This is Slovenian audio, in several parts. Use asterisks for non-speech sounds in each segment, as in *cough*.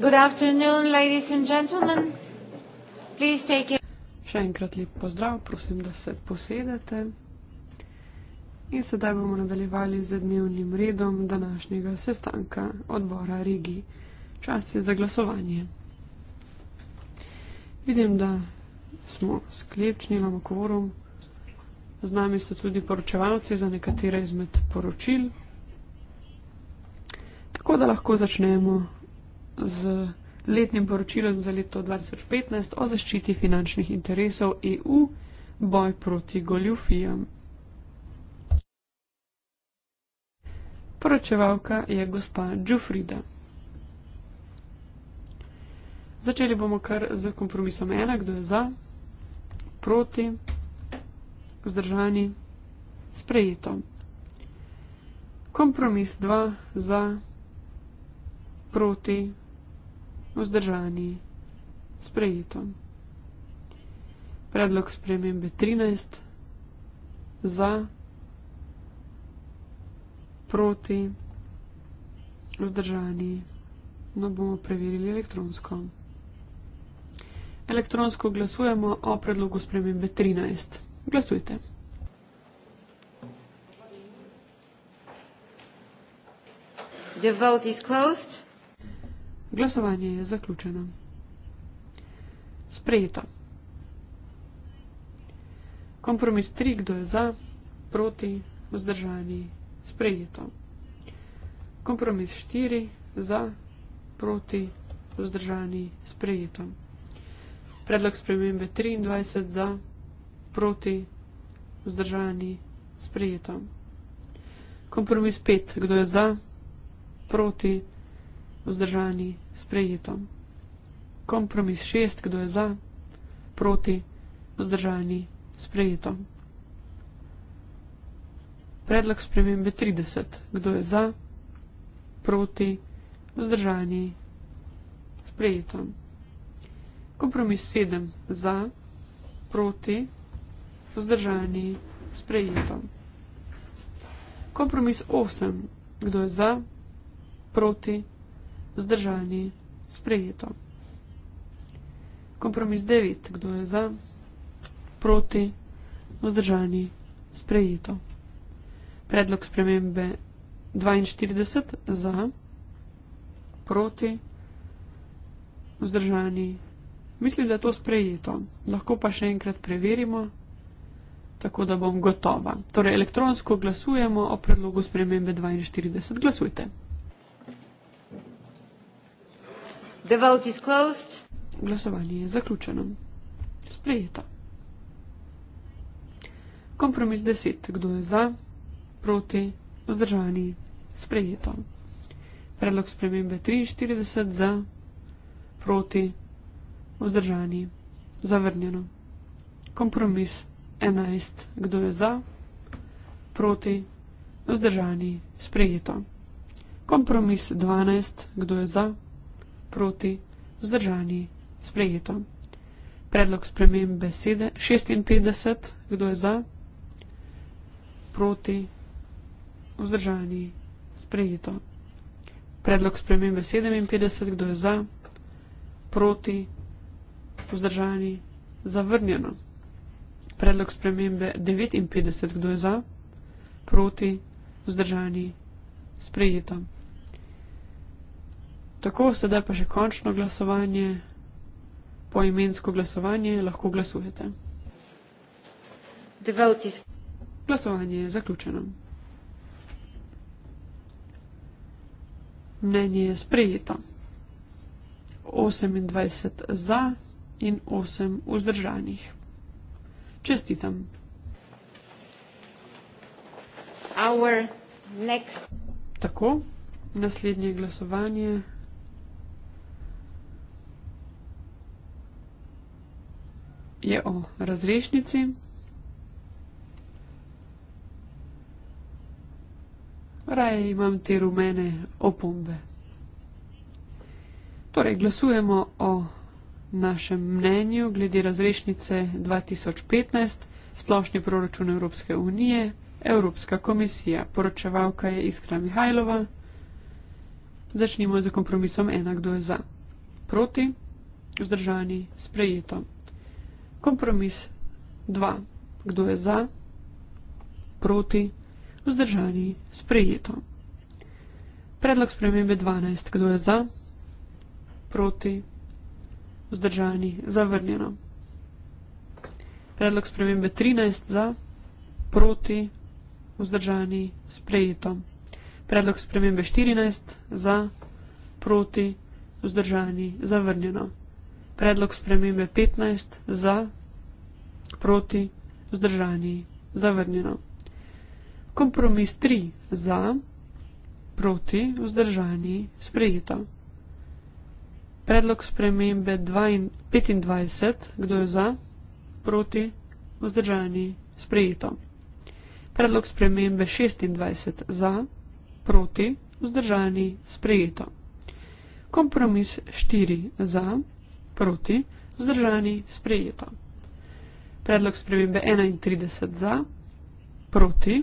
Good afternoon, ladies and gentlemen. Please take your- Še enkrat lep pozdrav, prosim, da se posedete. In sedaj bomo nadaljevali z dnevnim redom današnjega sestanka odbora regij. Čas je za glasovanje. Vidim, da smo sklepčni, imamo kvorum. Z nami so tudi poročevalci za nekatere izmed poročil. Tako da lahko začnemo z letnim poročilom za leto 2015 o zaščiti finančnih interesov EU boj proti goljufijam. Poročevalka je gospa Džufrida. Začeli bomo kar z kompromisom ena, kdo je za, proti, zdržani, sprejeto. Kompromis 2 za, proti, vzdržani, sprejeto. Predlog spremembe 13, za, proti, vzdržani. No, bomo preverili elektronsko. Elektronsko glasujemo o predlogu spremembe 13. Glasujte. The vote is closed. Glasovanje je zaključeno. Sprejeto. Kompromis 3, kdo je za, proti, vzdržani, sprejeto. Kompromis 4, za, proti, vzdržani, sprejeto. Predlog spremembe 23, za, proti, vzdržani, sprejeto. Kompromis 5, kdo je za, proti, vzdržani, sprejeto vzdržani, sprejeto. Kompromis šest, kdo je za, proti, vzdržani, sprejeto. Predlog spremembe 30. Kdo je za, proti, vzdržani, sprejeto. Kompromis 7. Za, proti, vzdržani, sprejeto. Kompromis 8. Kdo je za, proti, vzdržani, sprejeto. Vzdržani. Sprejeto. Kompromis 9. Kdo je za? Proti. Vzdržani. Sprejeto. Predlog spremembe 42. Za. Proti. Vzdržani. Mislim, da je to sprejeto. Lahko pa še enkrat preverimo, tako da bom gotova. Torej, elektronsko glasujemo o predlogu spremembe 42. Glasujte. The vote is closed. Glasovanje je zaključeno. Sprejeta. Kompromis 10. Kdo je za? Proti? Vzdržani? Sprejeta. Predlog spremembe 43. Za? Proti? Vzdržani? Zavrnjeno. Kompromis 11. Kdo je za? Proti? Vzdržani? Sprejeta. Kompromis 12. Kdo je za? Proti? proti, vzdržani, sprejeto. Predlog spremem besede 56, kdo je za, proti, vzdržani, sprejeto. Predlog spremem besede 57, kdo je za, proti, vzdržani, zavrnjeno. Predlog spremembe 59, kdo je za, proti, vzdržani, sprejeto. Tako, sedaj pa še končno glasovanje, poimensko glasovanje, lahko glasujete. Glasovanje je zaključeno. Mnenje je sprejeto. 28 za in 8 vzdržanih. Čestitam. Tako, naslednje glasovanje. je o razrešnici, raje imam te rumene opombe. Torej, glasujemo o našem mnenju glede razrešnice 2015, splošni proračun Evropske unije, Evropska komisija, poročevalka je Iskra Mihajlova. Začnimo z kompromisom ena, kdo je za. Proti, vzdržani, sprejeto. Kompromis 2. Kdo je za? Proti? Vzdržani? Sprejeto. Predlog spremembe 12. Kdo je za? Proti? Vzdržani? Zavrnjeno. Predlog spremembe 13. Za? Proti? Vzdržani? Sprejeto. Predlog spremembe 14. Za? Proti? Vzdržani? Zavrnjeno. Predlog spremembe 15 za, proti, vzdržani, zavrnjeno. Kompromis 3 za, proti, vzdržani, sprejeto. Predlog spremembe 25, kdo je za, proti, vzdržani, sprejeto. Predlog spremembe 26 za, proti, vzdržani, sprejeto. Kompromis 4 za, proti, vzdržani, sprejeto proti, vzdržani, sprejeto. Predlog spremembe 31 za, proti,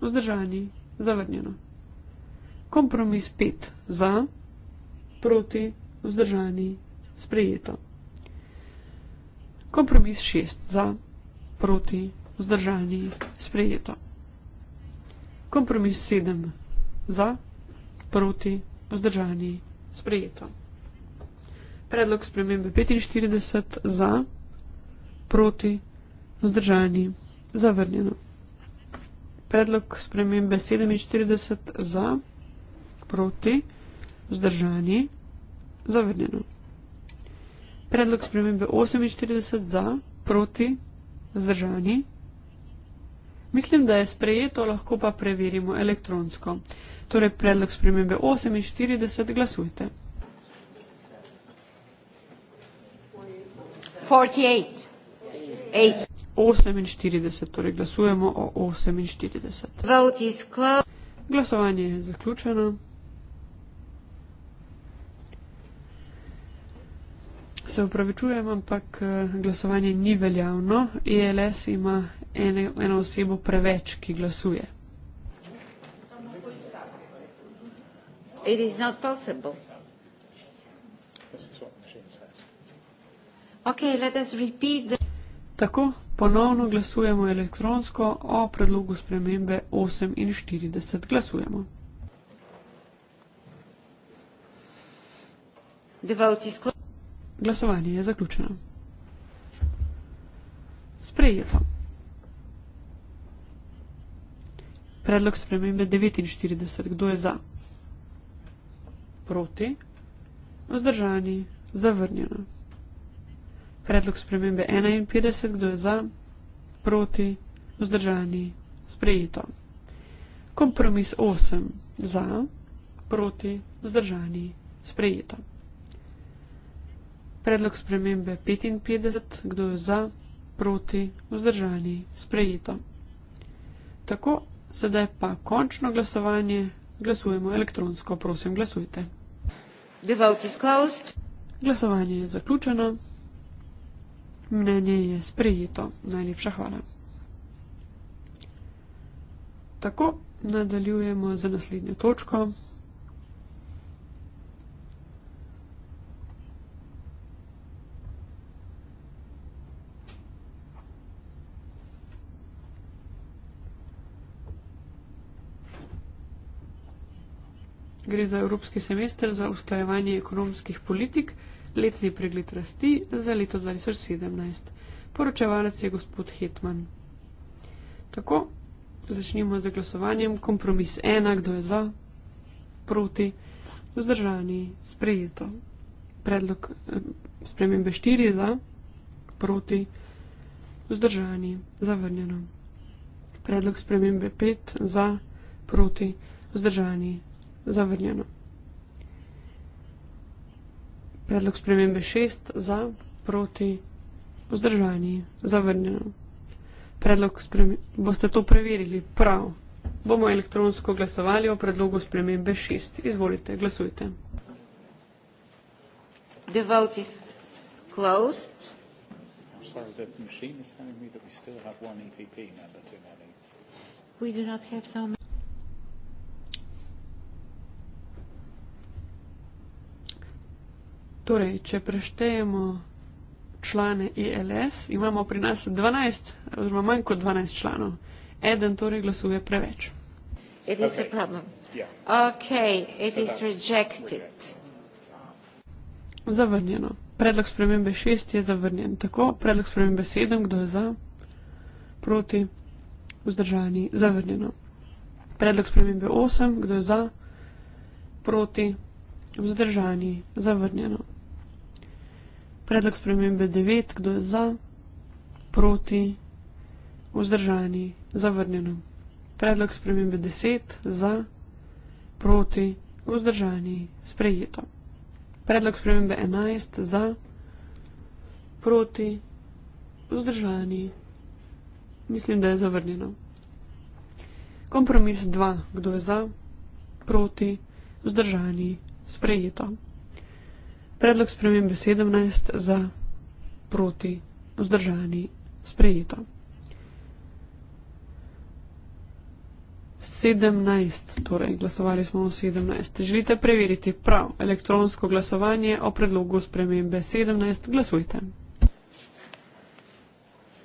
vzdržani, zavrnjeno. Kompromis 5 za, proti, vzdržani, sprejeto. Kompromis 6 za, proti, vzdržani, sprejeto. Kompromis 7 za, proti, vzdržani, sprejeto. Predlog spremembe 45 za, proti, vzdržani, zavrnjeno. Predlog spremembe 47 za, proti, vzdržani, zavrnjeno. Predlog spremembe 48 za, proti, vzdržani. Mislim, da je sprejeto, lahko pa preverimo elektronsko. Torej, predlog spremembe 48 glasujte. 48, torej glasujemo o 48. Glasovanje je zaključeno. Se upravičujem, ampak eh, glasovanje ni veljavno. ELS ima ene, eno osebo preveč, ki glasuje. It is not possible. Tako ponovno glasujemo elektronsko o predlogu spremembe 48 glasujemo. Glasovanje je zaključeno. Sprejeto. Predlog spremembe 49. Kdo je za? Proti? Vzdržani? Zavrnjeno? Predlog spremembe 51, kdo je za, proti, vzdržani, sprejeto. Kompromis 8, za, proti, vzdržani, sprejeto. Predlog spremembe 55, kdo je za, proti, vzdržani, sprejeto. Tako, sedaj pa končno glasovanje, glasujemo elektronsko, prosim, glasujte. Glasovanje je zaključeno. Mnenje je sprejeto. Najlepša hvala. Tako, nadaljujemo z naslednjo točko. Gre za evropski semester za usklajevanje ekonomskih politik letni pregled rasti za leto 2017. Poročevalec je gospod Hetman. Tako, začnimo z glasovanjem. Kompromis ena, kdo je za, proti, vzdržani, sprejeto. Predlog eh, spremembe štiri je za, proti, vzdržani, zavrnjeno. Predlog spremembe pet za, proti, vzdržani, zavrnjeno. Predlog spremembe 6 za, proti, vzdržani, zavrnjeno. Predlog spremembe, boste to preverili, prav. Bomo elektronsko glasovali o predlogu spremembe 6. Izvolite, glasujte. The vote is closed. I'm sorry, the machine is telling me that we still have one EPP member too many. We do not have so many. Torej, če preštejemo člane ILS, e imamo pri nas 12, oziroma manj kot 12 članov. Eden torej glasuje preveč. It is okay. a problem. Yeah. Okay, it so is rejected. Zavrnjeno. Predlog spremembe 6 je zavrnjen. Tako, predlog spremembe 7, kdo je za, proti, vzdržani, zavrnjeno. Predlog spremembe 8, kdo je za, proti, vzdržani, zavrnjeno. Predlog spremembe 9, kdo je za, proti, vzdržani, zavrnjeno. Predlog spremembe 10, za, proti, vzdržani, sprejeto. Predlog spremembe 11, za, proti, vzdržani, mislim, da je zavrnjeno. Kompromis 2, kdo je za, proti, vzdržani, sprejeto. Predlog spremembe 17 za proti vzdržani sprejeto. 17, torej glasovali smo o 17. Želite preveriti prav elektronsko glasovanje o predlogu spremembe 17? Glasujte.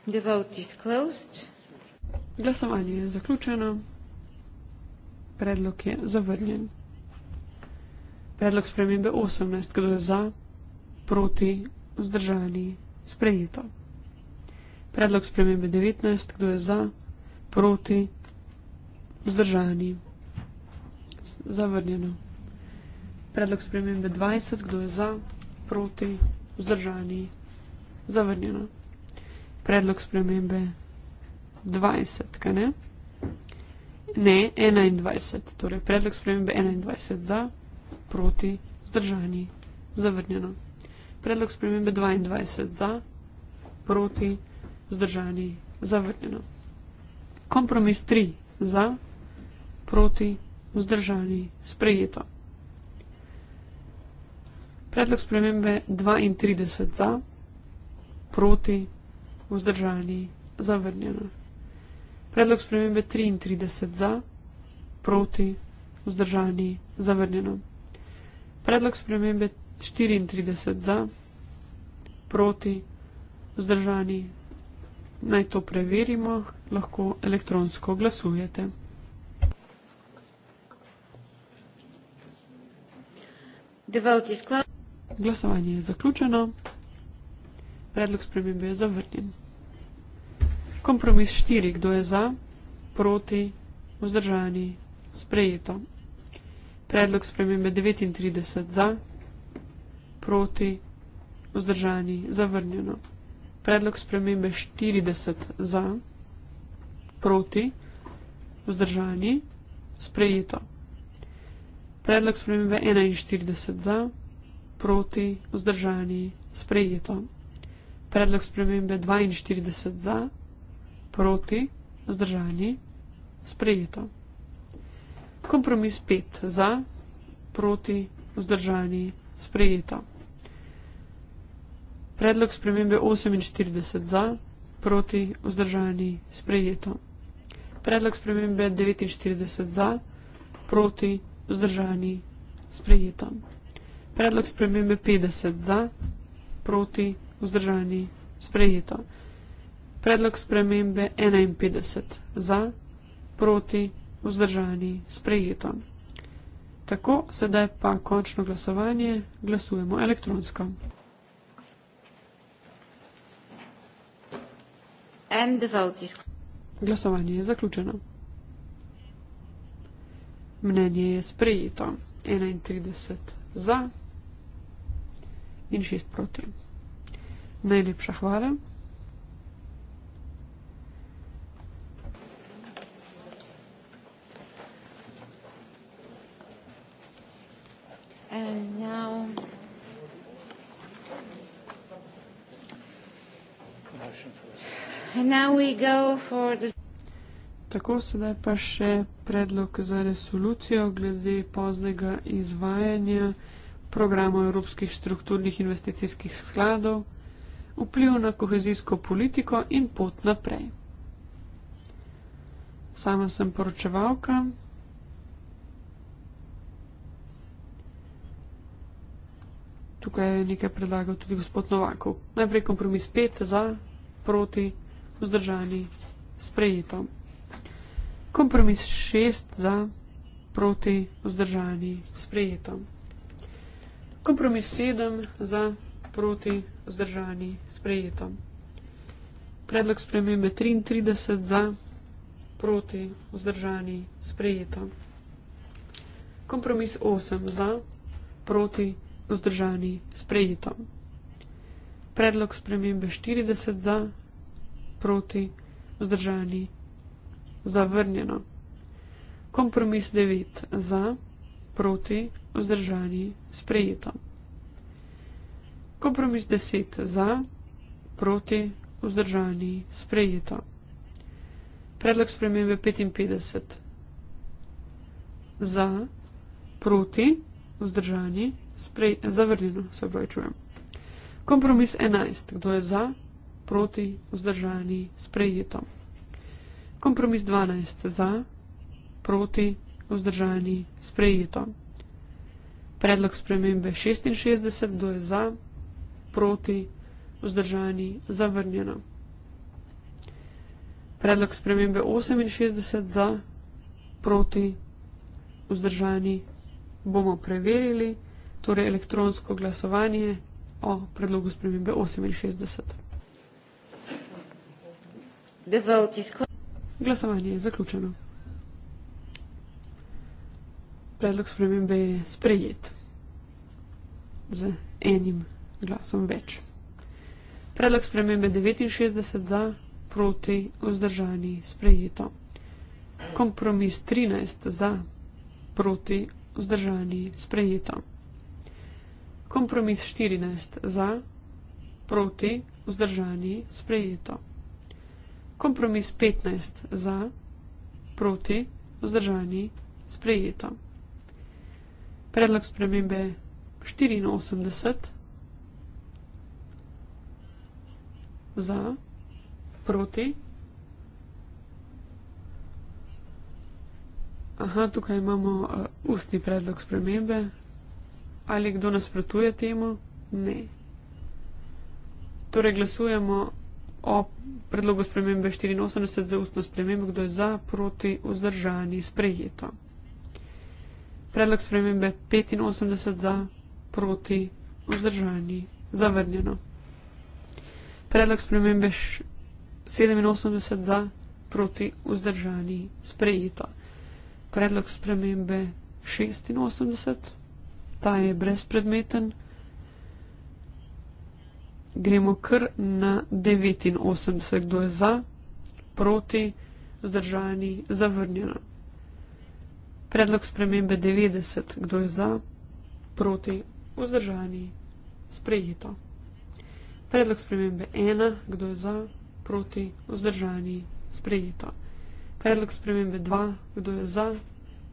The vote is closed. Glasovanje je zaključeno. Predlog je zavrnjen. Okay. Predlog spremembe 18, kdo je za, proti, vzdržani, sprejeto. Predlog spremembe 19, kdo je za, proti, vzdržani, zavrnjeno. Predlog spremembe 20, kdo je za, proti, vzdržani, zavrnjeno. Predlog spremembe 20, kaj ne? Ne, 21, torej predlog spremembe 21 za, proti, zdržani, zavrnjeno. Predlog spremembe 22 za, proti, zdržani, zavrnjeno. Kompromis 3 za, proti, vzdržani, sprejeto. Predlog spremembe 32 za, proti, vzdržani, zavrnjeno. Predlog spremembe 33 za, proti, vzdržani, zavrnjeno. Predlog spremembe 34 za, proti, vzdržani. Naj to preverimo, lahko elektronsko glasujete. Glasovanje je zaključeno. Predlog spremembe je zavrnjen. Kompromis 4. Kdo je za, proti, vzdržani, sprejeto. Predlog spremembe 39 za, proti, vzdržani, zavrnjeno. Predlog spremembe 40 za, proti, vzdržani, sprejeto. Predlog spremembe 41 za, proti, vzdržani, sprejeto. Predlog spremembe 42 za, proti, vzdržani, sprejeto kompromis 5 za, proti, vzdržani, sprejeto. Predlog spremembe 48 za, proti, vzdržani, sprejeto. Predlog spremembe 49 za, proti, vzdržani, sprejeto. Predlog spremembe 50 za, proti, vzdržani, sprejeto. Predlog spremembe 51 za, proti, vzdržani, sprejeto vzdržani, sprejeto. Tako, sedaj pa končno glasovanje, glasujemo elektronsko. Glasovanje je zaključeno. Mnenje je sprejeto. 31 za in 6 proti. Najlepša hvala. And now. Tako sedaj pa še predlog za resolucijo glede poznega izvajanja programa evropskih strukturnih investicijskih skladov, vpliv na kohezijsko politiko in pot naprej. Sama sem poročevalka, tukaj je nekaj predlagal tudi gospod Novakov. Najprej kompromis 5 za, proti, vzdržani, sprejeto. Kompromis 6 za, proti, vzdržani, sprejeto. Kompromis 7 za, proti, vzdržani, sprejeto. Predlog spremembe 33 za, proti, vzdržani, sprejeto. Kompromis 8 za, proti, vzdržani, sprejeto vzdržani, sprejeti to. Predlog spremembe 40 za, proti, vzdržani, zavrnjeno. Kompromis 9 za, proti, vzdržani, sprejeti to. Kompromis 10 za, proti, vzdržani, sprejeti to. Predlog spremembe 55 za, proti, vzdržani, sprejeti to zavrnjeno, se pravi, čujem. Kompromis 11. Kdo je za, proti, vzdržani, sprejeto. Kompromis 12. Za, proti, vzdržani, sprejeto. Predlog spremembe 66. Kdo je za, proti, vzdržani, zavrnjeno. Predlog spremembe 68. Za, proti, vzdržani, bomo preverili torej elektronsko glasovanje o predlogu spremembe 68. Glasovanje je zaključeno. Predlog spremembe je sprejet z enim glasom več. Predlog spremembe 69 za, proti, vzdržani, sprejeto. Kompromis 13 za, proti, vzdržani, sprejeto. Kompromis 14 za, proti, vzdržani, sprejeto. Kompromis 15 za, proti, vzdržani, sprejeto. Predlog spremembe 84 za, proti. Aha, tukaj imamo uh, ustni predlog spremembe, Ali kdo nasprotuje temu? Ne. Torej glasujemo o predlogu spremembe 84 za ustno spremembo, kdo je za, proti, vzdržani, sprejeto. Predlog spremembe 85 za, proti, vzdržani, zavrnjeno. Predlog spremembe 87 za, proti, vzdržani, sprejeto. Predlog spremembe 86 za, proti, vzdržani, sprejeto ta je brezpredmeten. Gremo kar na 89, kdo je za, proti, zdržani, zavrnjeno. Predlog spremembe 90, kdo je za, proti, vzdržani, sprejeto. Predlog spremembe 1, kdo je za, proti, vzdržani, sprejeto. Predlog spremembe 2, kdo je za,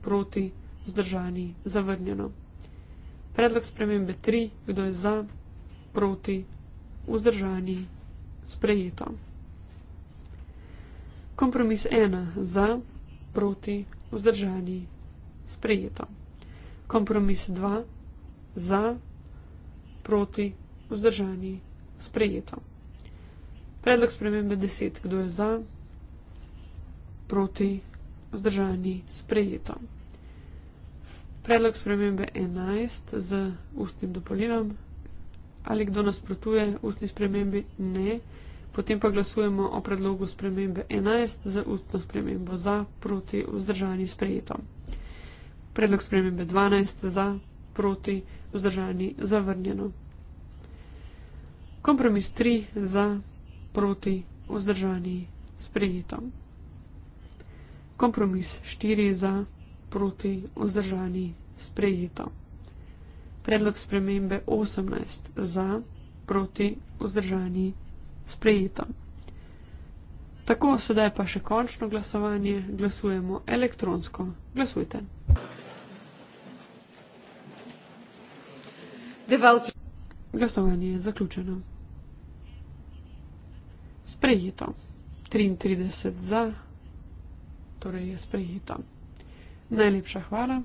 proti, vzdržani, zavrnjeno. Predlog spremembe 3, kdo je za, proti, vzdržani, sprejeto. Kompromis 1, za, proti, vzdržani, sprejeto. Kompromis 2, za, proti, vzdržani, sprejeto. Predlog spremembe 10, kdo je za, proti, vzdržani, sprejeto. Predlog spremembe 11 z ustnim dopolnilom. Ali kdo nasprotuje ustni spremembi? Ne. Potem pa glasujemo o predlogu spremembe 11 z ustno spremembo za, proti, vzdržani, sprejeto. Predlog spremembe 12 za, proti, vzdržani, zavrnjeno. Kompromis 3 za, proti, vzdržani, sprejeto. Kompromis 4 za, proti, vzdržani, sprejeto proti vzdržani sprejeto. Predlog spremembe 18 za proti vzdržani sprejeto. Tako, sedaj pa še končno glasovanje, glasujemo elektronsko. Glasujte. Glasovanje je zaključeno. Sprejeto. 33 za, torej je sprejeto. Najlepša hvala.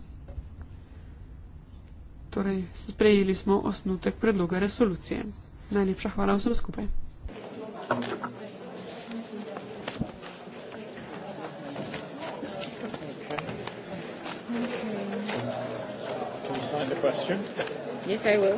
Torej, sprejeli smo osnutek predloga resolucije. Najlepša hvala vsem skupaj. Yes, I will.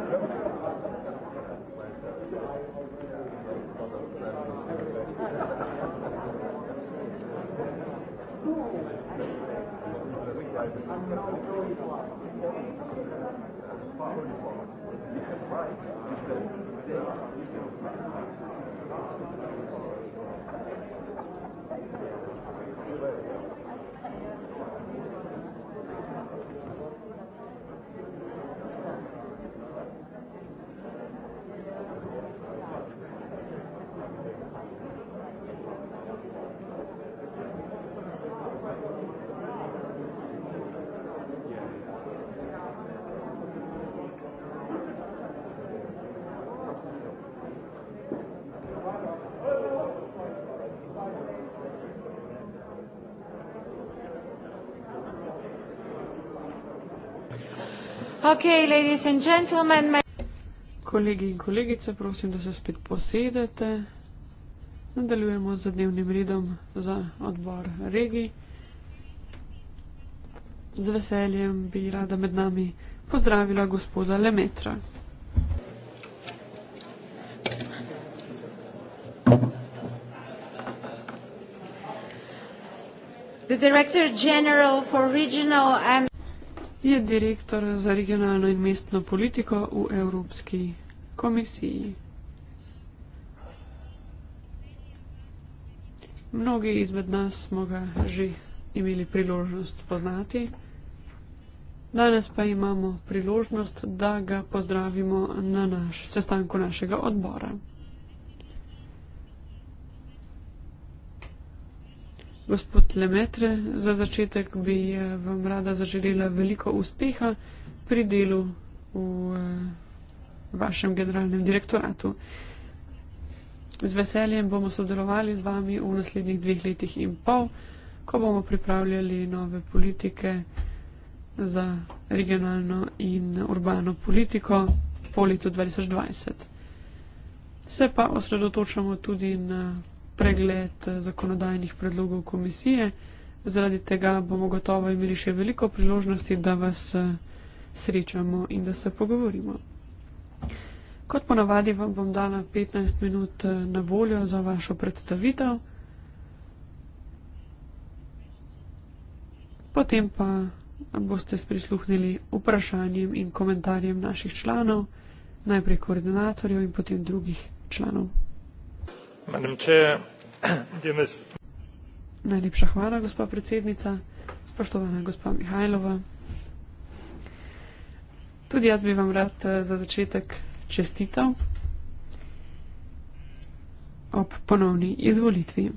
Okay, ladies and gentlemen, my... Kolegi in kolegice, prosim, da se spet posedete. Nadaljujemo z dnevnim redom za odbor regij. Z veseljem bi rada med nami pozdravila gospoda Lemetra. The Director General for Regional and je direktor za regionalno in mestno politiko v Evropski komisiji. Mnogi izmed nas smo ga že imeli priložnost poznati. Danes pa imamo priložnost, da ga pozdravimo na naš sestanku našega odbora. Gospod Lemetre, za začetek bi eh, vam rada zaželela veliko uspeha pri delu v eh, vašem generalnem direktoratu. Z veseljem bomo sodelovali z vami v naslednjih dveh letih in pol, ko bomo pripravljali nove politike za regionalno in urbano politiko po letu 2020. Se pa osredotočamo tudi na pregled eh, zakonodajnih predlogov komisije. Zaradi tega bomo gotovo imeli še veliko priložnosti, da vas eh, srečamo in da se pogovorimo. Kot ponavadi vam bom dala 15 minut eh, na voljo za vašo predstavitev, potem pa boste sprisluhnili vprašanjem in komentarjem naših članov, najprej koordinatorjev in potem drugih članov *coughs* Najlepša hvala, gospa predsednica. Spoštovana gospa Mihajlova. Tudi jaz bi vam rad eh, za začetek čestital ob ponovni izvolitvi.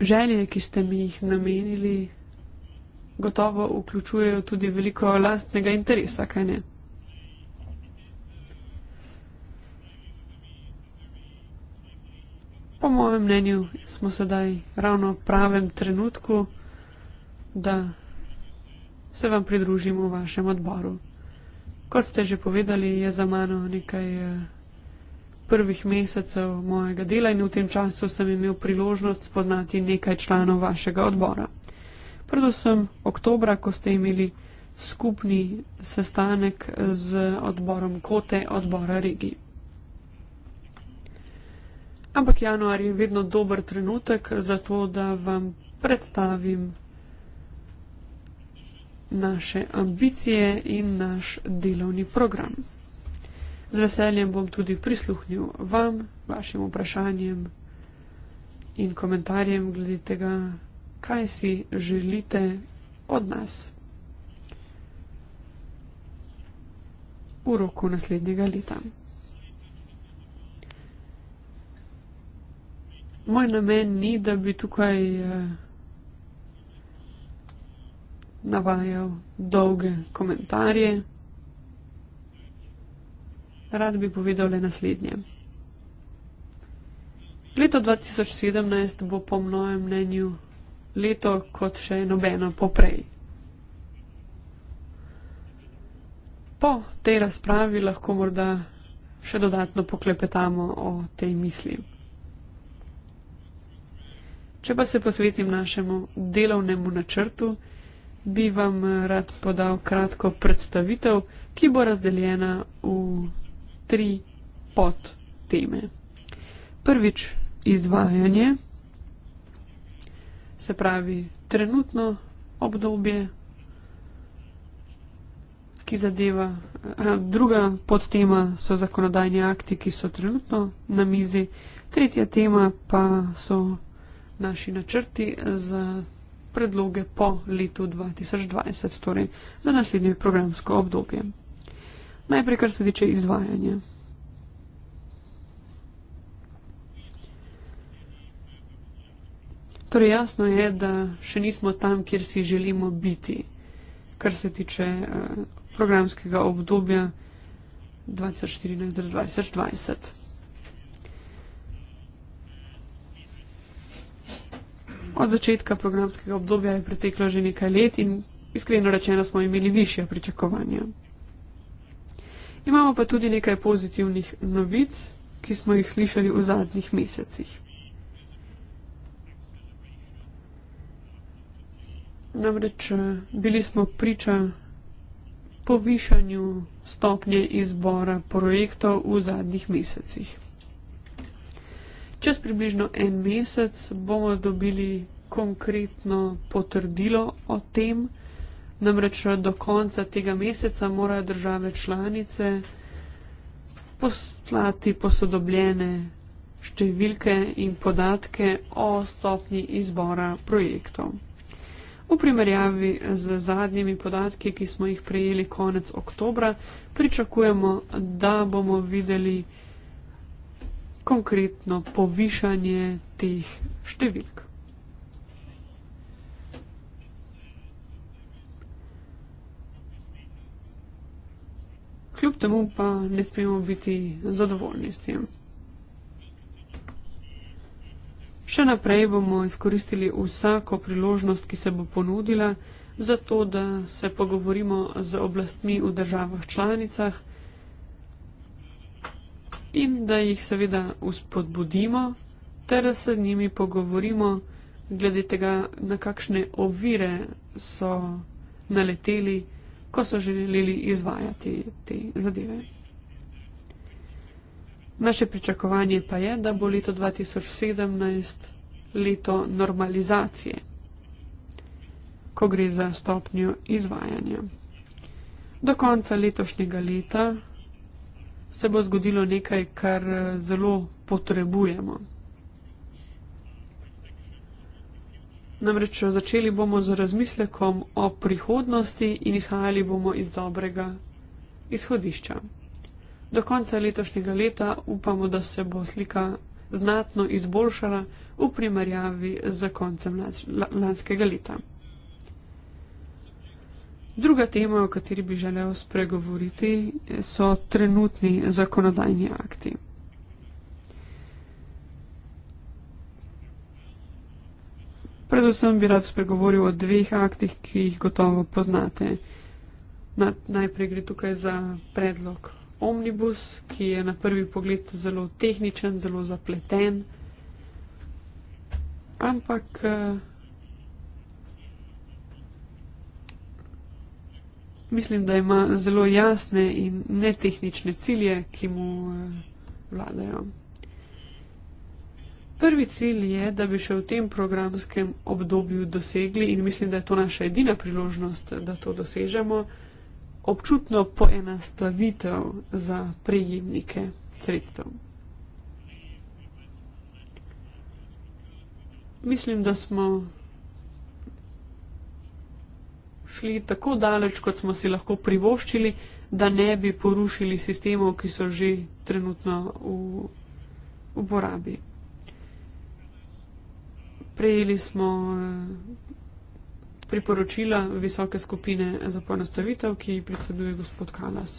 Želje, ki ste mi jih namenili, gotovo vključujejo tudi veliko lastnega interesa, kaj ne? Po mojem mnenju smo sedaj ravno v pravem trenutku, da se vam pridružimo v vašem odboru. Kot ste že povedali, je za mano nekaj eh, prvih mesecev mojega dela in v tem času sem imel priložnost spoznati nekaj članov vašega odbora. Predvsem oktobra, ko ste imeli skupni sestanek z odborom Kote, odbora regije ampak januar je vedno dober trenutek za to, da vam predstavim naše ambicije in naš delovni program. Z veseljem bom tudi prisluhnil vam, vašim vprašanjem in komentarjem glede tega, kaj si želite od nas v roku naslednjega leta. moj namen ni, da bi tukaj eh, navajal dolge komentarje. Rad bi povedal le naslednje. Leto 2017 bo po mojem mnenju leto kot še nobeno poprej. Po tej razpravi lahko morda še dodatno poklepetamo o tej mislim. Če pa se posvetim našemu delovnemu načrtu, bi vam rad podal kratko predstavitev, ki bo razdeljena v tri podteme. Prvič, izvajanje, se pravi trenutno obdobje, ki zadeva. Druga podtema so zakonodajni akti, ki so trenutno na mizi. Tretja tema pa so naši načrti za predloge po letu 2020, torej za naslednje programsko obdobje. Najprej, kar se tiče izvajanja. Torej, jasno je, da še nismo tam, kjer si želimo biti, kar se tiče eh, programskega obdobja 2014-2020. Od začetka programskega obdobja je preteklo že nekaj let in iskreno rečeno smo imeli više pričakovanja. Imamo pa tudi nekaj pozitivnih novic, ki smo jih slišali v zadnjih mesecih. Namreč eh, bili smo priča povišanju stopnje izbora projektov v zadnjih mesecih. Čez približno en mesec bomo dobili konkretno potrdilo o tem, namreč do konca tega meseca morajo države članice poslati posodobljene številke in podatke o stopni izbora projektov. V primerjavi z zadnjimi podatki, ki smo jih prejeli konec oktobra, pričakujemo, da bomo videli, da bomo videli, konkretno povišanje teh številk. Kljub temu pa ne smemo biti zadovoljni s tem. Še naprej bomo izkoristili vsako priložnost, ki se bo ponudila, zato da se pogovorimo z oblastmi v državah članicah, in da jih seveda uspodbudimo, ter da se z njimi pogovorimo glede tega, na kakšne ovire so naleteli, ko so želeli izvajati te zadeve. Naše pričakovanje pa je, da bo leto 2017 leto normalizacije, ko gre za stopnjo izvajanja. Do konca letošnjega leta se bo zgodilo nekaj, kar eh, zelo potrebujemo. Namreč začeli bomo z razmislekom o prihodnosti in izhajali bomo iz dobrega izhodišča. Do konca letošnjega leta upamo, da se bo slika znatno izboljšala v primerjavi z koncem lanskega leta. Druga tema, o kateri bi želel spregovoriti, so trenutni zakonodajni akti. Predvsem bi rad spregovoril o dveh aktih, ki jih gotovo poznate. Najprej gre tukaj za predlog omnibus, ki je na prvi pogled zelo tehničen, zelo zapleten, ampak eh, Mislim, da ima zelo jasne in netehnične cilje, ki mu eh, vladajo. Prvi cilj je, da bi še v tem programskem obdobju dosegli, in mislim, da je to naša edina priložnost, da to dosežemo, občutno poenostavitev za prejemnike sredstev. Mislim, da smo šli tako daleč, kot smo si lahko privoščili, da ne bi porušili sistemov, ki so že trenutno v uporabi. Prejeli smo eh, priporočila visoke skupine za ponastavitev, ki jih predseduje gospod Kalas.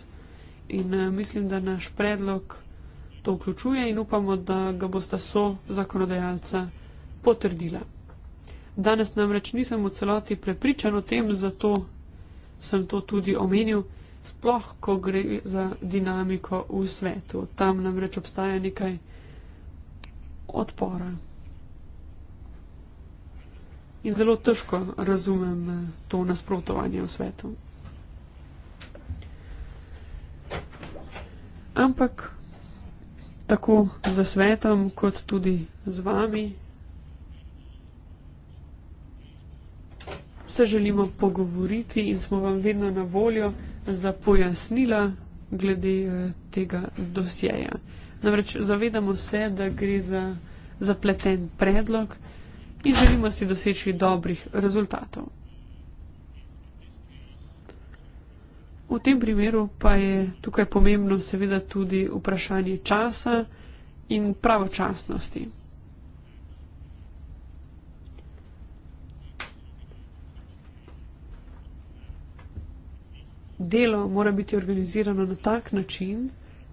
In eh, mislim, da naš predlog to vključuje in upamo, da ga bosta so zakonodajalca potrdila. Danes namreč nisem v celoti prepričan o tem, zato sem to tudi omenil, sploh ko gre za dinamiko v svetu. Tam namreč obstaja nekaj odpora. In zelo težko razumem to nasprotovanje v svetu. Ampak tako za svetom, kot tudi z vami, se želimo pogovoriti in smo vam vedno na voljo za pojasnila glede eh, tega dosjeja. Namreč zavedamo se, da gre za zapleten predlog in želimo si doseči dobrih rezultatov. V tem primeru pa je tukaj pomembno seveda tudi vprašanje časa in pravočasnosti. delo mora biti organizirano na tak način,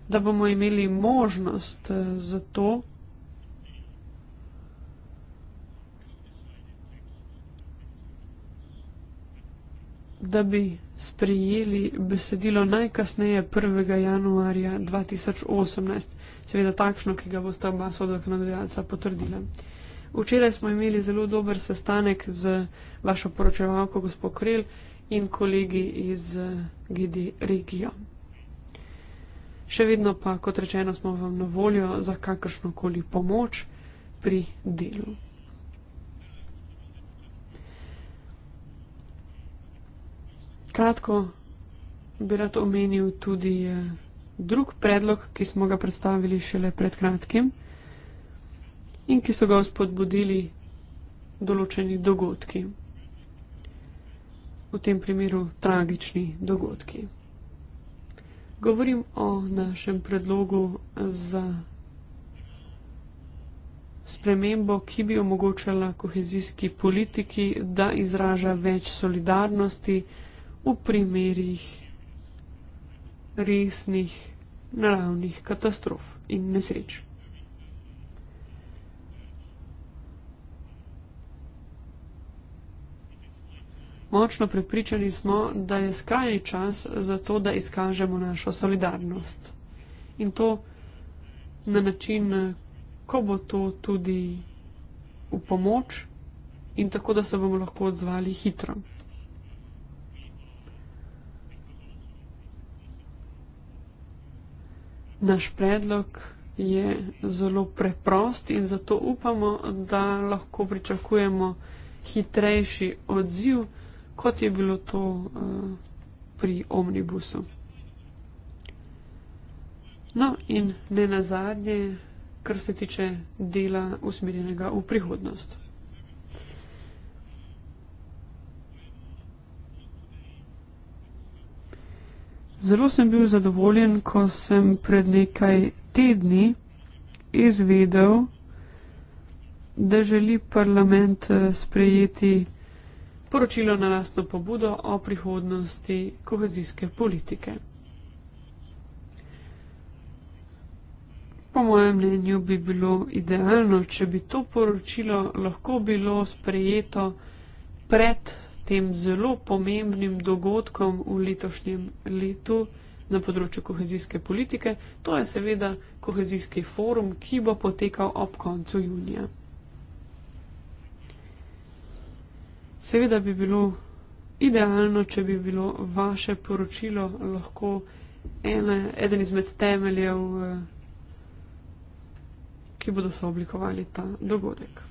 da bomo imeli možnost eh, za to, da bi sprejeli besedilo najkasneje 1. januarja 2018, seveda takšno, ki ga bo sta oba sodelovalca potrdila. Včeraj smo imeli zelo dober sestanek z vašo poročevalko, gospod Krelj in kolegi iz eh, GD regijo. Še vedno pa, kot rečeno, smo vam na voljo za kakršnokoli pomoč pri delu. Kratko bi rad omenil tudi eh, drug predlog, ki smo ga predstavili šele pred kratkim in ki so ga spodbudili določeni dogodki v tem primeru tragični dogodki. Govorim o našem predlogu za spremembo, ki bi omogočala kohezijski politiki, da izraža več solidarnosti v primerih resnih naravnih katastrof in nesreč. Močno prepričani smo, da je skrajni čas za to, da izkažemo našo solidarnost. In to na način, ko bo to tudi v pomoč in tako, da se bomo lahko odzvali hitro. Naš predlog je zelo preprost in zato upamo, da lahko pričakujemo hitrejši odziv kot je bilo to uh, pri omnibusu. No, in ne na zadnje, kar se tiče dela usmerjenega v prihodnost. Zelo sem bil zadovoljen, ko sem pred nekaj tedni izvedel, da želi parlament eh, sprejeti poročilo na lastno pobudo o prihodnosti kohezijske politike. Po mojem mnenju bi bilo idealno, če bi to poročilo lahko bilo sprejeto pred tem zelo pomembnim dogodkom v letošnjem letu na področju kohezijske politike, to je seveda kohezijski forum, ki bo potekal ob koncu junija. Seveda bi bilo idealno, če bi bilo vaše poročilo lahko ene, eden izmed temeljev, eh, ki bodo sooblikovali ta dogodek.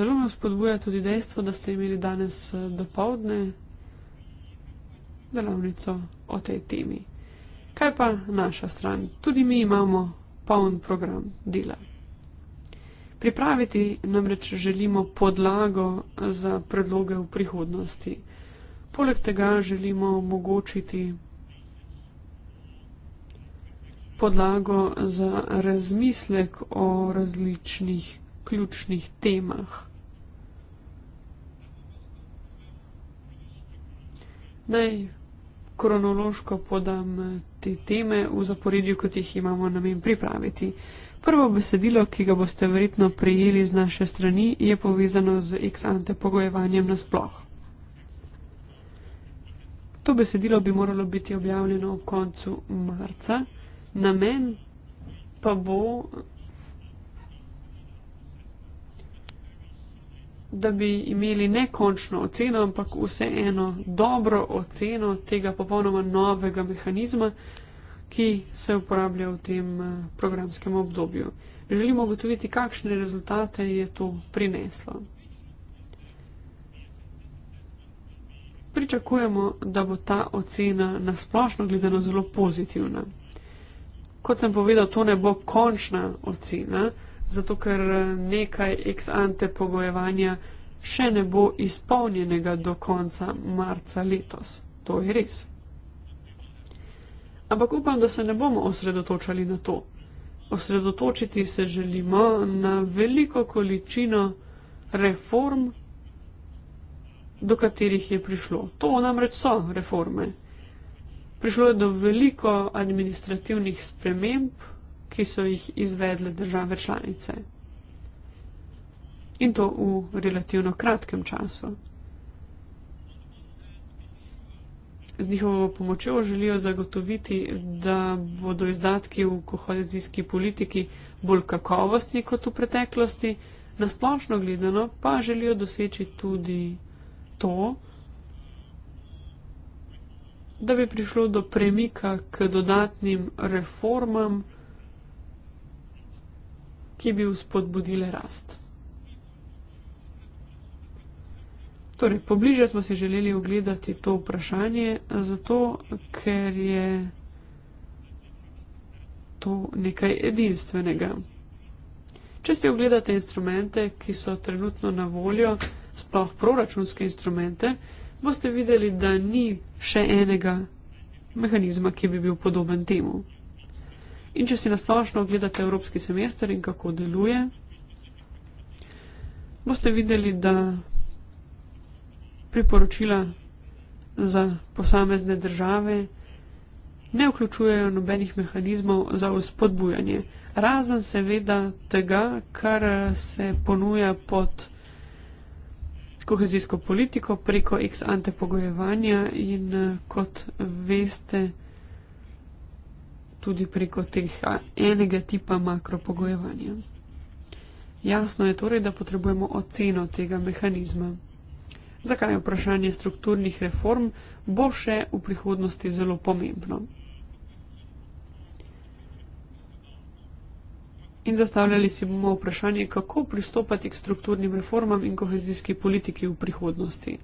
Zelo me spodbuja tudi dejstvo, da ste imeli danes eh, dopoldne delavnico o tej temi. Kaj pa naša stran? Tudi mi imamo poln program dela. Pripraviti namreč želimo podlago za predloge v prihodnosti. Poleg tega želimo omogočiti podlago za razmislek o različnih ključnih temah. Naj kronološko podam te teme v zaporedju, kot jih imamo namen pripraviti. Prvo besedilo, ki ga boste verjetno prejeli z naše strani, je povezano z ex-ante pogojevanjem nasploh. To besedilo bi moralo biti objavljeno v koncu marca. Namen pa bo da bi imeli ne končno oceno, ampak vseeno dobro oceno tega popolnoma novega mehanizma, ki se uporablja v tem eh, programskem obdobju. Želimo ugotoviti, kakšne rezultate je to prineslo. Pričakujemo, da bo ta ocena nasplošno gledano zelo pozitivna. Kot sem povedal, to ne bo končna ocena, zato ker eh, nekaj ex ante pogojevanja še ne bo izpolnjenega do konca marca letos. To je res. Ampak upam, da se ne bomo osredotočali na to. Osredotočiti se želimo na veliko količino reform, do katerih je prišlo. To namreč so reforme. Prišlo je do veliko administrativnih sprememb, ki so jih izvedle države članice. In to v relativno kratkem času. Z njihovo pomočjo želijo zagotoviti, da bodo izdatki v kohezijski politiki bolj kakovostni kot v preteklosti, nasplošno gledano pa želijo doseči tudi to, da bi prišlo do premika k dodatnim reformam ki bi vzpodbudile rast. Torej, pobliže smo si želeli ogledati to vprašanje, zato ker je to nekaj edinstvenega. Če si ogledate instrumente, ki so trenutno na voljo, sploh proračunske instrumente, boste videli, da ni še enega mehanizma, ki bi bil podoben temu. In če si nasplošno ogledate evropski semester in kako deluje, boste videli, da priporočila za posamezne države ne vključujejo nobenih mehanizmov za vzpodbujanje. Razen seveda tega, kar se ponuja pod kohezijsko politiko preko ex ante pogojevanja in kot veste, tudi preko teh enega tipa makropogojevanja. Jasno je torej, da potrebujemo oceno tega mehanizma. Zakaj je vprašanje strukturnih reform bo še v prihodnosti zelo pomembno? In zastavljali si bomo vprašanje, kako pristopati k strukturnim reformam in kohezijski politiki v prihodnosti.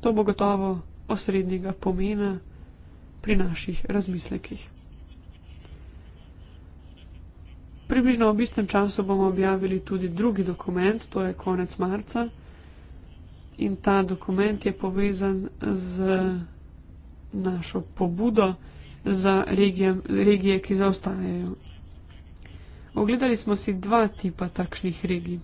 To bo gotovo osrednjega pomena pri naših razmislekih. Približno ob istem času bomo objavili tudi drugi dokument, to je konec marca. In ta dokument je povezan z našo pobudo za regije, regije ki zaostajajo. Ogledali smo si dva tipa takšnih regij.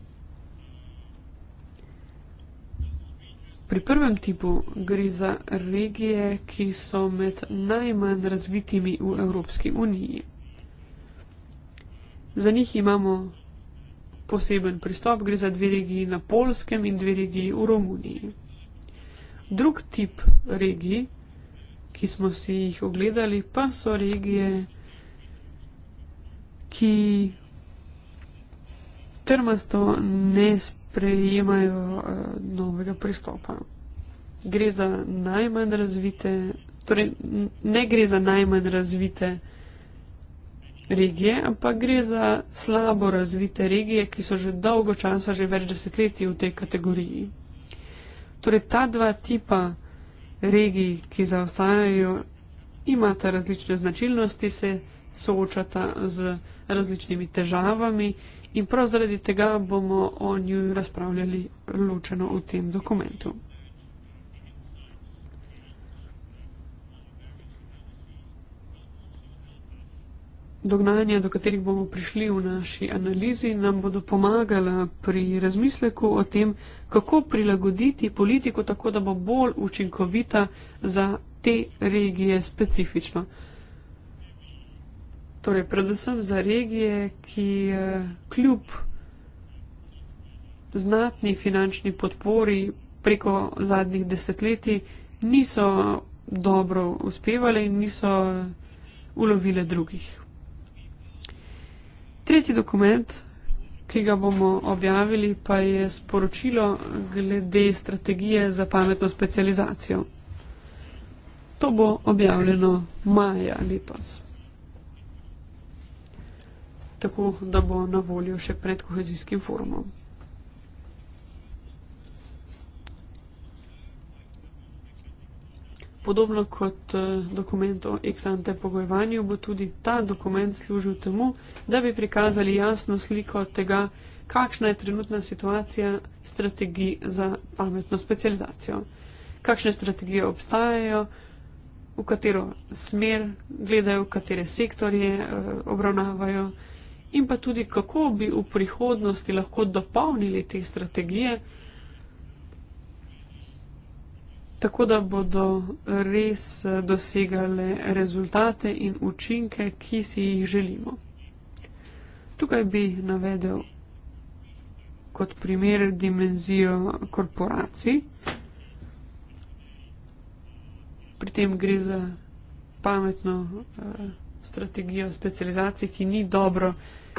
Pri prvem tipu gre za regije, ki so med najmanj razvitimi v Evropski uniji za njih imamo poseben pristop, gre za dve regiji na Polskem in dve regiji v Romuniji. Drug tip regij, ki smo si jih ogledali, pa so regije, ki trmasto ne sprejemajo uh, novega pristopa. Gre za najmanj razvite, torej ne gre za najmanj razvite regije, ampak gre za slabo razvite regije, ki so že dolgo časa, že več desetletij v tej kategoriji. Torej, ta dva tipa regij, ki zaostajajo, imata različne značilnosti, se soočata z različnimi težavami in prav zaradi tega bomo o njih razpravljali ločeno v tem dokumentu. Dognanja, do katerih bomo prišli v naši analizi, nam bodo pomagala pri razmisleku o tem, kako prilagoditi politiko tako, da bo bolj učinkovita za te regije specifično. Torej, predvsem za regije, ki eh, kljub znatni finančni podpori preko zadnjih desetletij niso dobro uspevali in niso eh, ulovile drugih. Tretji dokument, ki ga bomo objavili, pa je sporočilo glede strategije za pametno specializacijo. To bo objavljeno maja letos. Tako, da bo na voljo še pred kohezijskim forumom. Podobno kot eh, dokument o eksante pogojevanju, bo tudi ta dokument služil temu, da bi prikazali jasno sliko tega, kakšna je trenutna situacija strategij za pametno specializacijo, kakšne strategije obstajajo, v katero smer gledajo, v katere sektorje eh, obravnavajo in pa tudi, kako bi v prihodnosti lahko dopolnili te strategije tako da bodo res eh, dosegale rezultate in učinke, ki si jih želimo. Tukaj bi navedel kot primer dimenzijo korporacij. Pri tem gre za pametno uh, strategijo specializacije, ki ni dobro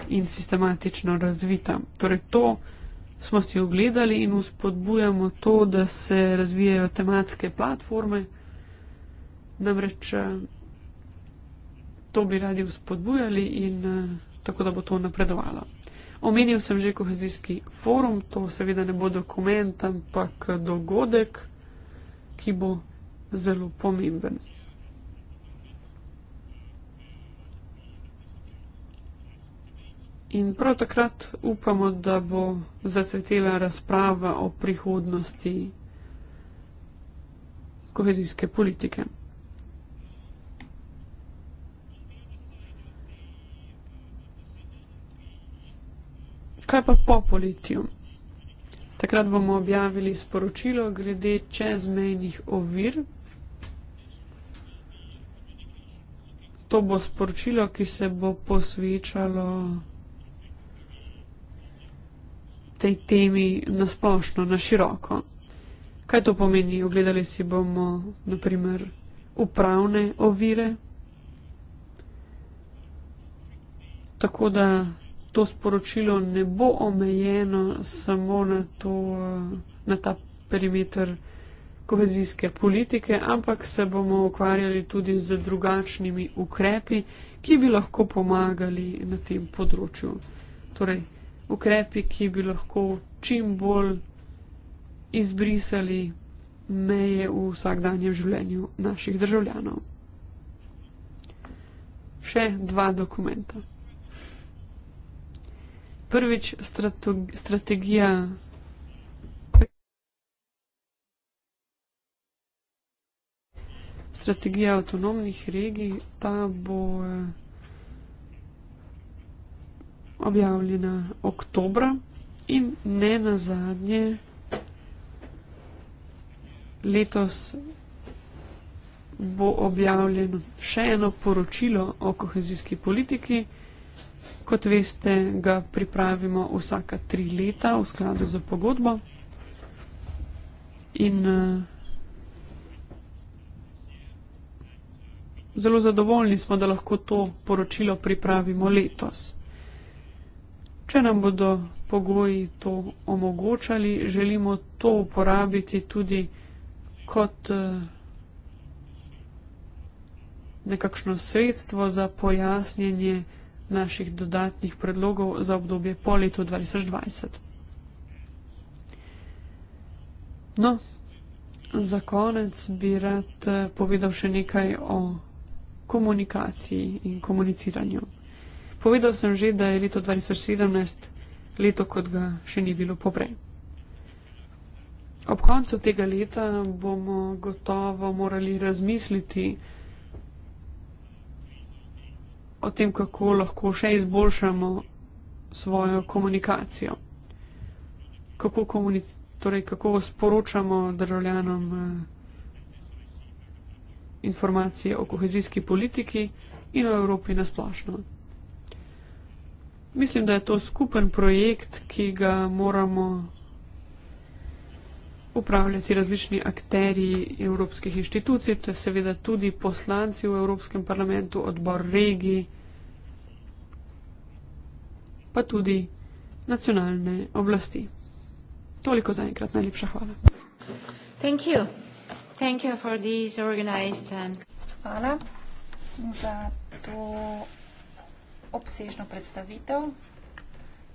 in sistematično razvita. Torej to, smo si ogledali in uspodbujamo to, da se razvijajo tematske platforme. Namreč eh, to bi radi uspodbujali in eh, tako, da bo to napredovalo. Omenil sem že kohezijski forum, to seveda ne bo dokument, ampak eh, dogodek, ki bo zelo pomemben. In prav takrat upamo, da bo zacvetela razprava o prihodnosti kohezijske politike. Kaj pa po politiju? Takrat bomo objavili sporočilo glede čezmejnih ovir. To bo sporočilo, ki se bo posvečalo tej temi na splošno, na široko. Kaj to pomeni? Ogledali si bomo, naprimer, upravne ovire. Tako da to sporočilo ne bo omejeno samo na, to, na ta perimeter kohezijske politike, ampak se bomo ukvarjali tudi z drugačnimi ukrepi, ki bi lahko pomagali na tem področju. Torej, ukrepi, ki bi lahko čim bolj izbrisali meje v vsakdanjem življenju naših državljanov. Še dva dokumenta. Prvič strategija strategija avtonomnih regij, ta bo eh, objavljena oktobra in ne na zadnje letos bo objavljeno še eno poročilo o kohezijski politiki. Kot veste, ga pripravimo vsaka tri leta v skladu za pogodbo. In eh, zelo zadovoljni smo, da lahko to poročilo pripravimo letos. Če nam bodo pogoji to omogočali, želimo to uporabiti tudi kot eh, nekakšno sredstvo za pojasnjenje naših dodatnih predlogov za obdobje po letu 2020. No, za konec bi rad eh, povedal še nekaj o komunikaciji in komuniciranju. Povedal sem že, da je leto 2017 leto, kot ga še ni bilo poprej. Ob koncu tega leta bomo gotovo morali razmisliti o tem, kako lahko še izboljšamo svojo komunikacijo. Kako, komunic torej, kako sporočamo državljanom eh, informacije o kohezijski politiki in o Evropi nasplošno mislim, da je to skupen projekt, ki ga moramo upravljati različni akteri evropskih inštitucij, to je seveda tudi poslanci v Evropskem parlamentu, odbor regij, pa tudi nacionalne oblasti. Toliko za enkrat, najlepša hvala. Thank you. Thank you for this organized and... Um, hvala za to obsežno predstavitev.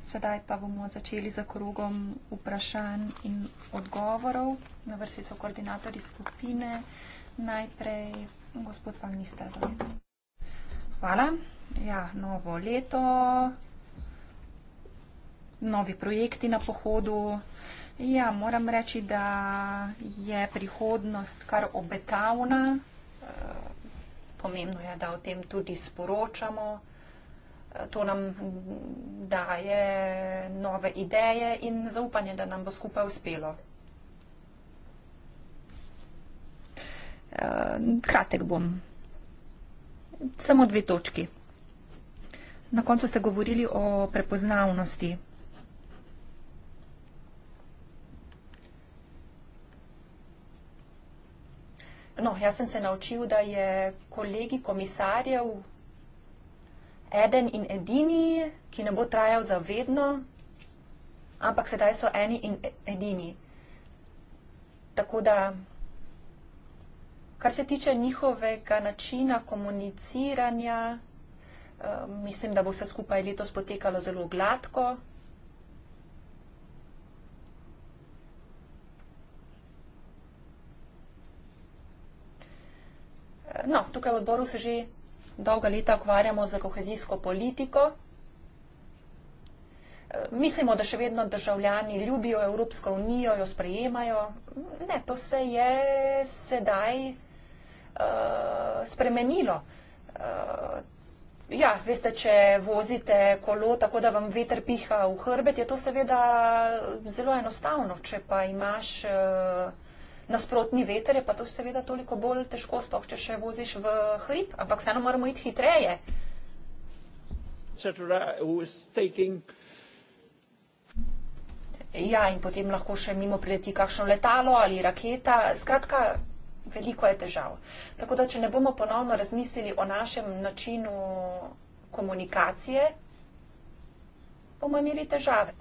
Sedaj pa bomo začeli z okrogom vprašanj in odgovorov. Na vrsti so koordinatorji skupine. Najprej gospod Van Nistelrooy. Hvala. Ja, novo leto, novi projekti na pohodu. Ja, moram reči, da je prihodnost kar obetavna. Pomembno je, da o tem tudi sporočamo to nam daje nove ideje in zaupanje, da nam bo skupaj uspelo. Eh, kratek bom. Samo dve točki. Na koncu ste govorili o prepoznavnosti. No, jaz sem se naučil, da je kolegi komisarjev eden in edini, ki ne bo trajal za vedno, ampak sedaj so eni in edini. Tako da, kar se tiče njihovega načina komuniciranja, eh, mislim, da bo vse skupaj letos potekalo zelo gladko. Eh, no, tukaj v odboru se že dolga leta ukvarjamo z kohezijsko politiko. E, mislimo, da še vedno državljani ljubijo Evropsko unijo, jo sprejemajo. Ne, to se je sedaj uh, spremenilo. Uh, ja, veste, če vozite kolo tako, da vam veter piha v hrbet, je to seveda zelo enostavno. Če pa imaš uh, nasprotni veter, je pa to seveda toliko bolj težko, sploh če še voziš v hrib, ampak vseeno moramo iti hitreje. Ja, in potem lahko še mimo prileti kakšno letalo ali raketa. Skratka, veliko je težav. Tako da, če ne bomo ponovno razmislili o našem načinu komunikacije, bomo imeli težave.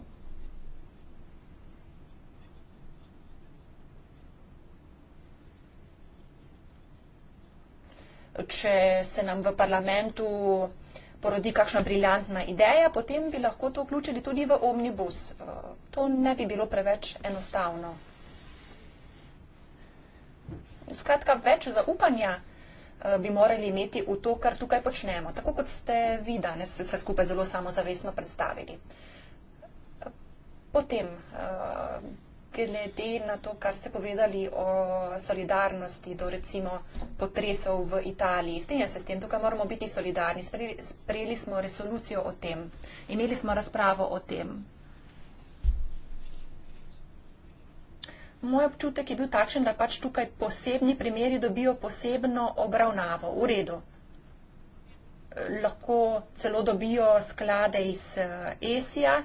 če se nam v parlamentu porodi kakšna briljantna ideja, potem bi lahko to vključili tudi v omnibus. Eh, to ne bi bilo preveč enostavno. Skratka, več zaupanja eh, bi morali imeti v to, kar tukaj počnemo, tako kot ste vi danes vse skupaj zelo samozavestno predstavili. Potem eh, glede na to, kar ste povedali o solidarnosti do recimo potresov v Italiji. Strenjam se s tem, tukaj moramo biti solidarni. Sprejeli smo resolucijo o tem, imeli smo razpravo o tem. Moj občutek je bil takšen, da pač tukaj posebni primeri dobijo posebno obravnavo. V redu. Lahko celo dobijo sklade iz eh, ESIA,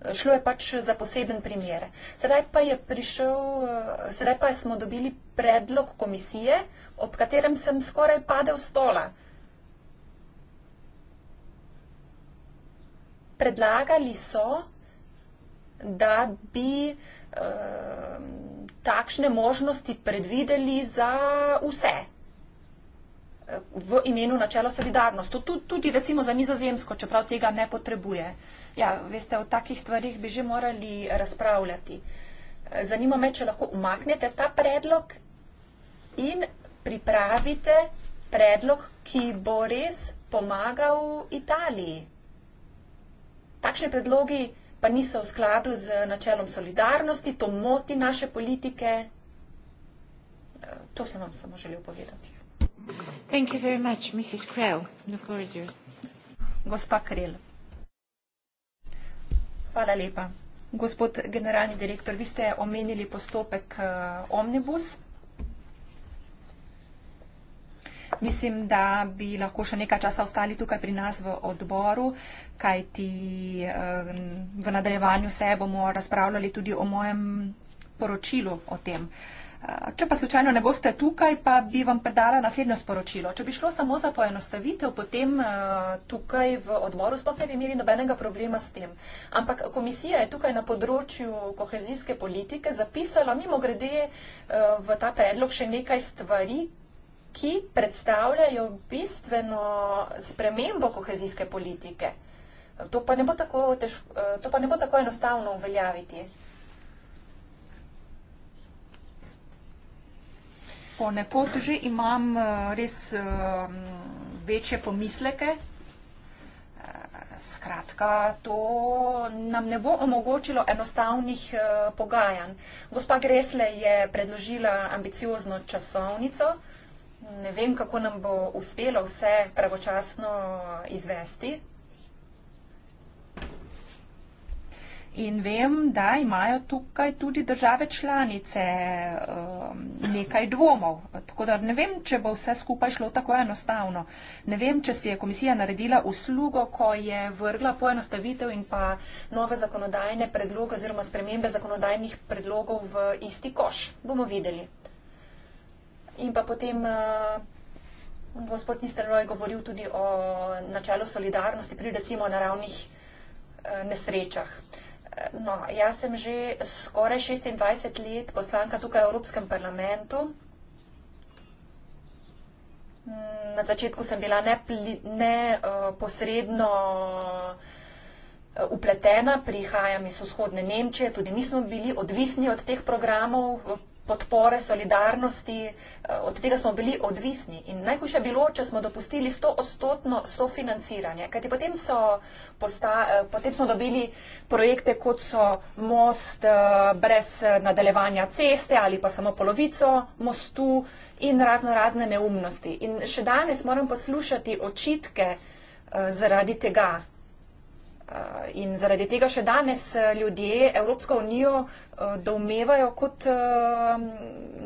Šlo je pač za poseben primer. Sedaj pa, prišel, eh, sedaj pa smo dobili predlog komisije, ob katerem sem skoraj padel v stola. Predlagali so, da bi eh, takšne možnosti predvideli za vse eh, v imenu načela solidarnosti, tudi, tudi recimo za nizozemsko, čeprav tega ne potrebuje. Eh, Ja, veste, o takih stvarih bi že morali razpravljati. Zanima me, če lahko umaknete ta predlog in pripravite predlog, ki bo res pomagal Italiji. Takšni predlogi pa niso v skladu z načelom solidarnosti, to moti naše politike. To sem vam samo želel povedati. Hvala lepa, gospa Krell. Hvala lepa. Gospod generalni direktor, vi ste omenili postopek uh, omnibus. Mislim, da bi lahko še nekaj časa ostali tukaj pri nas v odboru, kajti eh, v nadaljevanju se bomo razpravljali tudi o mojem poročilu o tem. Uh, Če pa slučajno ne boste tukaj, pa bi vam predala naslednjo sporočilo. Če bi šlo samo za poenostavitev, potem eh, tukaj v odboru sploh ne bi imeli nobenega problema s tem. Ampak komisija je tukaj na področju kohezijske politike zapisala mimo grede eh, v ta predlog še nekaj stvari, ki predstavljajo bistveno spremembo kohezijske politike. To pa ne bo tako, težko, eh, to pa ne bo tako enostavno uveljaviti. ponekod že imam eh, res eh, večje pomisleke. Eh, skratka, to nam ne bo omogočilo enostavnih pogajanj. Gospa Gresle je predložila ambiciozno časovnico. Ne vem, kako nam bo uspelo vse pravočasno izvesti, In vem, da imajo tukaj tudi države članice um, nekaj dvomov. Tako da ne vem, če bo vse skupaj šlo tako enostavno. Ne vem, če si je komisija naredila uslugo, ko je vrgla poenostavitev in pa nove zakonodajne predloge oziroma spremembe zakonodajnih predlogov v isti koš. Bomo videli. In pa potem. Uh, gospod Nistrano je govoril tudi o načelu solidarnosti pri recimo naravnih uh, nesrečah. No, jaz sem že skoraj 26 let poslanka tukaj v Evropskem parlamentu. Na začetku sem bila neposredno ne, uh, upletena, prihajam iz vzhodne Nemčije, tudi nismo bili odvisni od teh programov, podpore, solidarnosti, eh, od tega smo bili odvisni. In najhujše je bilo, če smo dopustili 100-odstotno sofinanciranje, kajti potem, so posta, eh, potem smo dobili projekte, kot so most eh, brez nadaljevanja ceste ali pa samo polovico mostu in razno razne neumnosti. In še danes moram poslušati očitke zaradi tega, Eh, in zaradi tega še danes eh, ljudje Evropsko unijo eh, domevajo kot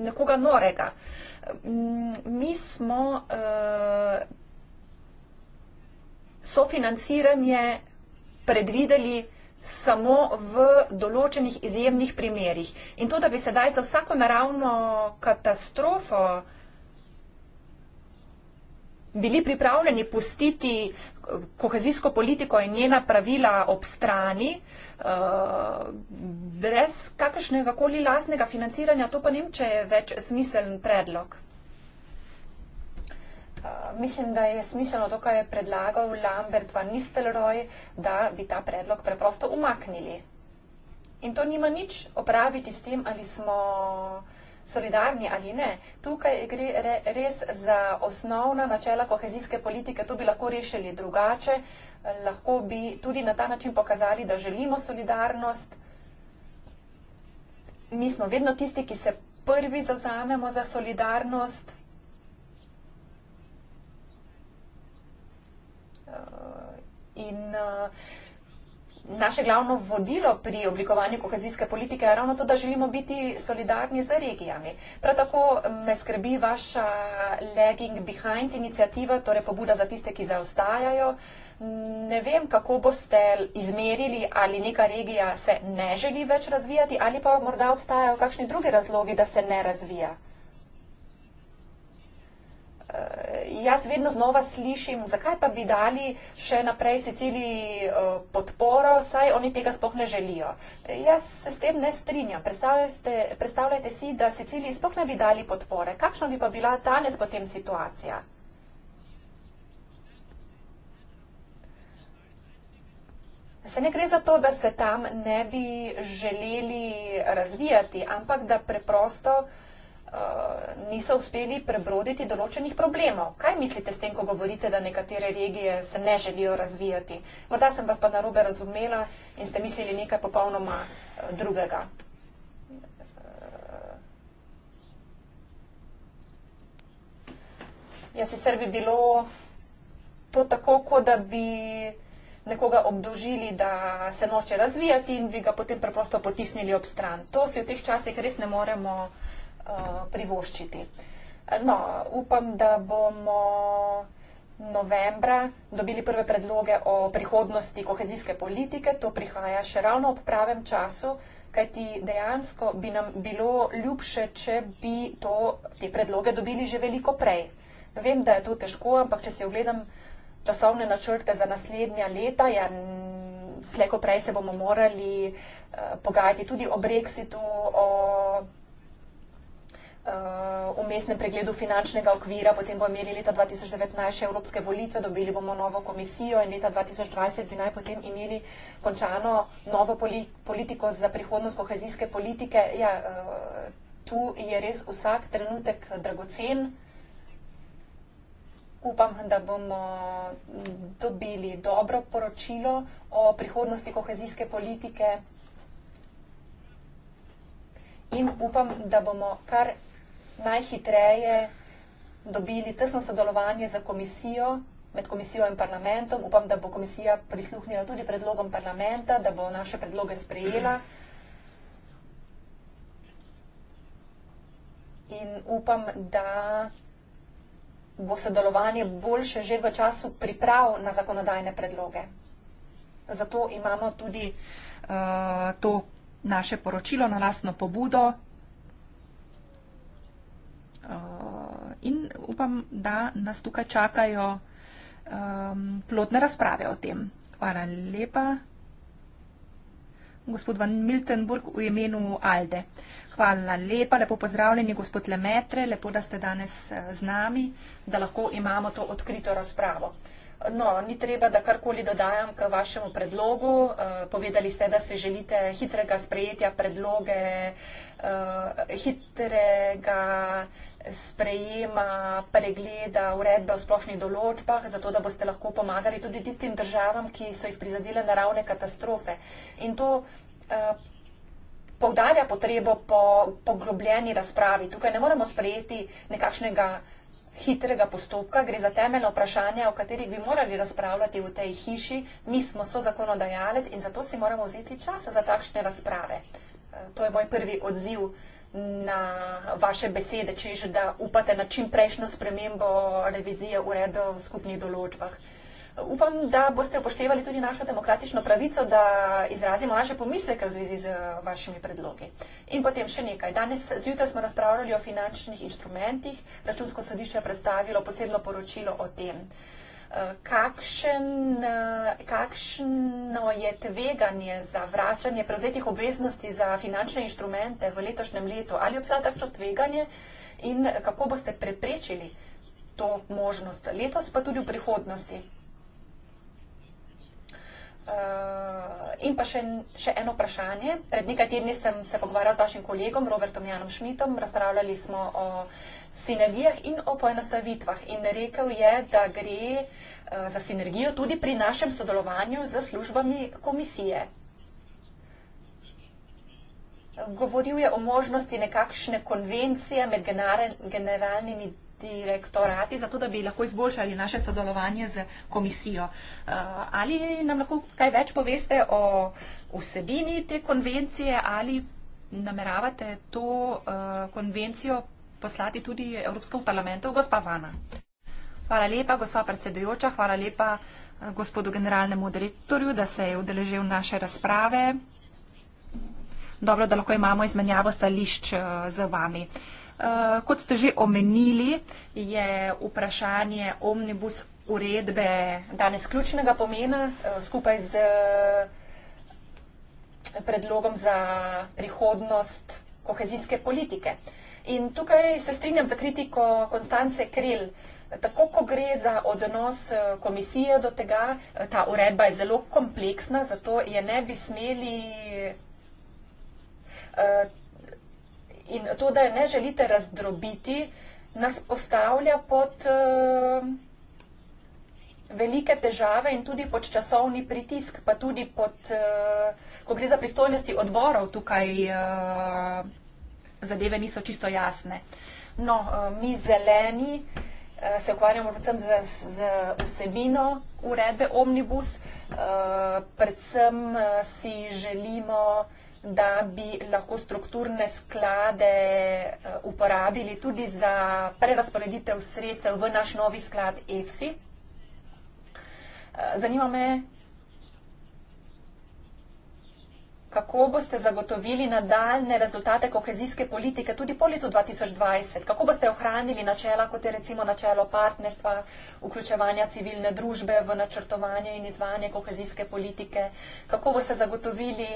nekoga norega. Mm, mi smo sofinanciranje predvideli samo v določenih izjemnih primerjih. In to, da bi sedaj za vsako naravno katastrofo bili pripravljeni pustiti eh, kohezijsko politiko in njena pravila ob strani, uh, brez kakršnega koli lastnega financiranja, to pa Nemče je več smiseln predlog. Eh, mislim, da je smiselno to, kar je predlagal Lambert van Nistelrooy, da bi ta predlog preprosto umaknili. In to nima nič opraviti s tem, ali smo uh, solidarni ali ne. Tukaj gre re, res za osnovna načela kohezijske politike, to bi lahko rešili drugače, lahko bi tudi na ta način pokazali, da želimo solidarnost. Mi smo vedno tisti, ki se prvi zauzamemo za solidarnost. In uh, naše glavno vodilo pri oblikovanju kohezijske politike je ravno to, da želimo biti solidarni z regijami. Prav tako me skrbi vaša lagging behind inicijativa, torej pobuda za tiste, ki zaostajajo. Ne vem, kako boste izmerili, ali neka regija se ne želi več razvijati, ali pa morda obstajajo kakšni drugi razlogi, da se ne razvija. Eh, jaz vedno znova slišim, zakaj pa bi dali še naprej Siciliji eh, podporo, saj oni tega spoh ne želijo. Jaz se s tem ne strinjam. Predstavljajte, predstavljajte si, da Siciliji spoh ne bi dali podpore. Kakšna bi pa bila danes potem situacija? Se ne gre za to, da se tam ne bi želeli razvijati, ampak da preprosto uh, Eh, niso uspeli prebroditi določenih problemov. Kaj mislite s tem, ko govorite, da nekatere regije se ne želijo razvijati? Morda sem vas pa narobe razumela in ste mislili nekaj popolnoma uh, drugega. Uh, ja, sicer bi bilo to tako, kot da bi nekoga obdožili, da se noče razvijati in bi ga potem preprosto potisnili ob stran. To si v teh časih res ne moremo. Uh, Eh, privoščiti. No, upam, da bomo novembra dobili prve predloge o prihodnosti kohezijske politike. To prihaja še ravno ob pravem času, kajti dejansko bi nam bilo ljubše, če bi to, te predloge dobili že veliko prej. Vem, da je to težko, ampak če si ogledam časovne načrte za naslednja leta, ja, slejko prej se bomo morali uh, pogajati tudi o brexitu, o Eh, umestnem pregledu finančnega okvira, potem bomo imeli leta 2019 še evropske volitve, dobili bomo novo komisijo in leta 2020 bi naj potem imeli končano novo politiko za prihodnost kohezijske politike. Ja, eh, tu je res vsak trenutek dragocen. Upam, da bomo dobili dobro poročilo o prihodnosti kohezijske politike in upam, da bomo kar najhitreje dobili tesno sodelovanje za komisijo, med komisijo in parlamentom. Upam, da bo komisija prisluhnila tudi predlogom parlamenta, da bo naše predloge sprejela. In upam, da bo sodelovanje boljše že v času priprav na zakonodajne predloge. Zato imamo tudi uh, to naše poročilo na lastno pobudo, in upam, da nas tukaj čakajo um, plodne razprave o tem. Hvala lepa. Gospod Van Miltenburg v imenu Alde. Hvala lepa, lepo pozdravljeni, gospod Lemetre, lepo, da ste danes eh, z nami, da lahko imamo to odkrito razpravo. No, ni treba, da karkoli dodajam k vašemu predlogu. Uh, povedali ste, da se želite hitrega sprejetja predloge, uh, hitrega sprejema, pregleda uredbe o splošnih določbah, zato da boste lahko pomagali tudi tistim državam, ki so jih prizadile naravne katastrofe. In to eh, povdarja potrebo po poglobljeni razpravi. Tukaj ne moremo sprejeti nekakšnega hitrega postopka, gre za temeljno vprašanje, o katerih bi morali razpravljati v tej hiši. Mi smo so zakonodajalec in zato si moramo vzeti čas za takšne razprave. Eh, to je moj prvi odziv na vaše besede, če že da upate na čim prejšnjo spremembo revizije uredbe o skupnih določbah. Upam, da boste upoštevali tudi našo demokratično pravico, da izrazimo naše pomisleke v zvezi z vašimi predlogi. In potem še nekaj. Danes zjutraj smo razpravljali o finančnih inštrumentih, računsko sodišče je predstavilo posebno poročilo o tem kakšen, eh, kakšno je tveganje za vračanje prevzetih obveznosti za finančne inštrumente v letošnjem letu? Ali obstaja takšno tveganje in kako boste preprečili to možnost letos, pa tudi v prihodnosti? Uh, in pa še, še eno vprašanje. Pred nekaj tedni sem se pogovarjal z vašim kolegom Robertom Janom Šmitom. Razpravljali smo o uh, sinergijah in o poenostavitvah. In rekel je, da gre eh, za sinergijo tudi pri našem sodelovanju z službami komisije. Govoril je o možnosti nekakšne konvencije med generalnimi direktorati, zato da bi lahko izboljšali naše sodelovanje z komisijo. Eh, ali nam lahko kaj več poveste o vsebini te konvencije ali nameravate to eh, konvencijo poslati tudi Evropskemu parlamentu, gospa Vana. Hvala lepa, gospa predsedujoča, hvala lepa eh, gospodu generalnemu direktorju, da se je udeležil naše razprave. Dobro, da lahko imamo izmenjavo stališč eh, z vami. Eh, kot ste že omenili, je vprašanje omnibus uredbe danes ključnega pomena skupaj z predlogom za prihodnost kohezijske politike. Uh, In tukaj se strinjam za kritiko Konstance Kril. Tako, ko gre za odnos eh, komisije do tega, eh, ta uredba je zelo kompleksna, zato je ne bi smeli. Eh, in to, da je ne želite razdrobiti, nas postavlja pod velike težave in tudi pod časovni pritisk, pa tudi pod, ko gre za pristojnosti odborov tukaj zadeve niso čisto jasne. No, eh, mi zeleni eh, se ukvarjamo predvsem z, z vsebino uredbe Omnibus, eh, predvsem si želimo, da bi lahko strukturne sklade uporabili tudi za prerasporeditev sredstev v naš novi sklad EFSI. Zanima me, kako boste zagotovili nadaljne rezultate kohezijske politike tudi po letu 2020, kako boste ohranili načela, kot je recimo načelo partnerstva, vključevanja civilne družbe v načrtovanje in izvanje kohezijske politike, kako boste zagotovili,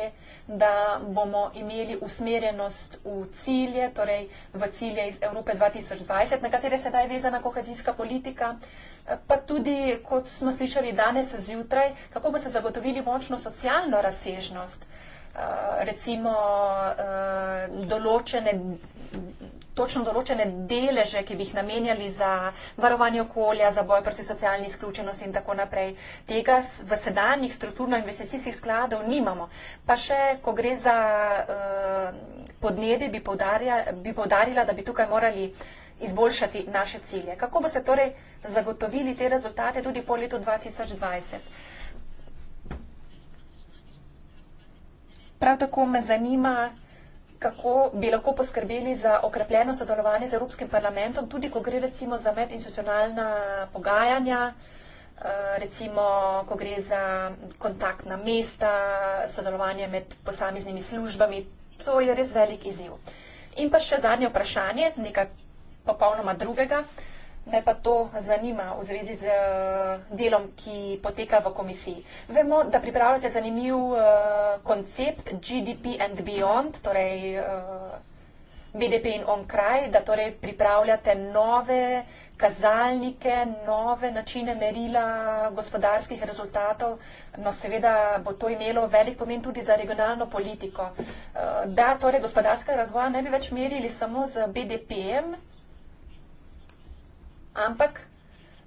da bomo imeli usmerjenost v cilje, torej v cilje iz Evrope 2020, na katere sedaj je vezana kohezijska politika pa tudi, kot smo slišali danes zjutraj, kako bi se zagotovili močno socialno razsežnost, eh, recimo eh, določene, točno določene deleže, ki bi jih namenjali za varovanje okolja, za boj proti socialni izključenosti in tako naprej. Tega v sedanjih strukturno-investicijskih skladov nimamo. Pa še, ko gre za eh, podnebi, bi povdarila, da bi tukaj morali izboljšati naše cilje. Kako boste torej zagotovili te rezultate tudi po letu 2020? Prav tako me zanima, kako bi lahko poskrbeli za okrepljeno sodelovanje z Evropskim parlamentom, tudi ko gre recimo za medinstitucionalna pogajanja, eh, recimo ko gre za kontaktna mesta, sodelovanje med posameznimi službami. To je res velik izziv. In pa še zadnje vprašanje, nekaj popolnoma drugega. Me pa to zanima v zvezi z eh, delom, ki poteka v komisiji. Vemo, da pripravljate zanimiv uh, koncept GDP and beyond, torej uh, eh, BDP in on kraj, da torej pripravljate nove kazalnike, nove načine merila gospodarskih rezultatov. No, seveda bo to imelo velik pomen tudi za regionalno politiko. Uh, da torej gospodarska razvoja ne bi več merili samo z BDP-em, ampak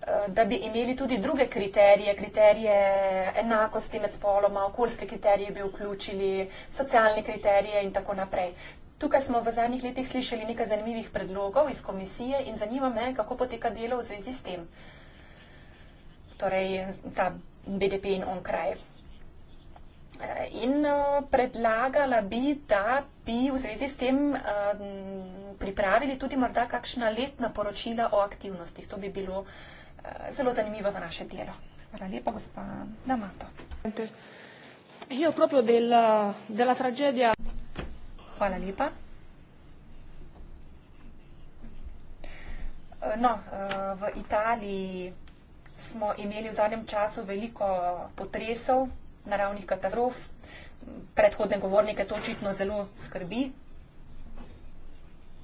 eh, da bi imeli tudi druge kriterije, kriterije enakosti med spoloma, okoljske kriterije bi vključili, socialne kriterije in tako naprej. Tukaj smo v zadnjih letih slišali nekaj zanimivih predlogov iz komisije in zanima me, kako poteka delo v zvezi s tem. Torej, ta BDP in on kraj. In eh, predlagala bi, da bi v zvezi s tem eh, pripravili tudi morda kakšna letna poročila o aktivnostih. To bi bilo eh, zelo zanimivo za naše delo. Hvala lepa, gospa Damato. Hvala lepa. No, v Italiji smo imeli v zadnjem času veliko potresov naravnih katastrof. Predhodne govornike to očitno zelo skrbi.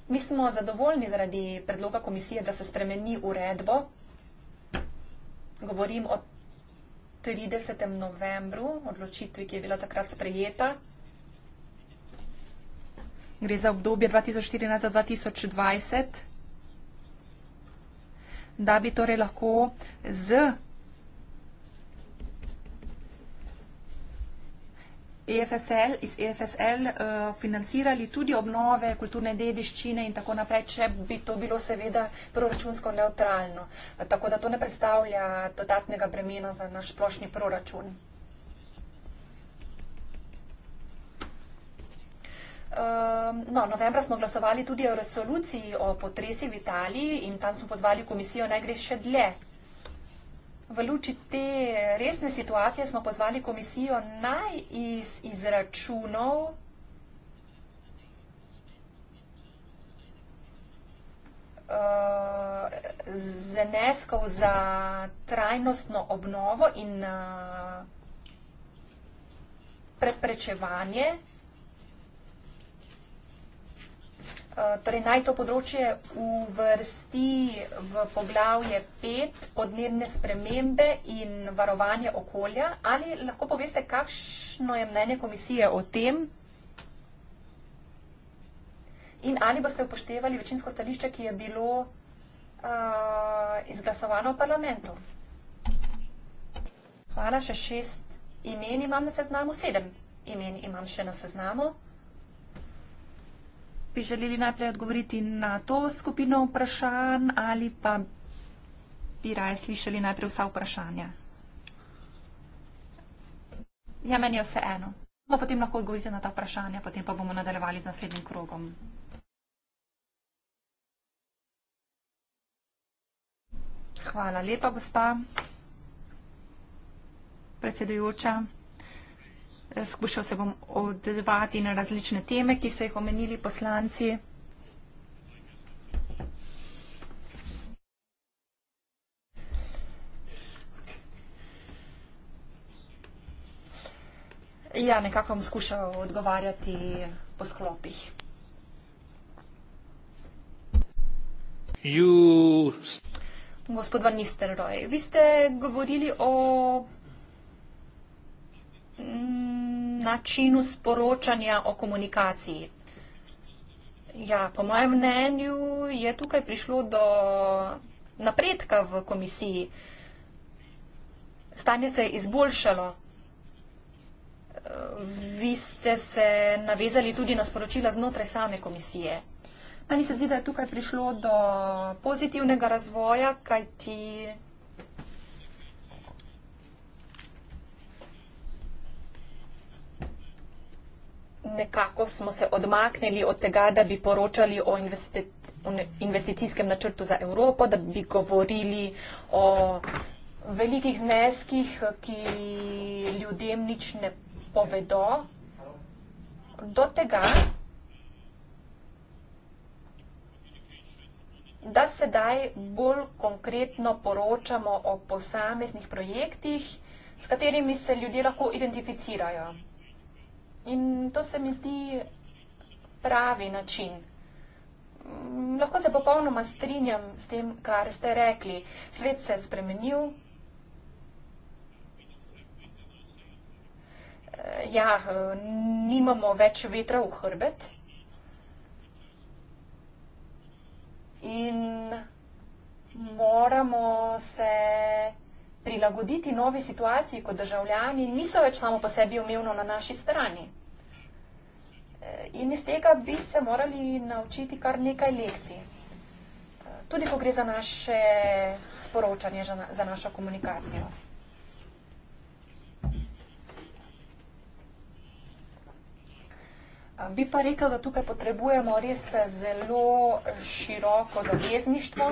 Mi smo zadovoljni zaradi predloga komisije, da se spremeni uredbo. Govorim o 30. novembru, odločitvi, ki je bila takrat sprejeta. Gre za obdobje 2014-2020, da bi torej lahko z EFSL, iz EFSL uh, eh, financirali tudi obnove kulturne dediščine in tako naprej, če bi to bilo seveda proračunsko neutralno. Tako da to ne predstavlja dodatnega bremena za naš splošni proračun. Ehm, no, novembra smo glasovali tudi o resoluciji o potresi v Italiji in tam smo pozvali komisijo, naj gre še dlje V luči te resne situacije smo pozvali komisijo naj iz izračunov eh, zneskov za trajnostno obnovo in eh, preprečevanje Eh, torej naj to področje uvrsti v poglavje 5 podnebne spremembe in varovanje okolja. Ali lahko poveste, kakšno je mnenje komisije o tem? In ali boste upoštevali večinsko stališče, ki je bilo uh, izglasovano v parlamentu? Hvala, še šest imen imam na seznamu, sedem imen imam še na seznamu bi želeli najprej odgovoriti na to skupino vprašanj ali pa bi raje slišali najprej vsa vprašanja? Ja, meni je vse eno. No, potem lahko odgovorite na ta vprašanja, potem pa bomo nadaljevali z naslednjim krogom. Hvala lepa, gospa predsedujoča skušal se bom odzvati na različne teme, ki so jih omenili poslanci. Ja, nekako bom skušal odgovarjati po sklopih. You... Gospod Van Nistelrooy, vi ste govorili o Mm, načinu sporočanja o komunikaciji. Ja, po mojem mnenju je tukaj prišlo do napredka v komisiji. Stanje se je izboljšalo. Vi ste se navezali tudi na sporočila znotraj same komisije. Meni se zdi, da je tukaj prišlo do pozitivnega razvoja, kajti nekako smo se odmaknili od tega, da bi poročali o investicijskem načrtu za Evropo, da bi govorili o velikih zneskih, ki ljudem nič ne povedo. Do tega, da sedaj bolj konkretno poročamo o posameznih projektih, s katerimi se ljudje lahko identificirajo. In to se mi zdi pravi način. Mm, lahko se popolnoma strinjam s tem, kar ste rekli. Svet se je spremenil. Eh, ja, eh, nimamo več vetra v hrbet. In moramo se prilagoditi novi situaciji, ko državljani niso več samo po sebi omejeno na naši strani. In iz tega bi se morali naučiti kar nekaj lekcij. Tudi, ko gre za naše sporočanje, za našo komunikacijo. Bi pa rekel, da tukaj potrebujemo res zelo široko zavezništvo,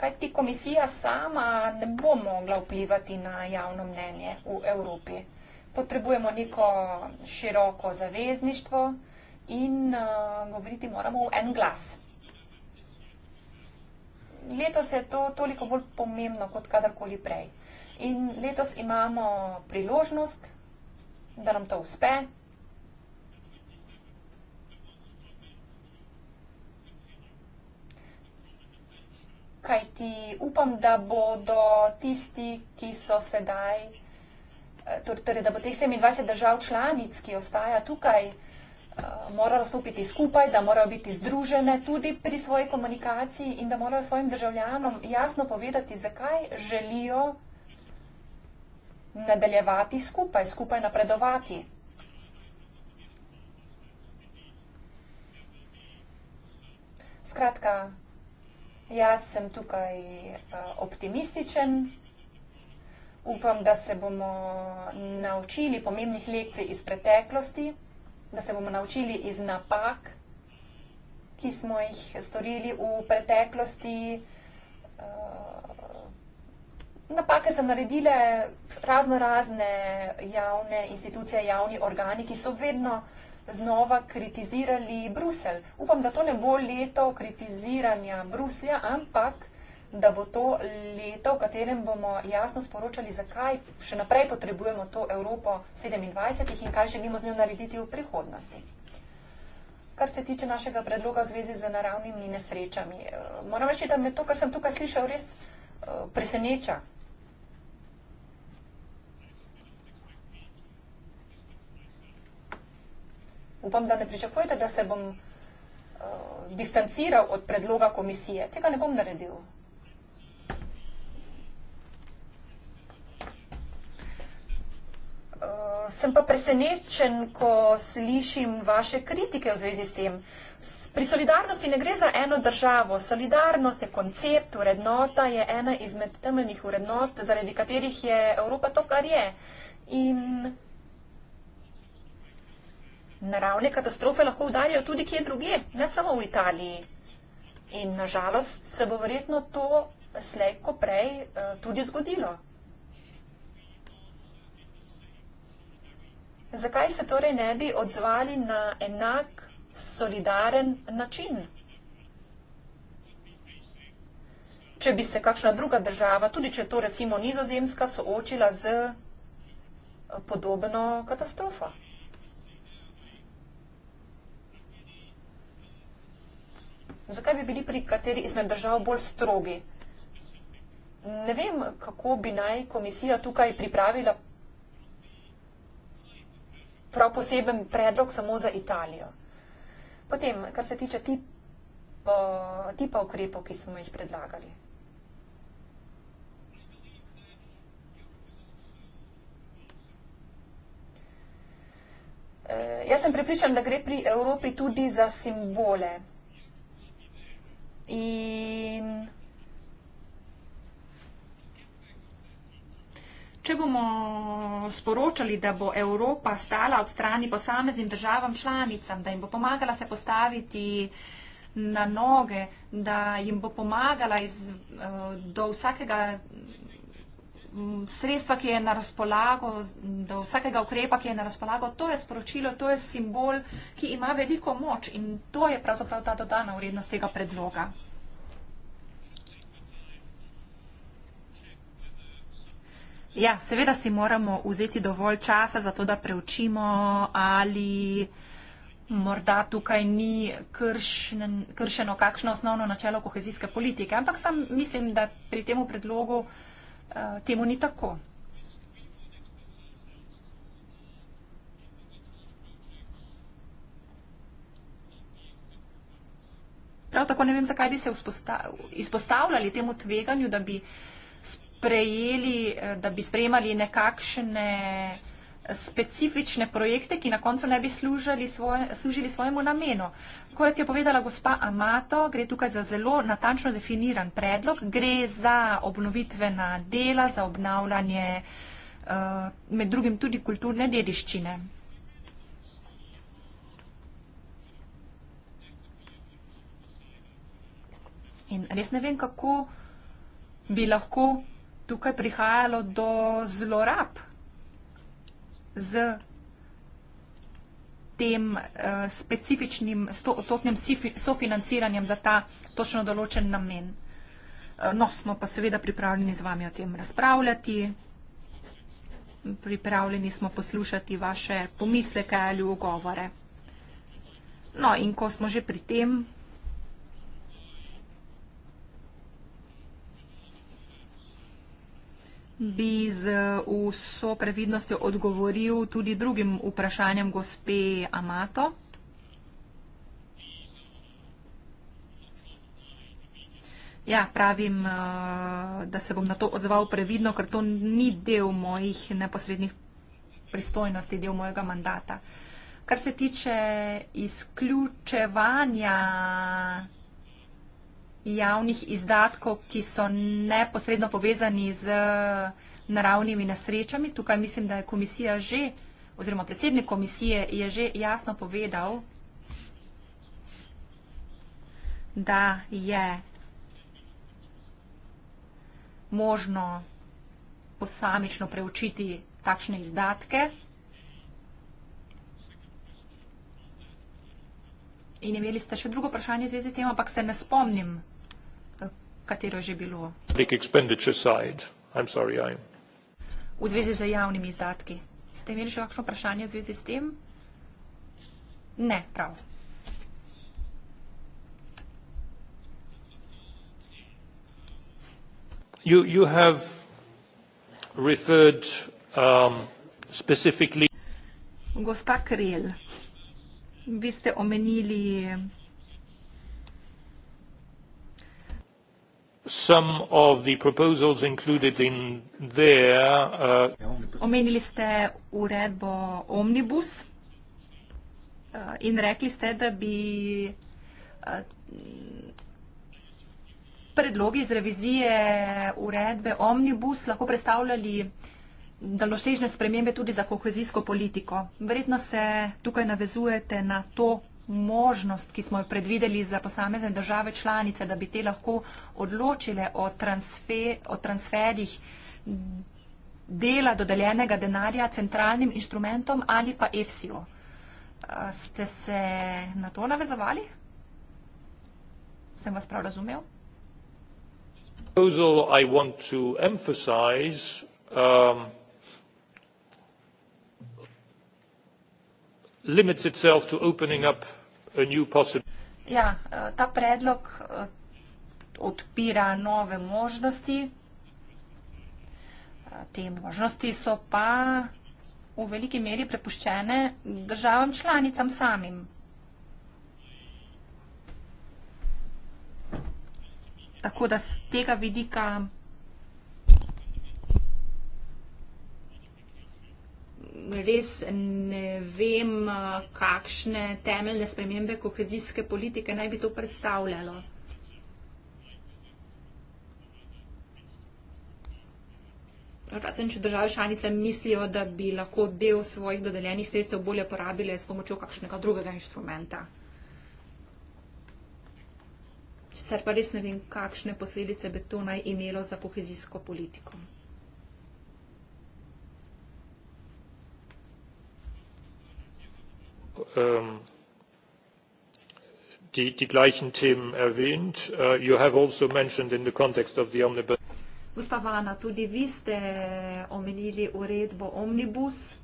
kaj ti komisija sama ne bo mogla vplivati na javno mnenje v Evropi potrebujemo neko široko zavezništvo in uh, govoriti moramo v en glas. Letos je to toliko bolj pomembno kot kadarkoli prej. In letos imamo priložnost, da nam to uspe. Kaj ti upam, da bodo tisti, ki so sedaj. Torej, torej, da bo teh 27 držav članic, ki ostaja tukaj, eh, moralo stopiti skupaj, da morajo biti združene tudi pri svoji komunikaciji in da morajo svojim državljanom jasno povedati, zakaj želijo nadaljevati skupaj, skupaj napredovati. Skratka, jaz sem tukaj eh, optimističen. Upam, da se bomo naučili pomembnih lekcij iz preteklosti, da se bomo naučili iz napak, ki smo jih storili v preteklosti. Eh, napake so naredile razno razne javne institucije, javni organi, ki so vedno znova kritizirali Bruselj. Upam, da to ne bo leto kritiziranja Bruslja, ampak da bo to leto, v katerem bomo jasno sporočali, zakaj še naprej potrebujemo to Evropo 27 in kaj želimo z njo narediti v prihodnosti. Kar se tiče našega predloga v zvezi z naravnimi nesrečami, eh, moram reči, da me to, kar sem tukaj slišal, res eh, preseneča. Upam, da ne pričakujete, da se bom uh, distanciral od predloga komisije. Tega ne bom naredil. uh, sem pa presenečen, ko slišim vaše kritike v zvezi s tem. Pri solidarnosti ne gre za eno državo. Solidarnost je koncept, vrednota je ena izmed temeljnih vrednot, zaradi katerih je Evropa to, kar je. In naravne katastrofe lahko udarijo tudi kje druge, ne samo v Italiji. In nažalost se bo verjetno to slejko prej eh, tudi zgodilo. zakaj se torej ne bi odzvali na enak solidaren način? Če bi se kakšna druga država, tudi če je to recimo nizozemska, soočila z eh, podobno katastrofo. Zakaj bi bili pri kateri izmed držav bolj strogi? Ne vem, kako bi naj komisija tukaj pripravila prav poseben predlog samo za Italijo. Potem, kar se tiče tipo, tipa ukrepov, ki smo jih predlagali. E, jaz sem pripričan, da gre pri Evropi tudi za simbole. In Če bomo sporočali, da bo Evropa stala ob strani posameznim državam članicam, da jim bo pomagala se postaviti na noge, da jim bo pomagala iz, eh, do vsakega mm, sredstva, ki je na razpolago, do vsakega ukrepa, ki je na razpolago, to je sporočilo, to je simbol, ki ima veliko moč in to je pravzaprav ta dodana vrednost tega predloga. Ja, seveda si moramo vzeti dovolj časa za to, da preučimo, ali morda tukaj ni kršen, kršeno kakšno osnovno načelo kohezijske politike, ampak sam mislim, da pri tem predlogu eh, temu ni tako. Prav tako ne vem, zakaj bi se izpostavljali temu tveganju, da bi prejeli, eh, da bi sprejemali nekakšne specifične projekte, ki na koncu ne bi služili, svoje, služili svojemu namenu. Kot je povedala gospa Amato, gre tukaj za zelo natančno definiran predlog. Gre za obnovitvena dela, za obnavljanje eh, med drugim tudi kulturne dediščine. In res ne vem, kako bi lahko tukaj prihajalo do zlorab z tem uh, specifičnim stotnim sofinanciranjem za ta točno določen namen. Uh, no, smo pa seveda pripravljeni z vami o tem razpravljati, pripravljeni smo poslušati vaše pomisleke ali ugovore. No, in ko smo že pri tem, bi z vso previdnostjo odgovoril tudi drugim vprašanjem gospe Amato. Ja, pravim, eh, da se bom na to odzval previdno, ker to ni del mojih neposrednih pristojnosti, del mojega mandata. Kar se tiče izključevanja javnih izdatkov, ki so neposredno povezani z naravnimi nesrečami. Tukaj mislim, da je komisija že, oziroma predsednik komisije je že jasno povedal, da je možno posamično preučiti takšne izdatke. In imeli ste še drugo vprašanje v zvezi s tem, ampak se ne spomnim katero že bilo. V zvezi z javnimi izdatki. Ste imeli še kakšno vprašanje v zvezi s tem? Ne, prav. You, you referred, um, specifically... Gospa Krel, vi ste omenili Some of the proposals included in there. Uh, Omenili ste uredbo omnibus uh, in rekli ste, da bi uh, predlogi iz revizije uredbe omnibus lahko predstavljali daljnosežne spremembe tudi za kohezijsko politiko. Verjetno se tukaj navezujete na to možnost, ki smo jo predvideli za posamezne države članice, da bi te lahko odločile o, transfer, o transferjih dela dodeljenega denarja centralnim inštrumentom ali pa EFSIO. Ste se na to navezovali? Sem vas prav razumel? Proposal I want to emphasize um, limits itself to opening up a new possibility. Ja, eh, ta predlog eh, odpira nove možnosti. Eh, te možnosti so pa v veliki meri prepuščene državam članicam samim. Tako da z tega vidika res ne vem, kakšne temeljne spremembe kohezijske politike naj bi to predstavljalo. Razen, če države članice mislijo, da bi lahko del svojih dodeljenih sredstev bolje porabile s pomočjo kakšnega drugega inštrumenta. Sicer pa res ne vem, kakšne posledice bi to naj imelo za kohezijsko politiko. Ähm, die gleichen Themen erwähnt. Äh, you have also mentioned in the context of the omnibus. Gospa Valana, tudi vi ste omenili uredbo omnibus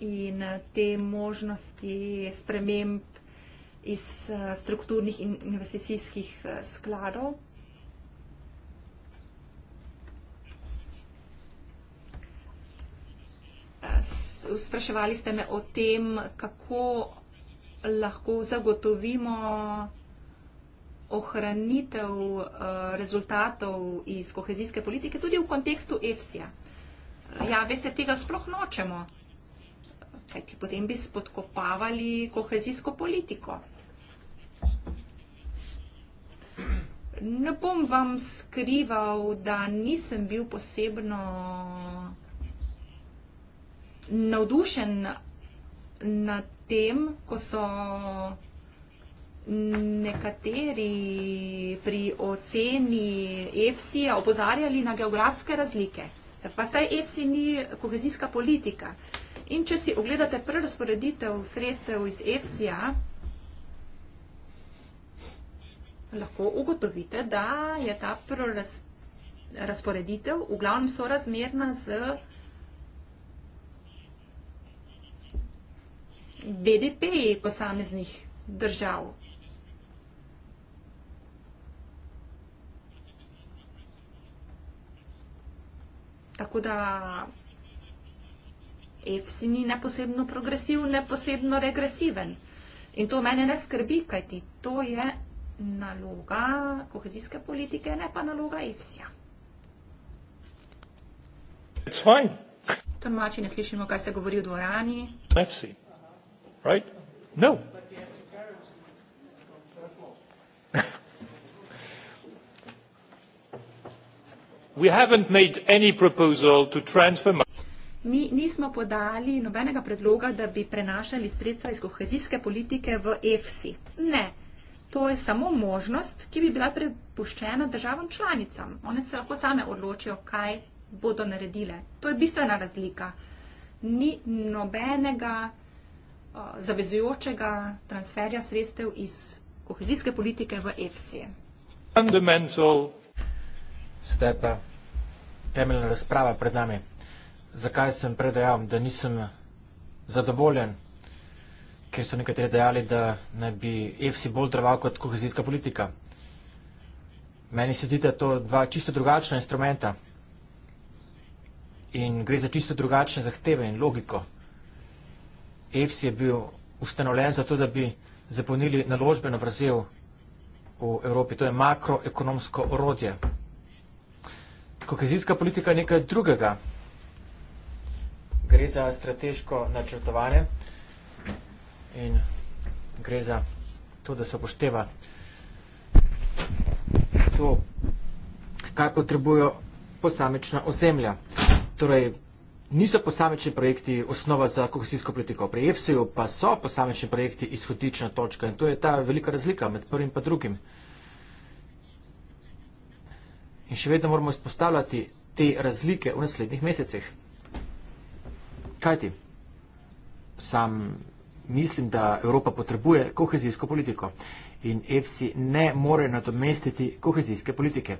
in eh, te možnosti sprememb iz eh, strukturnih in investicijskih eh, skladov. spraševali ste me o tem, kako lahko zagotovimo ohranitev eh, rezultatov iz kohezijske politike tudi v kontekstu EFSI-ja. Eh, ja, veste, tega sploh nočemo, kajti potem bi spodkopavali kohezijsko politiko. Ne bom vam skrival, da nisem bil posebno navdušen nad tem, ko so nekateri pri oceni EFSI-ja opozarjali na geografske razlike. Pa zdaj EFSI ni kohezijska politika. In če si ogledate prerasporeditev sredstev iz EFSI-ja, lahko ugotovite, da je ta prerasporeditev v glavnem sorazmerna z BDP-ji posameznih držav. Tako da EFSI ni neposebno progresiv, neposebno regresiven. In to mene ne skrbi, kajti to je naloga kohezijske politike, ne pa naloga EFSI-ja. To je fajn. Tomači, ne slišimo, kaj se govori v dvorani. EFSI right? No. *laughs* We haven't made any proposal to transfer Mi nismo podali nobenega predloga, da bi prenašali sredstva iz kohezijske politike v EFSI. Ne, to je samo možnost, ki bi bila prepuščena državam članicam. One se lahko same odločijo, kaj bodo naredile. To je bistvena razlika. Ni nobenega Eh, zavezujočega transferja sredstev iz kohezijske politike v EFSI. Sedaj pa temeljna razprava pred nami. Zakaj sem predajal, da nisem zadovoljen, ker so nekateri dejali, da ne bi EFSI bolj drval kot kohezijska politika. Meni se zdite to dva čisto drugačna instrumenta in gre za čisto drugačne zahteve in logiko. EFS je bil ustanovljen zato, da bi zapolnili naložbeno vrzel v Evropi. To je makroekonomsko orodje. Kohezijska politika je nekaj drugega. Gre za strateško načrtovanje in gre za to, da se upošteva to, kaj potrebujo posamična ozemlja. Torej, niso posamični projekti osnova za kohesijsko politiko. Pri EFSE-ju pa so posamični projekti izhodična točka in to je ta velika razlika med prvim in drugim. In še vedno moramo izpostavljati te razlike v naslednjih mesecih. Kaj ti? Sam mislim, da Evropa potrebuje kohezijsko politiko in EFSI ne more nadomestiti kohezijske politike,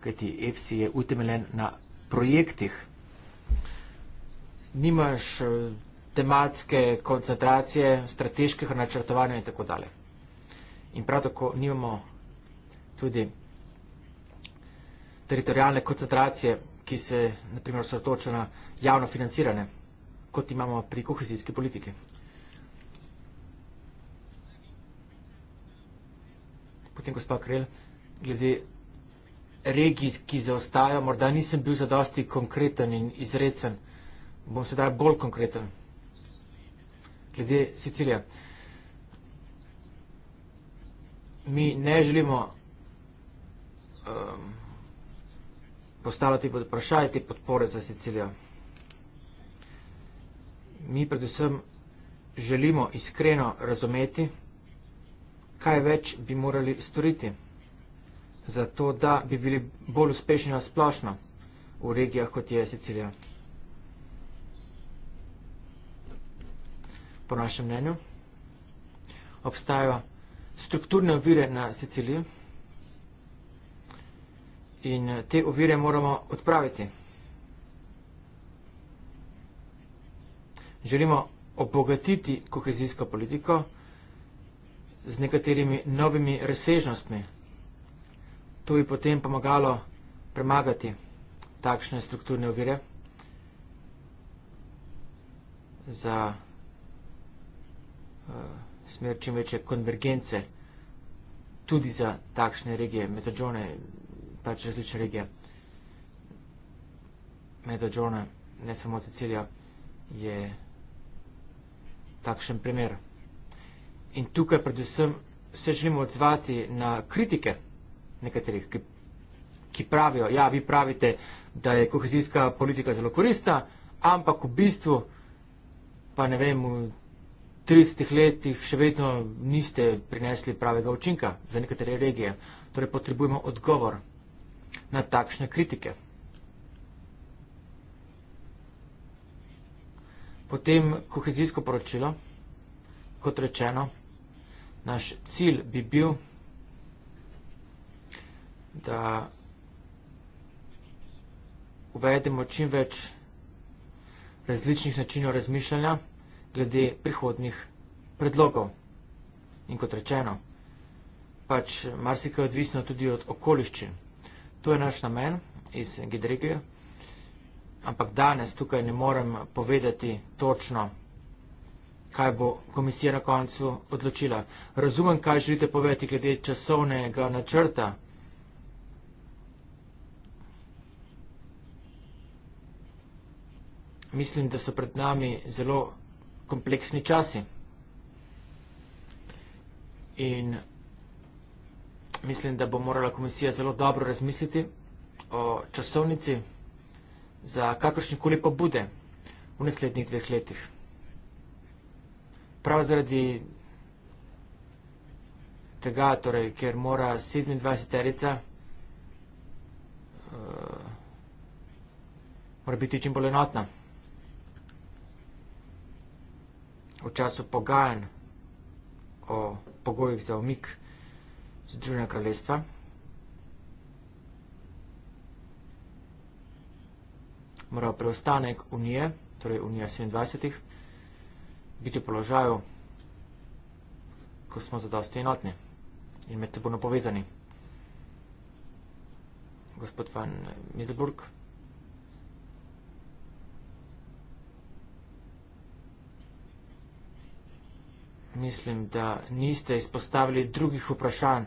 kajti EFSI je utemeljen na projektih nimaš eh, tematske koncentracije, strateških načrtovanja in tako dalje. In prav tako nimamo tudi teritorijalne koncentracije, ki se naprimer sortoča na javno financirane, kot imamo pri kohezijski politiki. Potem, gospod Krel, glede regij, ki zaostajo, morda nisem bil za dosti konkreten in izrecen, bom sedaj bolj konkreten. Glede Sicilije. Mi ne želimo um, postavljati pod vprašaj te podpore za Sicilijo. Mi predvsem želimo iskreno razumeti, kaj več bi morali storiti, zato da bi bili bolj uspešni na splošno v regijah, kot je Sicilija. po našem mnenju. Obstajajo strukturne ovire na Siciliji in te ovire moramo odpraviti. Želimo obogatiti kohezijsko politiko z nekaterimi novimi razsežnostmi. To bi potem pomagalo premagati takšne strukturne ovire za kohezijsko politiko. Eh, smer čim večje konvergence tudi za takšne regije, metadžone, pač različne regije. Metadžone, ne samo Sicilija, je takšen primer. In tukaj predvsem se želimo odzvati na kritike nekaterih, ki, ki pravijo, ja, vi pravite, da je kohezijska politika zelo korista, ampak v bistvu pa ne vem, 30 letih še vedno niste prinesli pravega učinka za nekatere regije. Torej potrebujemo odgovor na takšne kritike. Potem kohezijsko poročilo, kot rečeno, naš cilj bi bil, da uvedemo čim več različnih načinov razmišljanja, glede prihodnih predlogov. In kot rečeno, pač marsikaj je odvisno tudi od okoliščin. To je naš namen iz Gidrige, ampak danes tukaj ne morem povedati točno, kaj bo komisija na koncu odločila. Razumem, kaj želite povedati glede časovnega načrta. Mislim, da so pred nami zelo kompleksni časi. In mislim, da bo morala komisija zelo dobro razmisliti o časovnici za kakršnikoli pa bude v naslednjih dveh letih. Prav zaradi tega, torej, ker mora 27 terica uh, mora biti čim bolj enotna. v času pogajanj o pogojih za omik Združenega kraljestva. Mora preostanek Unije, torej Unija 27, biti v položaju, ko smo zadosti enotni in med sebojno povezani. Gospod van Middelburg. mislim, da niste izpostavili drugih vprašanj.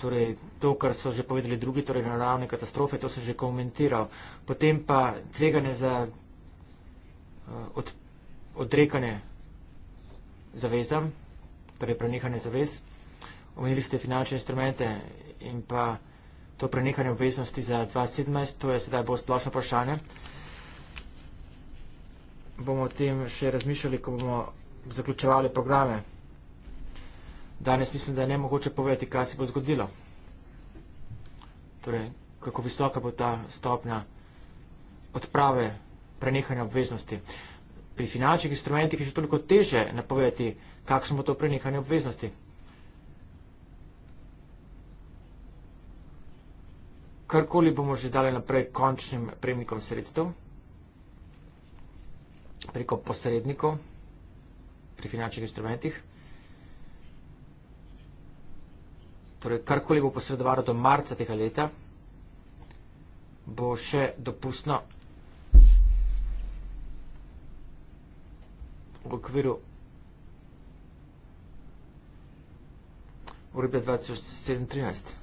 Torej, to, kar so že povedali drugi, torej naravne katastrofe, to sem že komentiral. Potem pa tveganje za uh, od, odrekanje zavezam, torej prenehanje zavez. Omenili ste finančne instrumente in pa to prenehanje obveznosti za 2017, to je sedaj bolj splošno vprašanje. Bomo o tem še razmišljali, ko bomo zaključevali programe. Danes mislim, da je nemogoče povedati, kaj se bo zgodilo. Torej, kako visoka bo ta stopnja odprave prenehanja obveznosti. Pri finančnih instrumentih je še toliko teže napovedati, kakšno bo to prenehanje obveznosti. Karkoli bomo že dali naprej končnim prejemnikom sredstev, preko posrednikov, pri finančnih instrumentih. Torej, karkoli bo posredovalo do marca tega leta, bo še dopustno v okviru uribe 2013.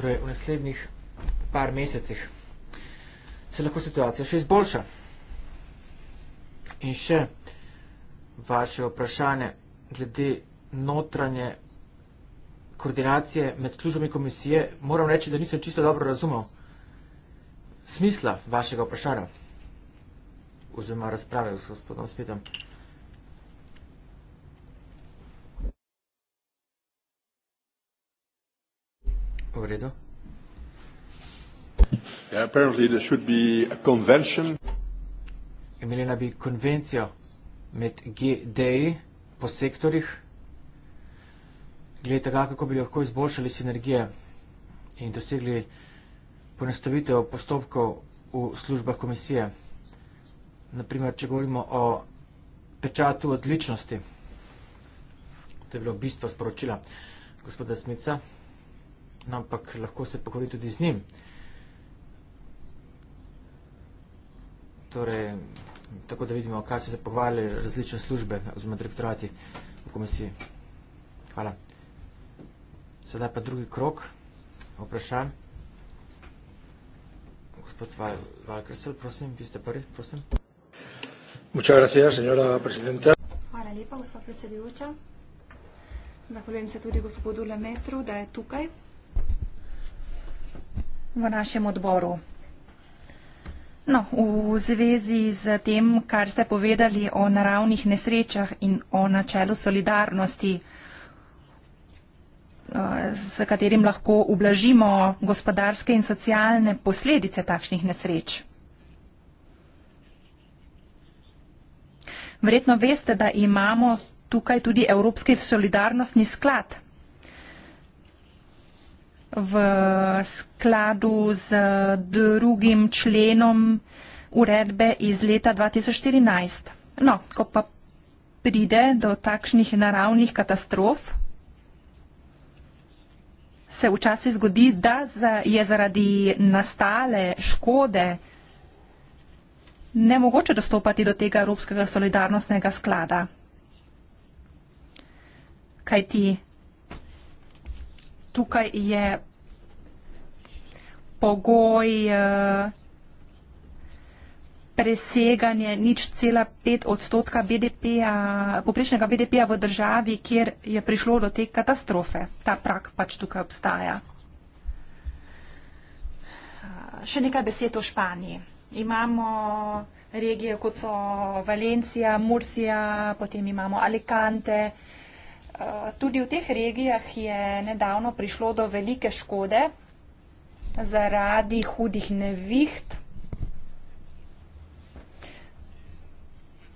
Torej, v naslednjih par mesecih se lahko situacija še izboljša. In še vaše vprašanje glede notranje koordinacije med službami komisije, moram reči, da nisem čisto dobro razumel smisla vašega vprašanja oziroma razprave s gospodom Svetom. V redu. Yeah, apparently there should be a convention. Imeli na bi konvencijo med GD-ji e po sektorjih. Glede ga, kako bi lahko izboljšali sinergije in dosegli ponastavitev postopkov v službah komisije. Naprimer, če govorimo o pečatu odličnosti, to je bilo bistvo sporočila gospoda Smica, no, ampak lahko se pokori tudi z njim. Torej, tako da vidimo, kaj so se pohvalili različne službe oziroma direktorati v komisiji. Hvala. Sedaj pa drugi krok vprašanj. Gospod Valkersel, prosim, vi ste prvi, prosim. Muchas gracias, señora presidenta. Hvala lepa, gospod predsedujoča. Zahvaljujem se tudi gospodu Lemetru, da je tukaj v našem odboru. No, v zvezi z tem, kar ste povedali o naravnih nesrečah in o načelu solidarnosti, eh, s katerim lahko ublažimo gospodarske in socialne posledice takšnih nesreč. Verjetno veste, da imamo tukaj tudi Evropski solidarnostni sklad, v skladu z drugim členom uredbe iz leta 2014. No, ko pa pride do takšnih naravnih katastrof, se včasih zgodi, da je zaradi nastale škode nemogoče dostopati do tega Evropskega solidarnostnega sklada. Kaj ti tukaj je pogoj eh, preseganje nič cela pet odstotka BDP-ja, poprečnega BDP-ja v državi, kjer je prišlo do te katastrofe. Ta prak pač tukaj obstaja. Še nekaj besed o Španiji. Imamo regije, kot so Valencija, Murcia, potem imamo Alicante, Valencija, Eh, tudi v teh regijah je nedavno prišlo do velike škode zaradi hudih neviht.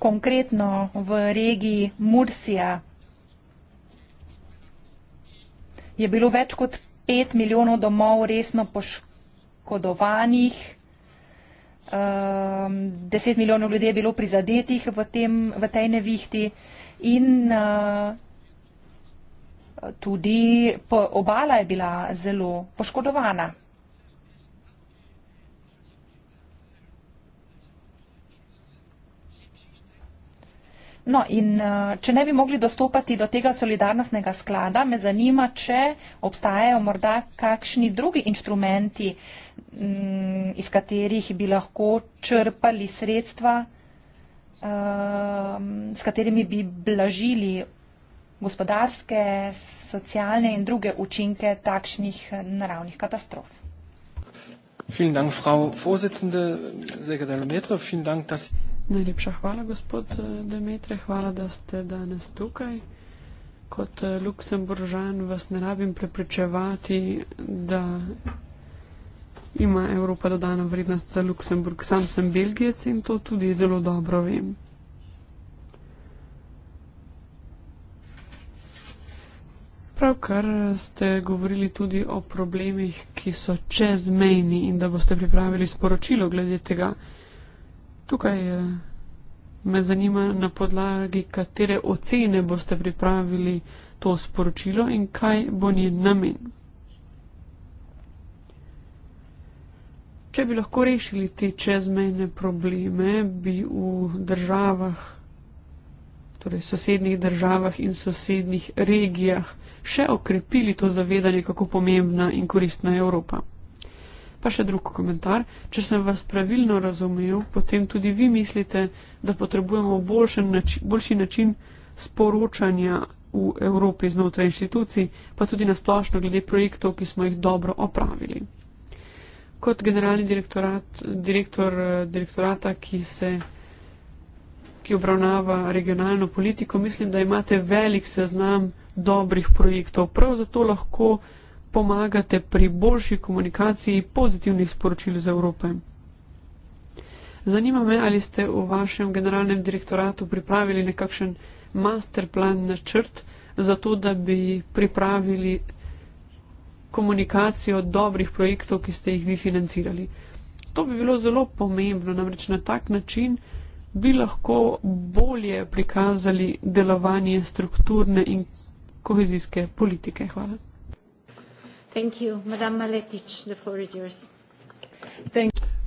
Konkretno v regiji Mursija je bilo več kot 5 milijonov domov resno poškodovanih, 10 ehm, milijonov ljudi je bilo prizadetih v, tem, v tej nevihti in eh, tudi obala je bila zelo poškodovana. No in eh, če ne bi mogli dostopati do tega solidarnostnega sklada, me zanima, če obstajajo morda kakšni drugi inštrumenti, mm, iz katerih bi lahko črpali sredstva, eh, s katerimi bi blažili gospodarske, s socialne in druge učinke takšnih eh, naravnih katastrof. Najlepša hvala, gospod eh, Demetre, hvala, da ste danes tukaj. Kot eh, Luksemburžan vas ne rabim prepričevati, da ima Evropa dodano vrednost za Luksemburg. Sam sem Belgijec in to tudi zelo dobro vem. pravkar ste govorili tudi o problemih, ki so čezmejni in da boste pripravili sporočilo glede tega. Tukaj eh, me zanima, na podlagi katere ocene boste pripravili to sporočilo in kaj bo njen namen. Če bi lahko rešili te čezmejne probleme, bi v državah, torej sosednjih državah in sosednjih regijah še okrepili to zavedanje, kako pomembna in koristna je Evropa. Pa še drug komentar. Če sem vas pravilno razumel, potem tudi vi mislite, da potrebujemo način, boljši način sporočanja v Evropi znotraj inštitucij, pa tudi na splošno glede projektov, ki smo jih dobro opravili. Kot generalni direktorat, direktor direktorata, ki, se, ki obravnava regionalno politiko, mislim, da imate velik seznam dobrih projektov. Prav zato lahko pomagate pri boljši komunikaciji pozitivnih sporočil za Evrope. Zanima me, ali ste v vašem generalnem direktoratu pripravili nekakšen masterplan na črt, zato da bi pripravili komunikacijo dobrih projektov, ki ste jih vi financirali. To bi bilo zelo pomembno, namreč na tak način bi lahko bolje prikazali delovanje strukturne in kohezijske politike. Hvala.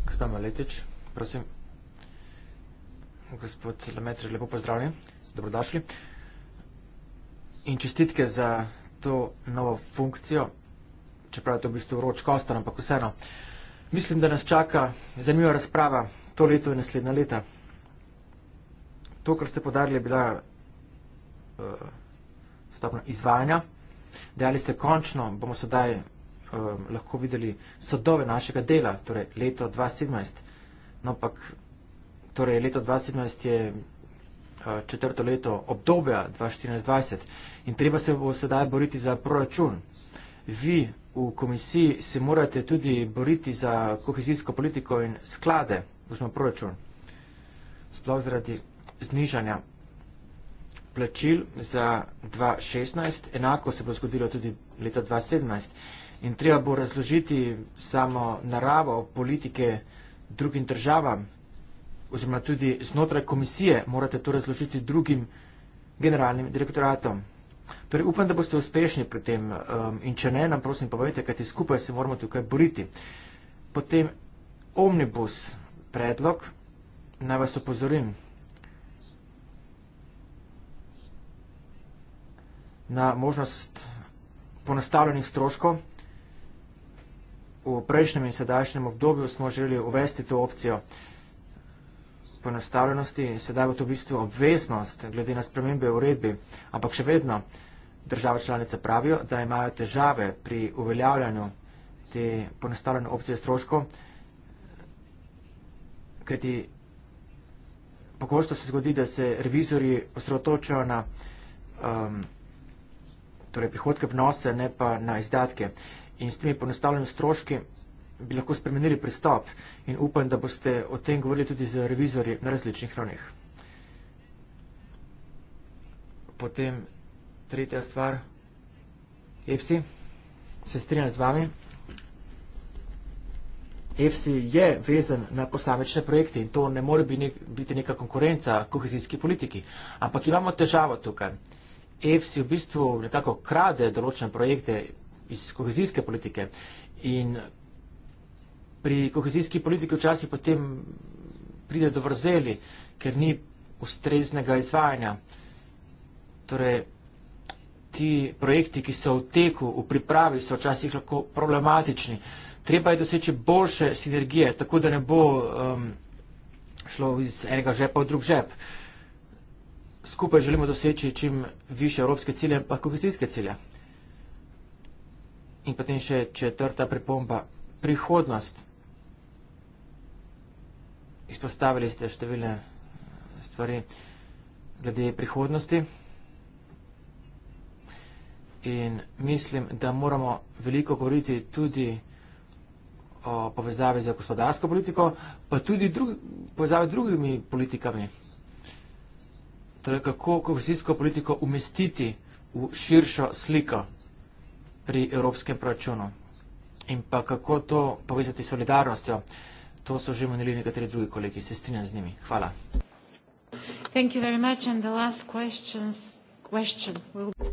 Gospa Maletič, prosim. Gospod Lemetri, lepo pozdravljen, dobrodošli. In čestitke za to novo funkcijo, čeprav je to v bistvu vroč kostor, ampak vseeno. Mislim, da nas čaka zanimiva razprava to leto in naslednja leta. To, kar ste podarili, je bila uh, stopnjo izvajanja. Dejali ste končno, bomo sedaj um, lahko videli sodove našega dela, torej leto 2017. No, ampak torej leto 2017 je uh, četrto leto obdobja 2014-2020 in treba se bo sedaj boriti za proračun. Vi v komisiji se morate tudi boriti za kohezijsko politiko in sklade, oziroma proračun, sploh zaradi znižanja plačil za 2016, enako se bo zgodilo tudi leta 2017. In treba bo razložiti samo naravo politike drugim državam, oziroma tudi znotraj komisije morate to razložiti drugim generalnim direktoratom. Torej upam, da boste uspešni pri tem um, in če ne, nam prosim povejte, kajti skupaj se moramo tukaj boriti. Potem omnibus predlog, naj vas opozorim, na možnost ponastavljenih stroškov. V prejšnjem in sedajšnjem obdobju smo želeli uvesti to opcijo ponastavljenosti in sedaj bo to v bistvu obveznost glede na spremembe uredbi, ampak še vedno države članice pravijo, da imajo težave pri uveljavljanju te ponastavljene opcije stroškov, kajti pogosto se zgodi, da se revizori osredotočajo na um, torej prihodke vnose, ne pa na izdatke. In s temi ponostavljenimi stroški bi lahko spremenili pristop in upam, da boste o tem govorili tudi z revizori na različnih ravneh. Potem tretja stvar. EFSI, se strinjam z vami. EFSI je vezan na posamečne projekte in to ne more biti neka konkurenca kohezijski politiki. Ampak imamo težavo tukaj. EFSI v bistvu nekako krade določene projekte iz kohezijske politike in pri kohezijski politiki včasih potem pride do vrzeli, ker ni ustreznega izvajanja. Torej, ti projekti, ki so v teku, v pripravi, so včasih lahko problematični. Treba je doseči boljše sinergije, tako da ne bo um, šlo iz enega žepa v drug žep. Uh, skupaj želimo doseči čim više evropske cilje, pa kohezijske cilje. In potem še četrta pripomba, prihodnost. Izpostavili ste številne eh, stvari glede prihodnosti. In mislim, da moramo veliko govoriti tudi o povezavi za gospodarsko politiko, pa tudi drugi, povezavi z drugimi politikami torej kako kohezijsko politiko umestiti v širšo sliko pri evropskem proračunu in pa kako to povezati s solidarnostjo. To so že omenili nekateri drugi kolegi, se strinjam z njimi. Hvala. Thank you very much and the last questions question will be...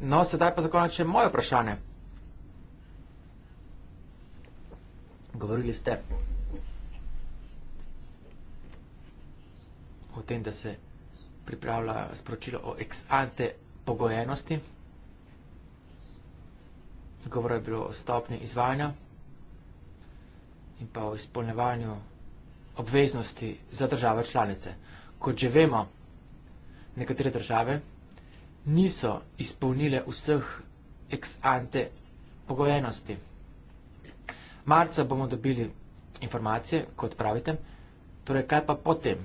No, sedaj pa za konec še moje vprašanje. Govorili ste o tem, da se pripravila sporočilo o ex ante pogojenosti. Govor je bilo o stopni izvajanja in pa o izpolnevanju obveznosti za države članice. Kot že vemo, nekatere države niso izpolnile vseh ex ante pogojenosti. Marca bomo dobili informacije, kot pravite, torej kaj pa potem,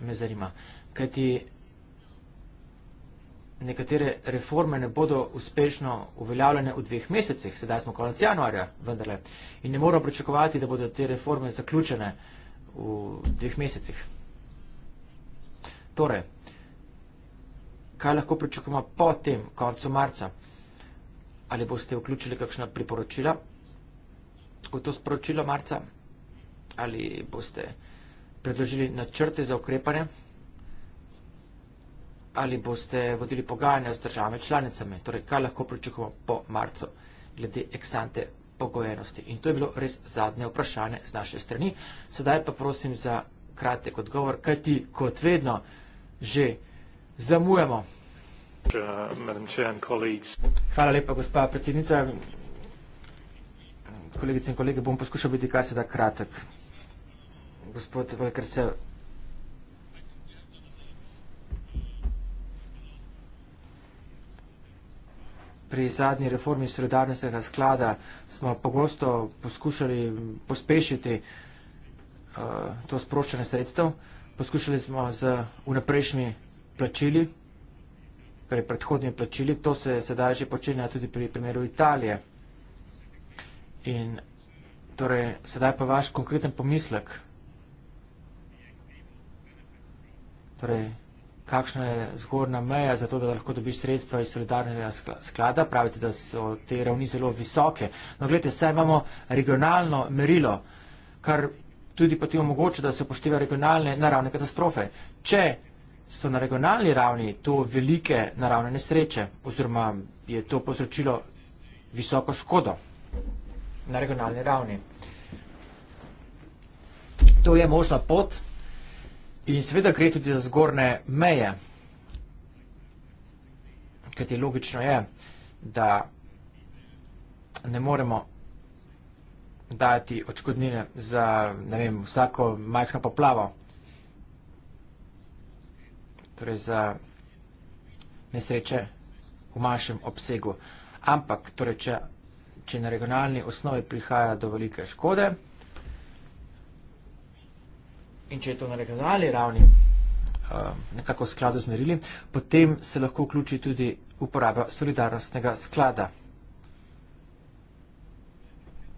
me zanima kajti nekatere reforme ne bodo uspešno uveljavljene v dveh mesecih, sedaj smo konec januarja vendarle in ne moramo pričakovati, da bodo te reforme zaključene v dveh mesecih. Torej, kaj lahko pričakujemo po tem koncu marca? Ali boste vključili kakšna priporočila v to sporočilo marca? Ali boste predložili načrte za okrepanje? ali boste vodili pogajanja z državami članicami, torej kaj lahko pričakujemo po marcu glede eksante pogojenosti. In to je bilo res zadnje vprašanje z naše strani. Sedaj pa prosim za kratek odgovor, kaj ti kot vedno že zamujamo. Hvala lepa, gospa predsednica. Kolegice in kolege, bom poskušal biti kar se da kratek. Gospod Velker se pri zadnji reformi solidarnostnega sklada smo pogosto poskušali pospešiti uh, to sproščanje sredstev. Poskušali smo z vnaprejšnjimi plačili, pri torej predhodnimi plačili. To se sedaj že počenja tudi pri primeru Italije. In torej, sedaj pa vaš konkreten pomislek. Torej, kakšna je zgornja meja za to, da lahko dobiš sredstva iz solidarnega sklada. Pravite, da so te ravni zelo visoke. No, gledajte, saj imamo regionalno merilo, kar tudi potem omogoča, da se upošteva regionalne naravne katastrofe. Če so na regionalni ravni to velike naravne nesreče oziroma je to povzročilo visoko škodo na regionalni ravni. To je možna pot. In seveda gre tudi za zgorne meje, kajti logično je, da ne moremo dati očkodnine za, ne vem, vsako majhno poplavo. Torej za nesreče v manjšem obsegu. Ampak, torej, če, če na regionalni osnovi prihaja do velike škode, In če je to na regionalni ravni uh, nekako v skladu z merili, potem se lahko vključi tudi uporaba solidarnostnega sklada.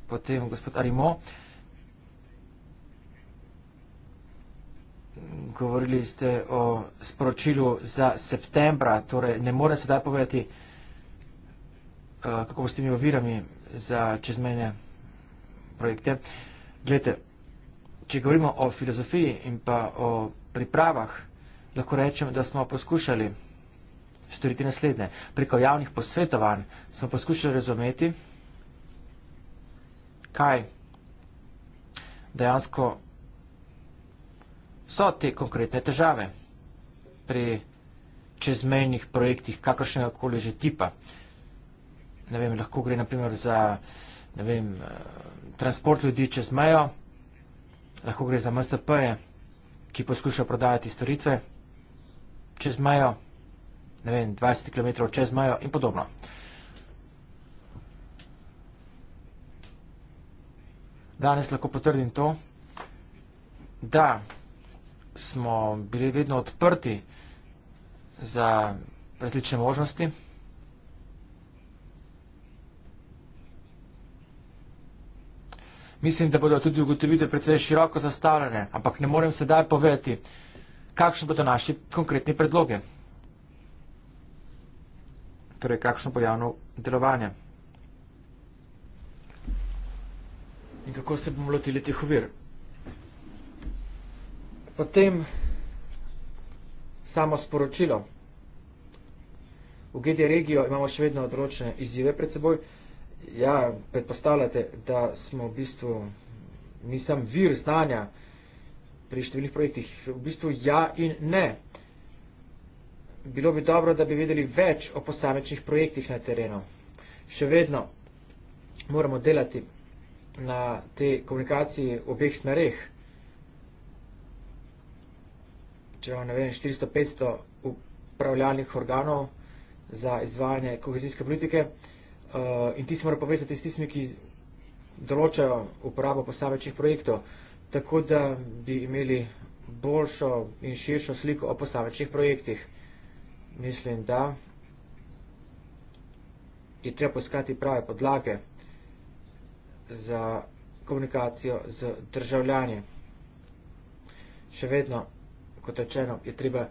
Potem gospod Arimo, govorili ste o sporočilu za septembra, torej ne more sedaj povedati, eh, kako boste mi ovirami za čezmene projekte. Gledajte, če govorimo o filozofiji in pa o pripravah, lahko rečem, da smo poskušali storiti naslednje. Preko javnih posvetovanj smo poskušali razumeti, kaj dejansko so te konkretne težave pri čezmejnih projektih kakršnega koli že tipa. Ne vem, lahko gre naprimer za ne vem, eh, transport ljudi čez mejo, lahko gre za MSP-je, ki poskušajo prodajati storitve čez mejo, ne vem, 20 km čez mejo in podobno. Danes lahko potrdim to, da smo bili vedno odprti za različne možnosti. Mislim, da bodo tudi ugotovitve precej široko zastavljene, ampak ne morem sedaj povedati, kakšni bodo naši konkretni predloge. Torej, kakšno bo javno delovanje. In kako se bomo lotili teh uvir. Potem samo sporočilo. V GD regijo imamo še vedno odročne izzive pred seboj ja, predpostavljate, da smo v bistvu, nisem vir znanja pri številnih projektih, v bistvu ja in ne. Bilo bi dobro, da bi vedeli več o posamečnih projektih na terenu. Še vedno moramo delati na te komunikaciji v obeh smereh. Če imamo, ne vem, 400-500 upravljalnih organov za izvajanje kohezijske politike, Eh, in ti se mora povezati s tistimi, ki določajo uporabo posamečnih projektov, tako da bi imeli boljšo in širšo sliko o posamečnih projektih. Mislim, da je treba poskati prave podlage za komunikacijo z državljanjem. Še vedno, kot rečeno, je treba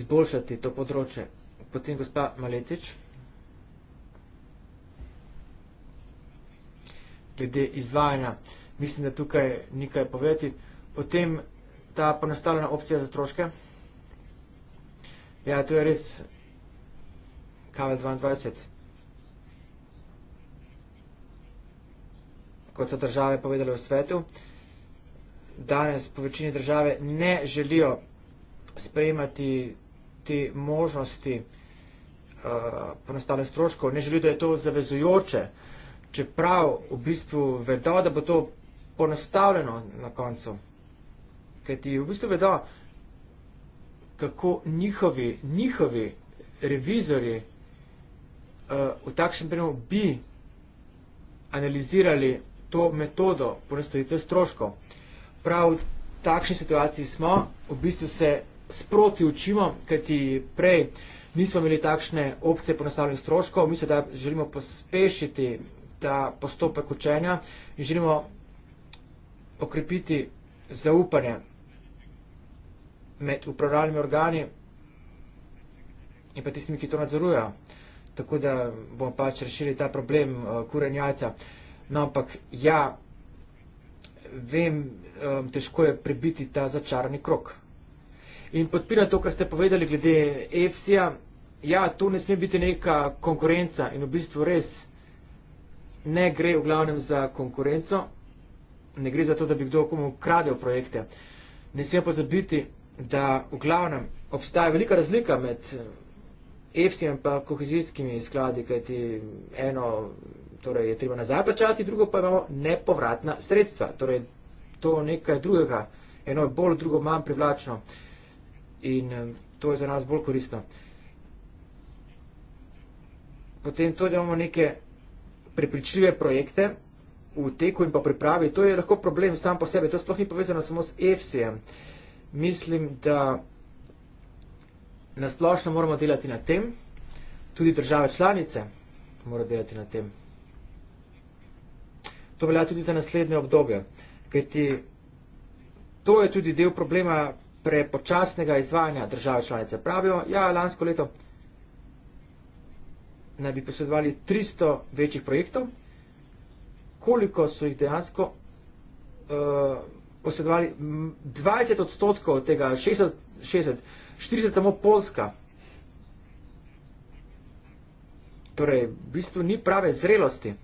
izboljšati to področje. Potem gospa Maletič. glede izvajanja. Mislim, da tukaj nekaj povedati. Potem ta ponastavljena opcija za troške. Ja, to je res KV22. Kot so države povedali v svetu, danes po večini države ne želijo sprejemati te možnosti uh, ponastavljenih stroškov, ne želijo, da je to zavezujoče. Uh, čeprav v bistvu vedo, da bo to ponastavljeno na koncu. Ker ti v bistvu vedo, kako njihovi, njihovi revizori uh, eh, v takšnem primeru bi analizirali to metodo ponastavitve stroškov. Prav v takšni situaciji smo, v bistvu se sproti učimo, ker ti prej nismo imeli takšne opcije ponastavljenih stroškov, mi se da želimo pospešiti ta postopek učenja in želimo okrepiti zaupanje med upravljalnimi organi in pa tistimi, ki to nadzorujejo. Tako da bomo pač rešili ta problem eh, kurenjajca. No, ampak ja, vem, eh, težko je prebiti ta začarani krok. In podpira to, kar ste povedali glede EFSI-ja. Ja, to ne sme biti neka konkurenca in v bistvu res ne gre v glavnem za konkurenco, ne gre za to, da bi kdo komu ukradel projekte. Ne smemo pozabiti, da v glavnem obstaja velika razlika med EFSI-jem eh, e in kohezijskimi skladi, kajti eno torej, je treba nazaj plačati, drugo pa imamo nepovratna sredstva. Torej, to je nekaj drugega. Eno je bolj, drugo manj privlačno in eh, to je za nas bolj koristno. Potem tudi imamo neke prepričljive projekte v teku in pa pripravi, to je lahko problem sam po sebi, to sploh ni povezano samo s EFSI-jem. Mislim, da nasplošno moramo delati na tem, tudi države članice morajo delati na tem. To velja tudi za naslednje obdobje, kajti to je tudi del problema prepočasnega izvajanja države članice. Pravijo, ja, lansko leto naj bi posredovali 300 večjih projektov. Koliko so jih dejansko uh, posredovali? 20 odstotkov tega, 60, 60, 40 samo Polska. Torej, v bistvu ni prave zrelosti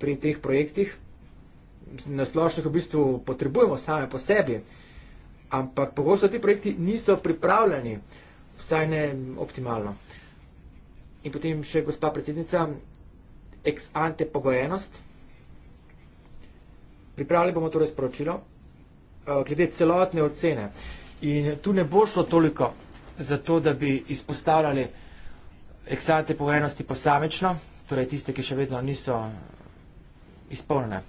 pri teh projektih. Na splošno jih v bistvu potrebujemo same po sebi, ampak pogosto ti projekti niso pripravljeni, vsaj ne optimalno. In potem še gospa predsednica, ex ante pogojenost. Pripravili bomo torej sporočilo, eh, glede celotne ocene. In tu ne bo šlo toliko za to, da bi izpostavljali ex ante pogojenosti posamično, torej tiste, ki še vedno niso izpolnjene.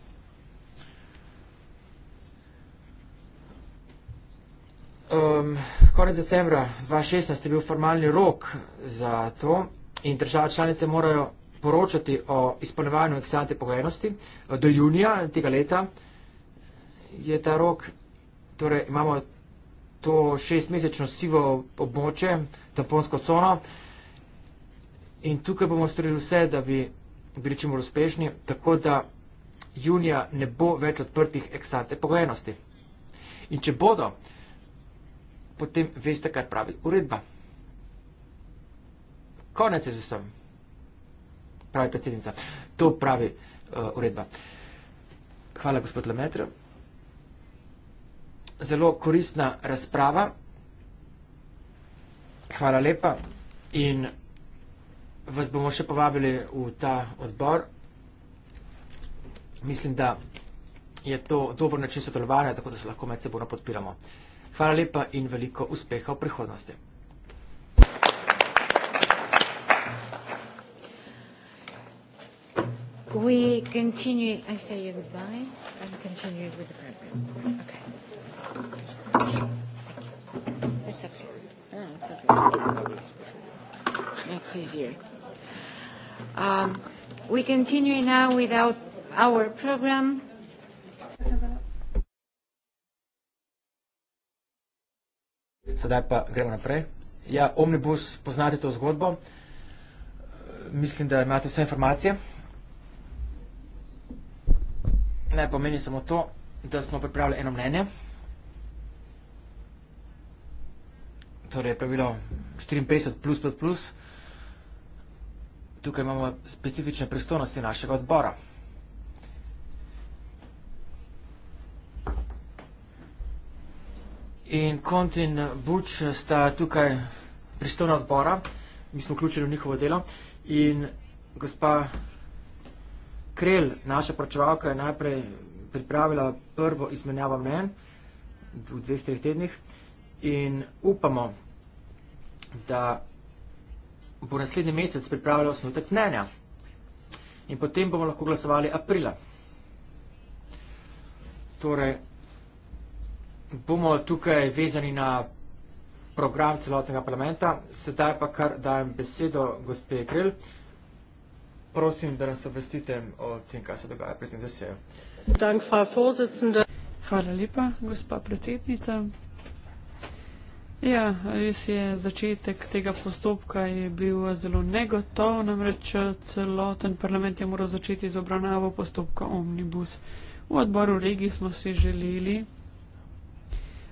Um, konec decembra 2016 je bil formalni rok za to, in države članice morajo poročati o izpolnjevanju eksante pogojenosti do junija tega leta, je ta rok, torej imamo to šestmesečno sivo območje, tamponsko cono in tukaj bomo storili vse, da bi bili čim bolj uspešni, tako da junija ne bo več odprtih eksante pogojenosti. In če bodo, potem veste, kaj pravi uredba konec je z vsem. Pravi predsednica. To pravi uh, uredba. Hvala, gospod Lemeter. Zelo koristna razprava. Hvala lepa. In vas bomo še povabili v ta odbor. Mislim, da je to dober način sodelovanja, tako da se lahko med sebojno podpiramo. Hvala lepa in veliko uspeha v prihodnosti. We continue. I say goodbye. I'm continuing with the program. Okay. That's oh, okay. That's easier. Um, we continue now with our program. Sedaj pa gremo naprej. Ja, omnibus, poznate to zgodbo. Mislim, da imate vse informacije. Ne pomeni samo to, da smo pripravili eno mnenje. Torej, pravilo 54 plus plus plus. Tukaj imamo specifične pristojnosti našega odbora. In Kont in Buč sta tukaj pristojna odbora. Mi smo vključili v njihovo delo. In gospa Krel, naša pročevalka, je najprej pripravila prvo izmenjavo mnen v dveh, treh tednih in upamo, da bo naslednji mesec pripravila osnutek mnenja. In potem bomo lahko glasovali aprila. Torej, bomo tukaj vezani na program celotnega parlamenta, sedaj pa kar dajem besedo gospe Krel prosim, da nas obvestite o tem, kaj se dogaja pri tem desejo. Hvala lepa, gospa predsednica. Ja, res je, začetek tega postopka je bil zelo negotov, namreč celoten parlament je moral začeti z obravnavo postopka Omnibus. V odboru regij smo si želeli,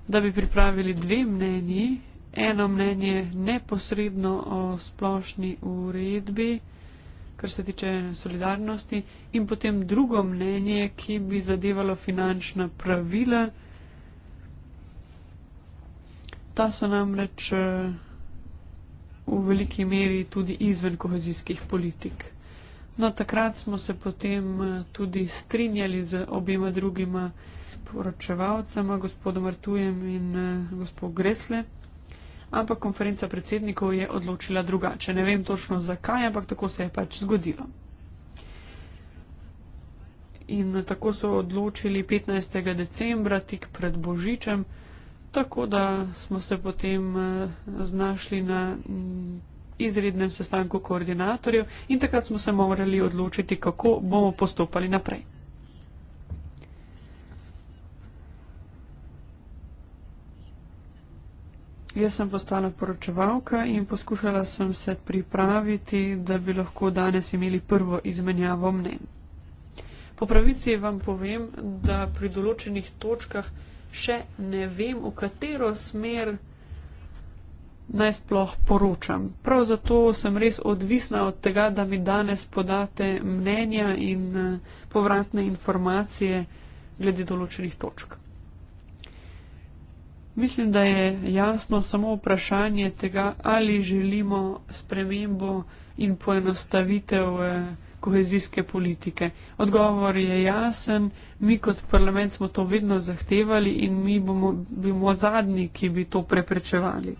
da bi pripravili dve mnenji. Eno mnenje neposredno o splošni uredbi kar se tiče solidarnosti, in potem drugo mnenje, ki bi zadevalo finančna pravila. Ta so namreč eh, v veliki meri tudi izven kohezijskih politik. No, takrat smo se potem eh, tudi strinjali z obima drugima poročevalcema, gospodom Artujem in eh, gospod Gresle ampak konferenca predsednikov je odločila drugače. Ne vem točno zakaj, ampak tako se je pač zgodilo. In tako so odločili 15. decembra, tik pred Božičem, tako da smo se potem eh, znašli na mm, izrednem sestanku koordinatorjev in takrat smo se morali odločiti, kako bomo postopali naprej. Jaz sem postala poročevalka in poskušala sem se pripraviti, da bi lahko danes imeli prvo izmenjavo mnen. Po pravici vam povem, da pri določenih točkah še ne vem, v katero smer naj sploh poročam. Prav zato sem res odvisna od tega, da mi danes podate mnenja in eh, povratne informacije glede določenih točk. Mislim, da je jasno samo vprašanje tega, ali želimo spremembo in poenostavitev eh, kohezijske politike. Odgovor je jasen, mi kot parlament smo to vedno zahtevali in mi bomo, bomo zadnji, ki bi to preprečevali.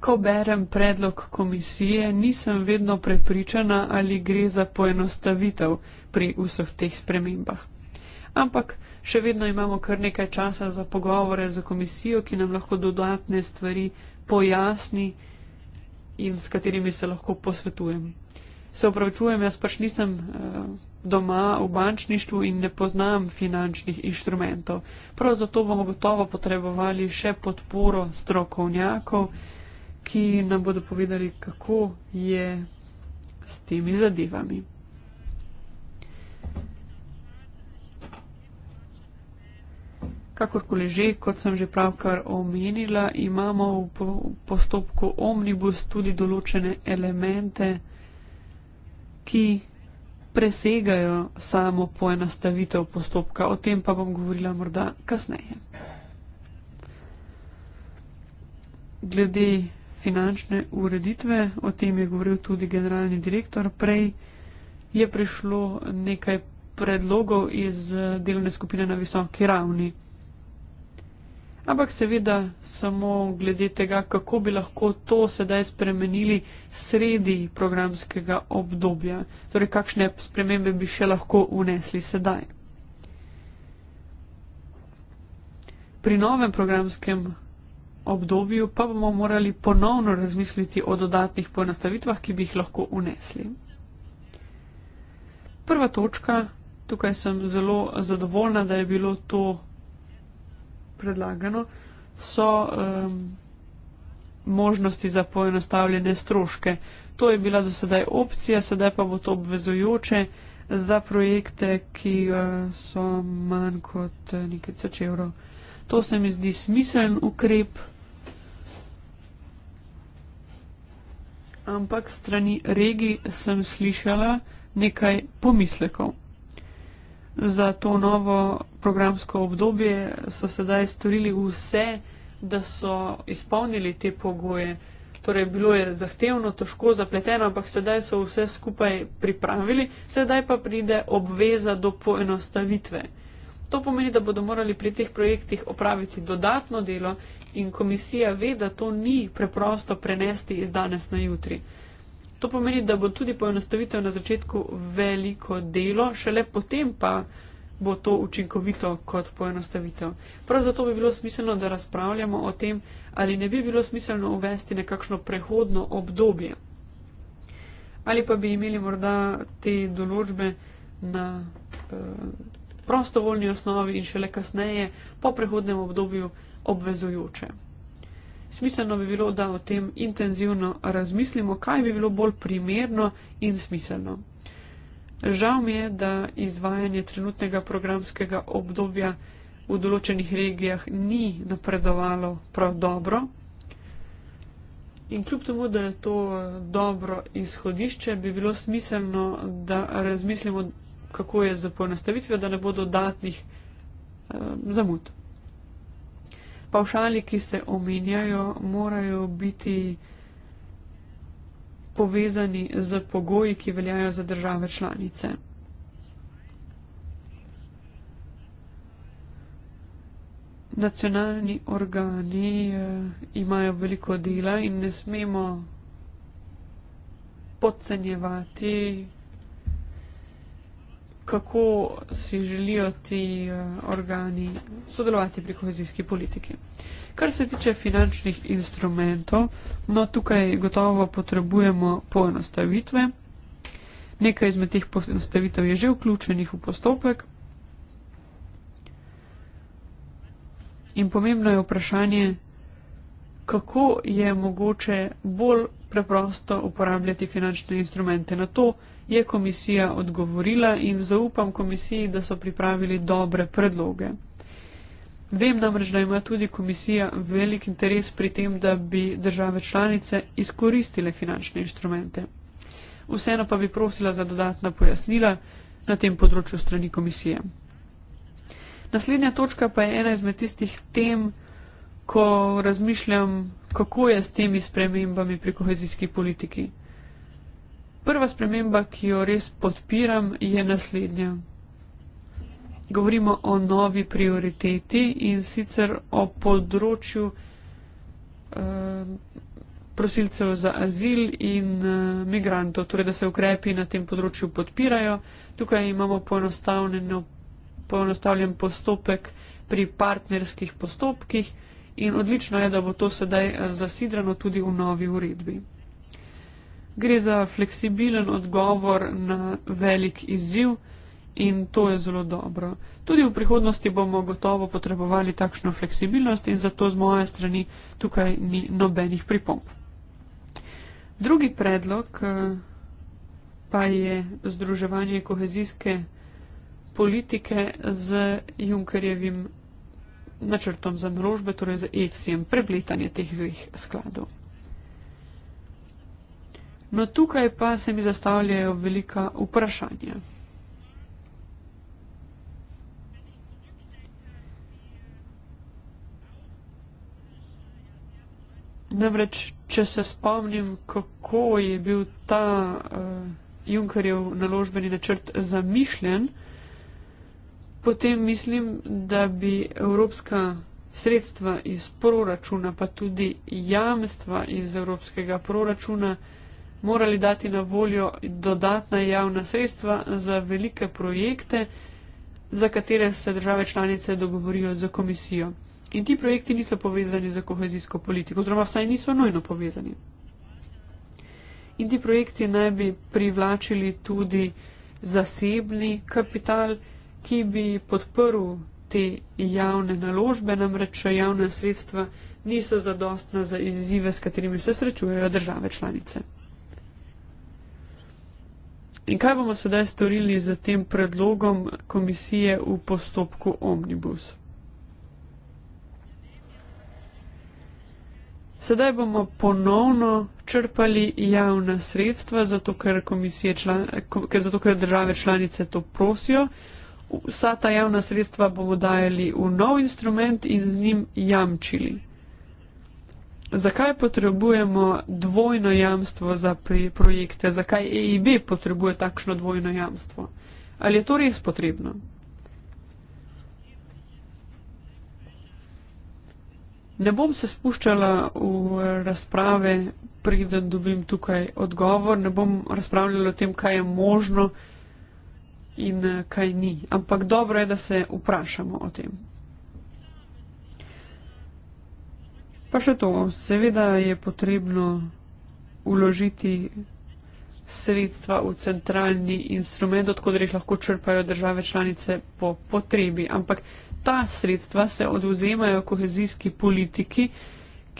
Ko berem predlog komisije, nisem vedno prepričana, ali gre za poenostavitev pri vseh teh spremembah. Ampak Še vedno imamo kar nekaj časa za pogovore z komisijo, ki nam lahko dodatne stvari pojasni in s katerimi se lahko posvetujem. Se opravičujem, jaz pač nisem eh, doma v bančništvu in ne poznam finančnih inštrumentov. Prav zato bomo gotovo potrebovali še podporo strokovnjakov, ki nam bodo povedali, kako je s temi zadevami. Kakorkoli že, kot sem že pravkar omenila, imamo v postopku omnibus tudi določene elemente, ki presegajo samo poenostavitev postopka. O tem pa bom govorila morda kasneje. Glede finančne ureditve, o tem je govoril tudi generalni direktor, prej je prišlo nekaj predlogov iz delovne skupine na visoki ravni ampak seveda samo glede tega, kako bi lahko to sedaj spremenili sredi programskega obdobja, torej kakšne spremembe bi še lahko unesli sedaj. Pri novem programskem obdobju pa bomo morali ponovno razmisliti o dodatnih poenostavitvah, ki bi jih lahko unesli. Prva točka, tukaj sem zelo zadovoljna, da je bilo to predlagano, so um, možnosti za poenostavljene stroške. To je bila do sedaj opcija, sedaj pa bo to obvezujoče za projekte, ki uh, so manj kot eh, nekaj tisoč evrov. To se mi zdi smiseln ukrep, ampak strani regi sem slišala nekaj pomislekov za to novo programsko obdobje, so sedaj storili vse, da so izpolnili te pogoje. Torej, bilo je zahtevno, težko, zapleteno, ampak sedaj so vse skupaj pripravili, sedaj pa pride obveza do poenostavitve. To pomeni, da bodo morali pri teh projektih opraviti dodatno delo in komisija ve, da to ni preprosto prenesti iz danes na jutri. To pomeni, da bo tudi poenostavitev na začetku veliko delo, šele potem pa bo to učinkovito kot poenostavitev. Prav zato bi bilo smiselno, da razpravljamo o tem, ali ne bi bilo smiselno uvesti nekakšno prehodno obdobje. Ali pa bi imeli morda te določbe na eh, prostovoljni osnovi in šele kasneje po prehodnem obdobju obvezujoče smiselno bi bilo, da o tem intenzivno razmislimo, kaj bi bilo bolj primerno in smiselno. Žal mi je, da izvajanje trenutnega programskega obdobja v določenih regijah ni napredovalo prav dobro. In kljub temu, da je to eh, dobro izhodišče, bi bilo smiselno, da razmislimo, kako je z poenostavitvijo, da ne bo dodatnih eh, zamud pavšali, ki se omenjajo, morajo biti povezani z pogoji, ki veljajo za države članice. Nacionalni organi eh, imajo veliko dela in ne smemo podcenjevati kako si želijo ti eh, organi sodelovati pri kohezijski politiki. Kar se tiče finančnih instrumentov, no tukaj gotovo potrebujemo poenostavitve. Nekaj izmed teh poenostavitev je že vključenih v postopek. In pomembno je vprašanje, kako je mogoče bolj preprosto uporabljati finančne instrumente na to, je komisija odgovorila in zaupam komisiji, da so pripravili dobre predloge. Vem namreč, da ima tudi komisija velik interes pri tem, da bi države članice izkoristile finančne inštrumente. Vseeno pa bi prosila za dodatna pojasnila na tem področju strani komisije. Naslednja točka pa je ena izmed tistih tem, ko razmišljam, kako je s temi spremembami pri kohezijski politiki prva sprememba, ki jo res podpiram, je naslednja. Govorimo o novi prioriteti in sicer o področju eh, prosilcev za azil in eh, migrantov, torej da se ukrepi na tem področju podpirajo. Tukaj imamo poenostavljen postopek pri partnerskih postopkih in odlično je, da bo to sedaj eh, zasidrano tudi v novi uredbi gre za fleksibilen odgovor na velik izziv in to je zelo dobro. Tudi v prihodnosti bomo gotovo potrebovali takšno fleksibilnost in zato z moje strani tukaj ni nobenih pripomb. Drugi predlog eh, pa je združevanje kohezijske politike z Junkerjevim načrtom za naložbe, torej z EFSI-jem, prebletanje teh dveh skladov. No tukaj pa se mi zastavljajo velika vprašanja. Namreč, če se spomnim, kako je bil ta uh, Junkerjev naložbeni načrt zamišljen, potem mislim, da bi evropska sredstva iz proračuna, pa tudi jamstva iz evropskega proračuna, morali dati na voljo dodatna javna sredstva za velike projekte, za katere se države članice dogovorijo z komisijo. In ti projekti niso povezani za kohezijsko politiko, oziroma vsaj niso nujno povezani. In ti projekti naj bi privlačili tudi zasebni kapital, ki bi podprl te javne naložbe, namreč javna sredstva niso zadostna za izzive, s katerimi se srečujejo države članice. In kaj bomo sedaj storili z tem predlogom komisije v postopku omnibus? Sedaj bomo ponovno črpali javna sredstva, zato ker, član, ker, zato ker države članice to prosijo. Vsa ta javna sredstva bomo dajali v nov instrument in z njim jamčili. Zakaj potrebujemo dvojno jamstvo za projekte? Zakaj EIB potrebuje takšno dvojno jamstvo? Ali je to res potrebno? Ne bom se spuščala v razprave, preden dobim tukaj odgovor, ne bom razpravljala o tem, kaj je možno in eh, kaj ni. Ampak dobro je, da se vprašamo o tem. Pa še to, seveda je potrebno uložiti sredstva v centralni instrument, odkudar jih lahko črpajo države članice po potrebi. Ampak ta sredstva se oduzemajo kohezijski politiki,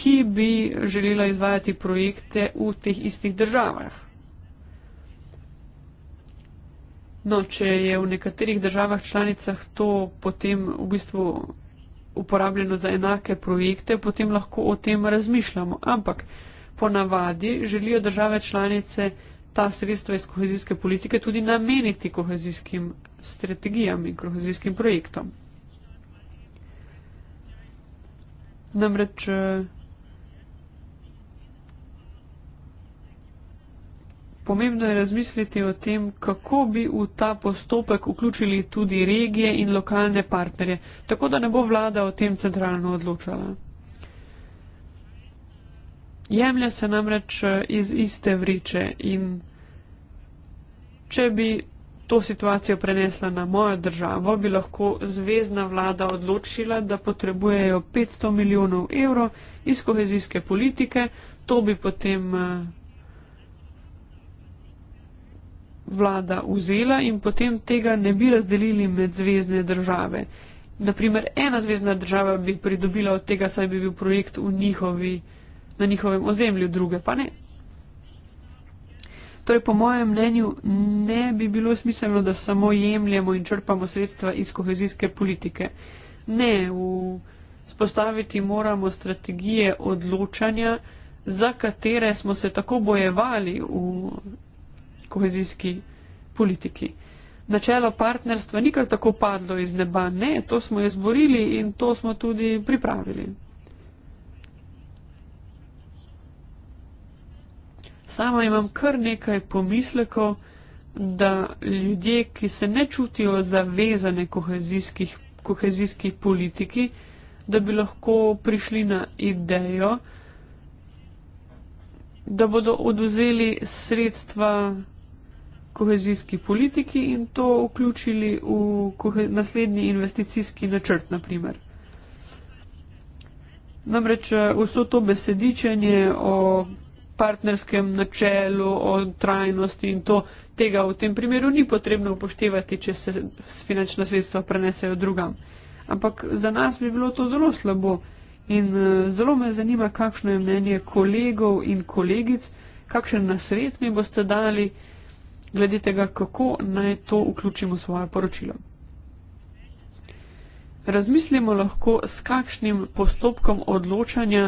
ki bi želela izvajati projekte v teh istih državah. No, če je v nekaterih državah članicah to potem v bistvu uporabljeno za enake projekte, potem lahko o tem razmišljamo. Ampak ponavadi želijo države članice ta sredstva iz kohezijske politike tudi nameniti kohezijskim strategijam in kohezijskim projektom. Namreč eh, Pomembno je razmisliti o tem, kako bi v ta postopek vključili tudi regije in lokalne partnerje, tako da ne bo vlada o tem centralno odločala. Jemlja se namreč eh, iz iste vriče in če bi to situacijo prenesla na mojo državo, bi lahko zvezdna vlada odločila, da potrebujejo 500 milijonov evrov iz kohezijske politike, to bi potem eh, vlada vzela in potem tega ne bi razdelili med zvezdne države. Naprimer, ena zvezdna država bi pridobila od tega, saj bi bil projekt njihovi, na njihovem ozemlju, druge pa ne. Torej, po mojem mnenju, ne bi bilo smiselno, da samo jemljemo in črpamo sredstva iz kohezijske politike. Ne, spostaviti moramo strategije odločanja, za katere smo se tako bojevali v kohezijski politiki. Načelo partnerstva ni kar tako padlo iz neba, ne, to smo izborili in to smo tudi pripravili. Sama imam kar nekaj pomislekov, da ljudje, ki se ne čutijo zavezane kohezijski politiki, da bi lahko prišli na idejo, da bodo oduzeli sredstva kohezijski politiki in to vključili v naslednji investicijski načrt, naprimer. Namreč eh, vso to besedičenje o partnerskem načelu, o trajnosti in to, tega v tem primeru ni potrebno upoštevati, če se finančna sredstva prenesejo drugam. Ampak za nas bi bilo to zelo slabo in eh, zelo me zanima, kakšno je mnenje kolegov in kolegic, kakšen nasvet mi boste dali, glede tega, kako naj to vključimo v svoje poročilo. Razmislimo lahko, s kakšnim postopkom odločanja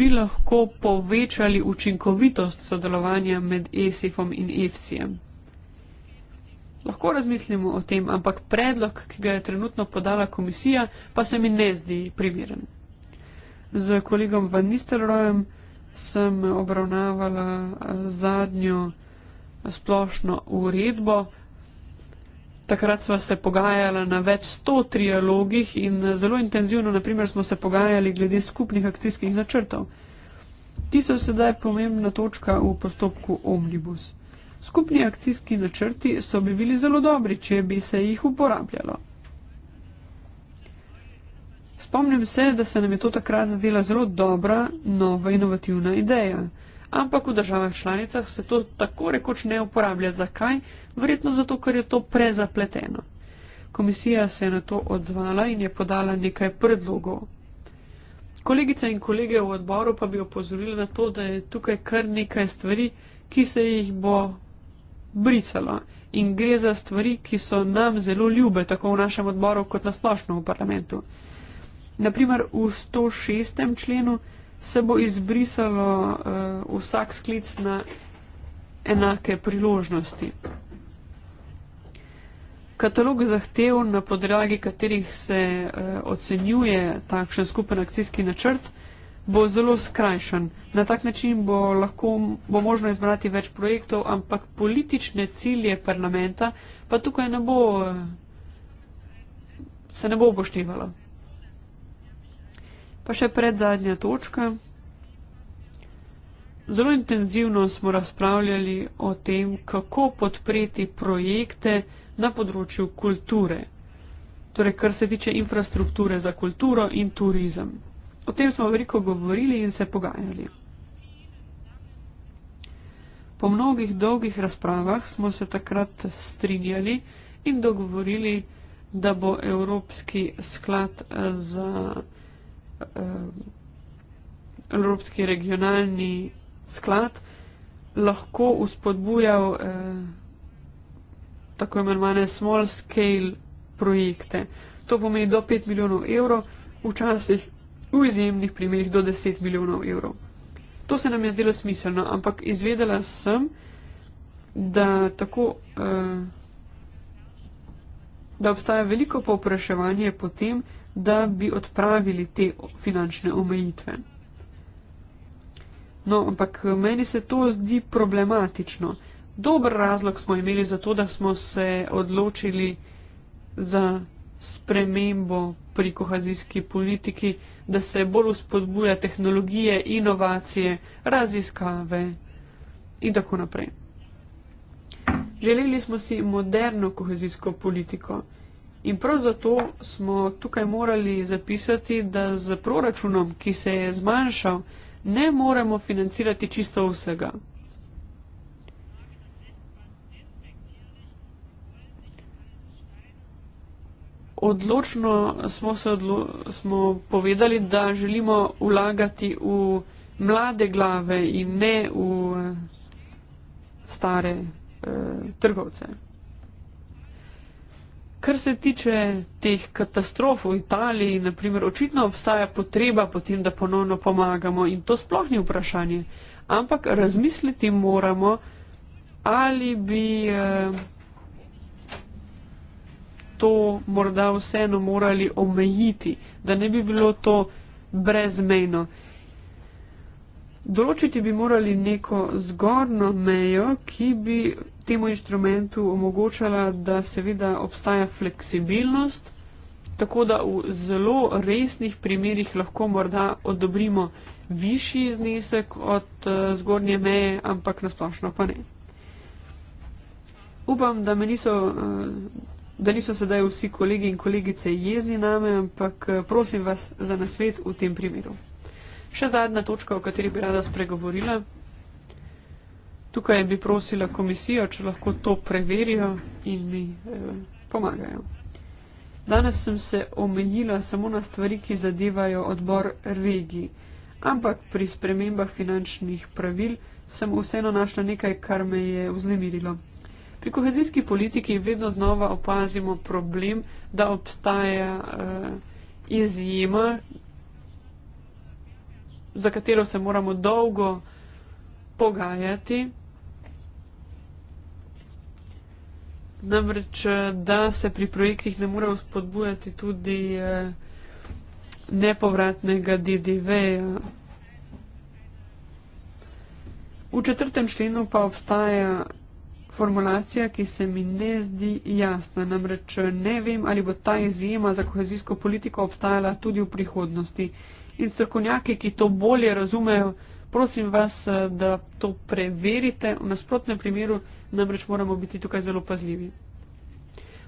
bi lahko povečali učinkovitost sodelovanja med ESIF-om e in EFSI-em. Lahko razmislimo o tem, ampak predlog, ki ga je trenutno podala komisija, pa se mi ne zdi primeren. Z kolegom Van Nistelrojem sem obravnavala eh, zadnjo splošno uredbo. Takrat smo se pogajali na več sto trialogih in zelo intenzivno, naprimer, smo se pogajali glede skupnih akcijskih načrtov. Ti so sedaj pomembna točka v postopku omnibus. Skupni akcijski načrti so bi bili zelo dobri, če bi se jih uporabljalo. Spomnim se, da se nam je to takrat zdela zelo dobra, nova, inovativna ideja ampak v državah članicah se to tako rekoč ne uporablja. Zakaj? Verjetno zato, ker je to prezapleteno. Komisija se je na to odzvala in je podala nekaj predlogov. Kolegice in kolege v odboru pa bi opozorili na to, da je tukaj kar nekaj stvari, ki se jih bo brisalo in gre za stvari, ki so nam zelo ljube, tako v našem odboru kot na splošno v parlamentu. Naprimer, v 106. členu se bo izbrisalo uh, vsak sklic na enake priložnosti. Katalog zahtev, na podragi katerih se uh, ocenjuje takšen skupen akcijski načrt, bo zelo skrajšan. Na tak način bo, lahko, bo možno izbrati več projektov, ampak politične cilje parlamenta pa tukaj ne bo, eh, se ne bo upoštevalo. Pa še pred zadnja točka. Zelo intenzivno smo razpravljali o tem, kako podpreti projekte na področju kulture, torej kar se tiče infrastrukture za kulturo in turizem. O tem smo veliko govorili in se pogajali. Po mnogih dolgih razpravah smo se takrat strinjali in dogovorili, da bo Evropski sklad za eh, Evropski regionalni sklad lahko uspodbujal eh, tako imenovane small scale projekte. To pomeni do 5 milijonov evrov, včasih v izjemnih primerih do 10 milijonov evrov. To se nam je zdelo smiselno, ampak izvedela sem, da, tako, eh, da obstaja veliko povpraševanje po tem, da bi odpravili te finančne omejitve. No, ampak eh, meni se to zdi problematično. Dober razlog smo imeli za to, da smo se odločili za spremembo pri kohazijski politiki, da se bolj uspodbuja tehnologije, inovacije, raziskave in tako naprej. Želeli smo si moderno kohezijsko politiko. In prav zato smo tukaj morali zapisati, da z proračunom, ki se je zmanjšal, ne moremo financirati čisto vsega. Odločno smo, odlo smo povedali, da želimo vlagati v mlade glave in ne v stare eh, trgovce. Kar se tiče teh katastrof v Italiji, naprimer, očitno obstaja potreba potem, da ponovno pomagamo in to sploh ni vprašanje. Ampak razmisliti moramo, ali bi eh, to morda vseeno morali omejiti, da ne bi bilo to brezmejno. Določiti bi morali neko zgornjo mejo, ki bi temu inštrumentu omogočala, da seveda obstaja fleksibilnost, tako da v zelo resnih primerjih lahko morda odobrimo višji znesek od eh, zgornje meje, ampak nasplošno pa ne. Upam, da, niso, eh, da niso sedaj vsi kolegi in kolegice jezni name, ampak eh, prosim vas za nasvet v tem primeru. Še zadnja točka, o kateri bi rada spregovorila, Tukaj bi prosila komisijo, če lahko to preverijo in mi eh, pomagajo. Danes sem se omejila samo na stvari, ki zadevajo odbor regij, ampak pri spremembah finančnih pravil sem vseeno našla nekaj, kar me je vznemirilo. Pri kohezijski politiki vedno znova opazimo problem, da obstaja eh, izjema, za katero se moramo dolgo pogajati. Namreč, eh, da se pri projektih ne more spodbujati tudi eh, nepovratnega DDV-ja. V četrtem členu pa obstaja formulacija, ki se mi ne zdi jasna. Namreč eh, ne vem, ali bo ta izjema za kohezijsko politiko obstajala tudi v prihodnosti. In strokovnjaki, ki to bolje razumejo, prosim vas, da to preverite. V nasprotnem primeru namreč moramo biti tukaj zelo pazljivi.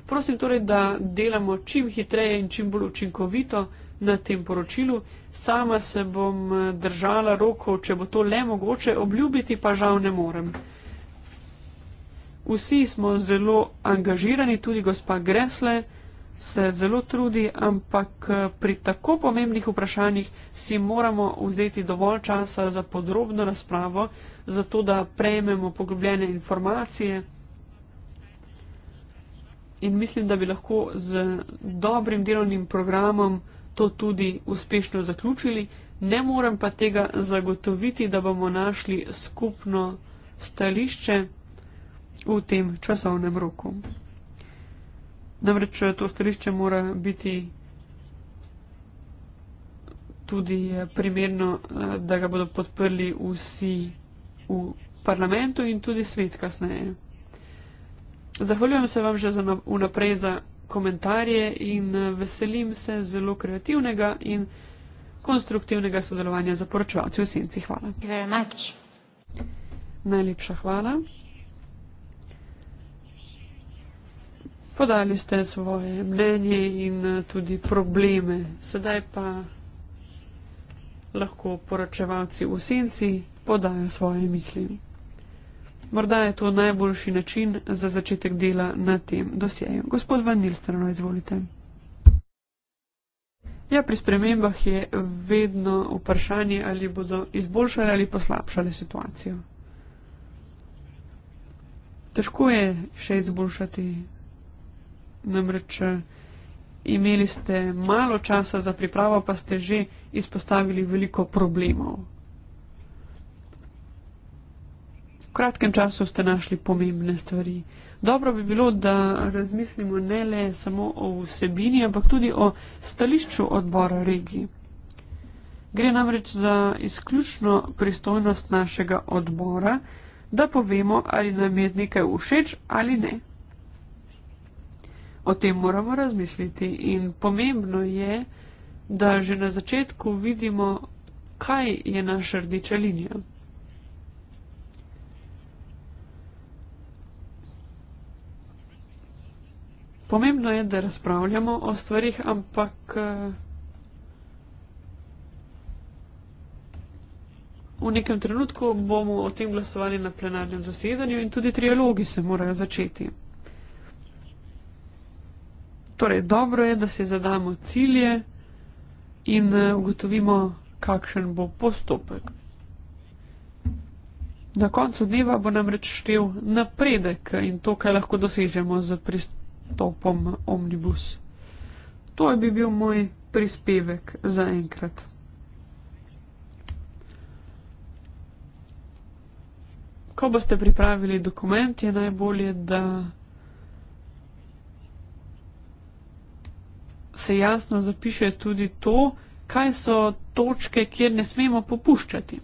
Prosim torej, da delamo čim hitreje in čim bolj učinkovito na tem poročilu. Sama se bom eh, držala roko, če bo to le mogoče, obljubiti pa žal ne morem. Vsi smo zelo angažirani, tudi gospa Gresle se zelo trudi, ampak eh, pri tako pomembnih vprašanjih si moramo vzeti dovolj časa za podrobno razpravo, zato da prejmemo poglobljene informacije. In mislim, da bi lahko z dobrim delovnim programom to tudi uspešno zaključili. Ne morem pa tega zagotoviti, da bomo našli skupno stališče v tem časovnem roku. Namreč eh, to stališče mora biti tudi eh, primerno, eh, da ga bodo podprli vsi v parlamentu in tudi svet kasneje. Zahvaljujem se vam že za vnaprej za komentarje in veselim se zelo kreativnega in konstruktivnega sodelovanja za poročevalce v Senci. Hvala. Najlepša hvala. podali ste svoje mnenje in eh, tudi probleme. Sedaj pa lahko poročevalci v senci podajo svoje misli. Morda je to najboljši način za začetek dela na tem dosjeju. Gospod Van Nilstrano, izvolite. Ja, pri spremembah je vedno vprašanje, ali bodo izboljšali ali poslabšali situacijo. Težko je še izboljšati namreč eh, imeli ste malo časa za pripravo, pa ste že izpostavili veliko problemov. V kratkem času ste našli pomembne stvari. Dobro bi bilo, da razmislimo ne le samo o vsebini, ampak tudi o stališču odbora regi. Gre namreč za izključno pristojnost našega odbora, da povemo, ali nam je nekaj všeč ali ne o tem moramo razmisliti. In pomembno je, da že na začetku vidimo, kaj je naša rdeča linija. Pomembno je, da razpravljamo o stvarih, ampak eh, v nekem trenutku bomo o tem glasovali na plenarnem zasedanju in tudi trialogi se morajo začeti. Torej, dobro je, da si zadamo cilje in eh, ugotovimo, kakšen bo postopek. Na koncu dneva bo nam reč štev napredek in to, kaj lahko dosežemo z pristopom omnibus. To bi bil moj prispevek za enkrat. Ko boste pripravili dokument, je najbolje, da. se jasno zapiše tudi to, kaj so točke, kjer ne smemo popuščati.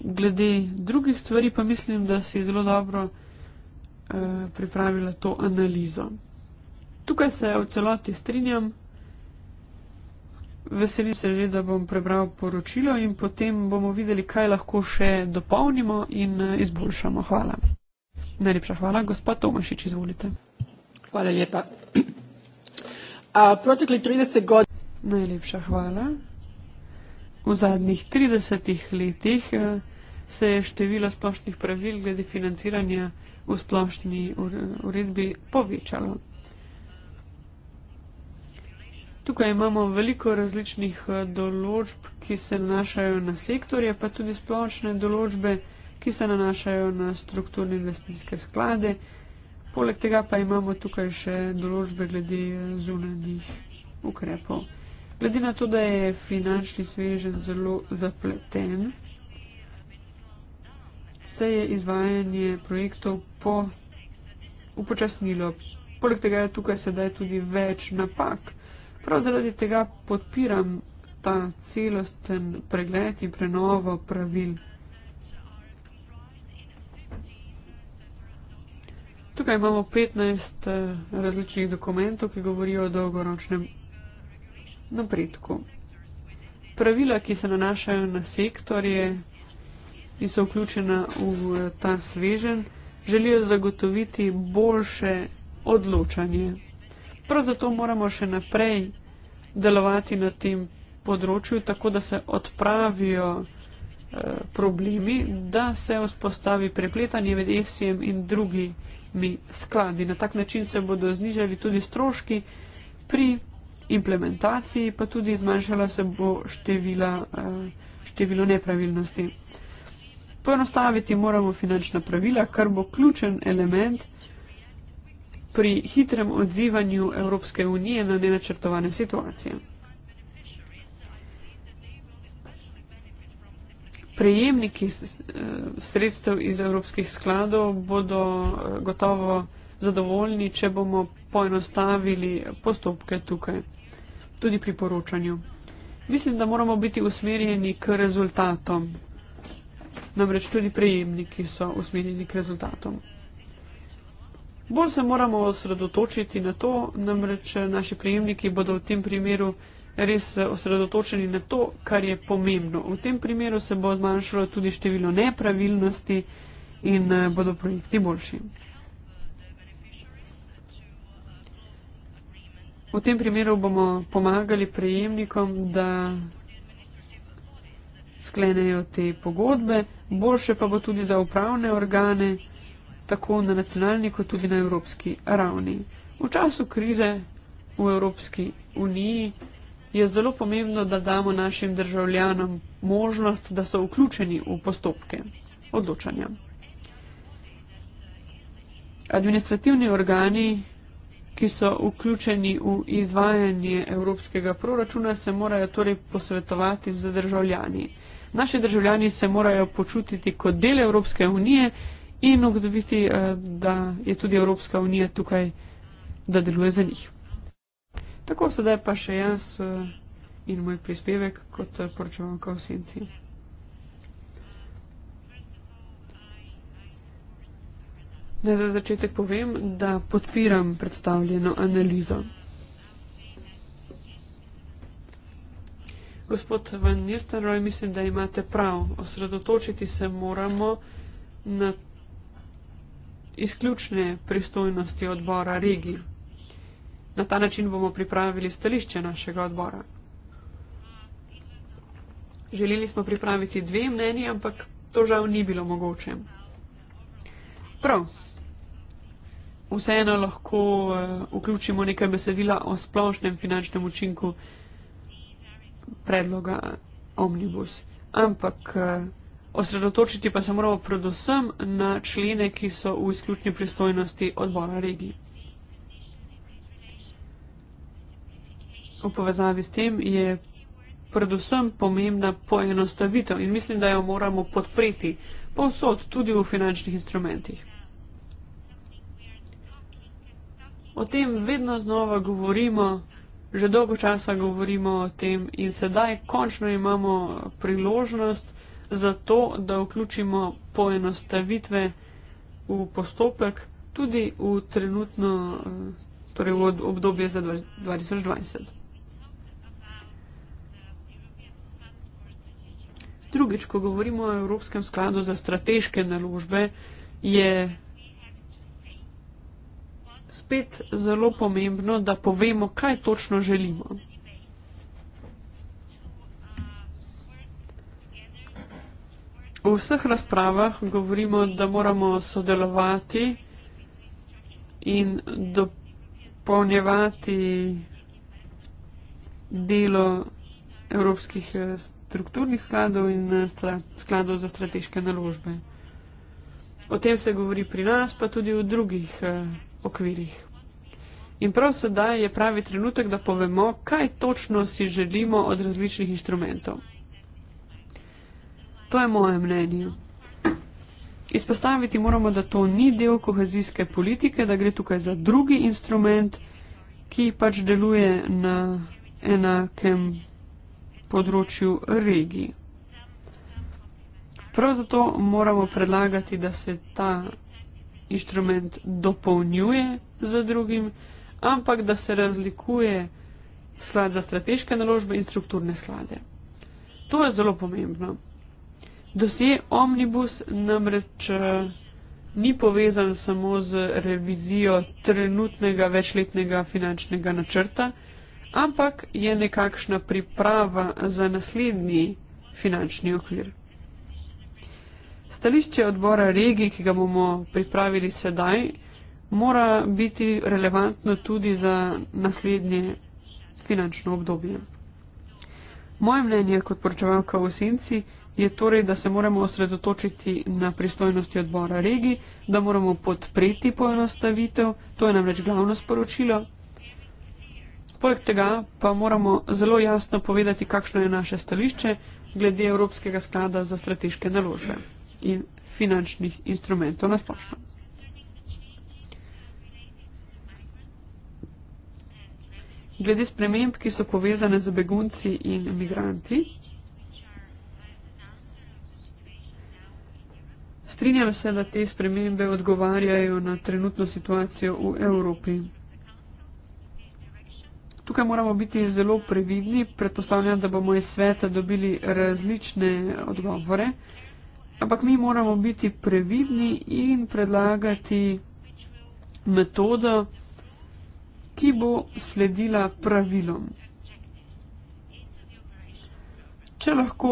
Glede drugih stvari pa mislim, da si zelo dobro eh, pripravila to analizo. Tukaj se v celoti strinjam. Veselim se že, da bom prebral poročilo in potem bomo videli, kaj lahko še dopolnimo in eh, izboljšamo. Hvala. Najlepša hvala. Gospod Tomašič, izvolite. Hvala lepa. *clears throat* A, protekli 30 god... Najlepša hvala. V zadnjih 30 letih eh, se je število splošnih pravil glede financiranja v splošni uredbi povečalo. Tukaj imamo veliko različnih eh, določb, ki se nanašajo na sektorje, pa tudi splošne določbe ki se nanašajo na strukturne investicijske sklade. Poleg tega pa imamo tukaj še določbe glede zunanjih ukrepov. Glede na to, da je finančni svežen zelo zapleten, se je izvajanje projektov po upočasnilo. Poleg tega je tukaj sedaj tudi več napak. Prav zaradi tega podpiram ta celosten pregled in prenovo pravil. Tukaj imamo 15 eh, različnih dokumentov, ki govorijo o dolgoročnem napredku. Pravila, ki se nanašajo na sektorje in so vključena v eh, ta svežen, želijo zagotoviti boljše odločanje. Prav zato moramo še naprej delovati na tem področju, tako da se odpravijo eh, problemi, da se vzpostavi prepletanje med FCM in drugimi drugimi skladi. Na tak način se bodo znižali tudi stroški pri implementaciji, pa tudi zmanjšala se bo števila, eh, število nepravilnosti. Poenostaviti moramo finančna pravila, kar bo ključen element pri hitrem odzivanju Evropske unije na nenačrtovane situacije. prejemniki eh, sredstev iz evropskih skladov bodo eh, gotovo zadovoljni, če bomo poenostavili postopke tukaj, tudi pri poročanju. Mislim, da moramo biti usmerjeni k rezultatom. Namreč tudi prejemniki so usmerjeni k rezultatom. Bolj se moramo osredotočiti na to, namreč naši prejemniki bodo v tem primeru res osredotočeni na to, kar je pomembno. V tem primeru se bo zmanjšalo tudi število nepravilnosti in eh, bodo projekti boljši. V tem primeru bomo pomagali prejemnikom, da sklenejo te pogodbe, boljše pa bo tudi za upravne organe, tako na nacionalni kot tudi na evropski ravni. V času krize v Evropski uniji je zelo pomembno, da damo našim državljanom možnost, da so vključeni v postopke odločanja. Administrativni organi, ki so vključeni v izvajanje evropskega proračuna, se morajo torej posvetovati z državljani. Naši državljani se morajo počutiti kot del Evropske unije in ugotoviti, eh, da je tudi Evropska unija tukaj, da deluje za njih. Tako sedaj pa še jaz eh, in moj prispevek kot eh, poročevalka v senci. Naj za začetek povem, da podpiram predstavljeno analizo. Gospod Van Nistelrooy, mislim, da imate prav. Osredotočiti se moramo na izključne pristojnosti odbora regij. Na ta način bomo pripravili stališče našega odbora. Želeli smo pripraviti dve mnenji, ampak to žal ni bilo mogoče. Prav. Vseeno lahko eh, vključimo nekaj besedila o splošnem finančnem učinku predloga eh, Omnibus. Ampak eh, osredotočiti pa se moramo predvsem na člene, ki so v izključni pristojnosti odbora regije. v povezavi s tem je predvsem pomembna poenostavitev in mislim, da jo moramo podpreti povsod, tudi v finančnih instrumentih. O tem vedno znova govorimo, že dolgo časa govorimo o tem in sedaj končno imamo priložnost za to, da vključimo poenostavitve v postopek tudi v trenutno eh, torej v obdobje za 2020. Drugič, ko govorimo o Evropskem skladu za strateške naložbe, je spet zelo pomembno, da povemo, kaj točno želimo. V vseh razpravah govorimo, da moramo sodelovati in dopolnjevati delo evropskih strateških naložb strukturnih skladov in eh, stra, skladov za strateške naložbe. O tem se govori pri nas, pa tudi v drugih eh, okvirih. In prav sedaj je pravi trenutek, da povemo, kaj točno si želimo od različnih inštrumentov. To je moje mnenje. Izpostaviti moramo, da to ni del kohezijske politike, da gre tukaj za drugi instrument, ki pač deluje na enakem področju regij. Prav zato moramo predlagati, da se ta inštrument dopolnjuje z drugim, ampak da se razlikuje sklad za strateške naložbe in strukturne sklade. To je zelo pomembno. Dosje Omnibus namreč eh, ni povezan samo z revizijo trenutnega večletnega finančnega načrta, ampak je nekakšna priprava za naslednji finančni okvir. Stališče odbora regij, ki ga bomo pripravili sedaj, mora biti relevantno tudi za naslednje finančno obdobje. Moje mnenje kot poročevalka v senci je torej, da se moramo osredotočiti na pristojnosti odbora regij, da moramo podpreti poenostavitev, to je namreč glavno sporočilo, Poleg tega pa moramo zelo jasno povedati, kakšno je naše stališče glede Evropskega sklada za strateške naložbe in finančnih instrumentov na splošno. Glede sprememb, ki so povezane z begunci in migranti, strinjam se, da te spremembe odgovarjajo na trenutno situacijo v Evropi. Tukaj moramo biti zelo previdni, predpostavljam, da bomo iz sveta dobili različne odgovore, ampak mi moramo biti previdni in predlagati metodo, ki bo sledila pravilom. Če lahko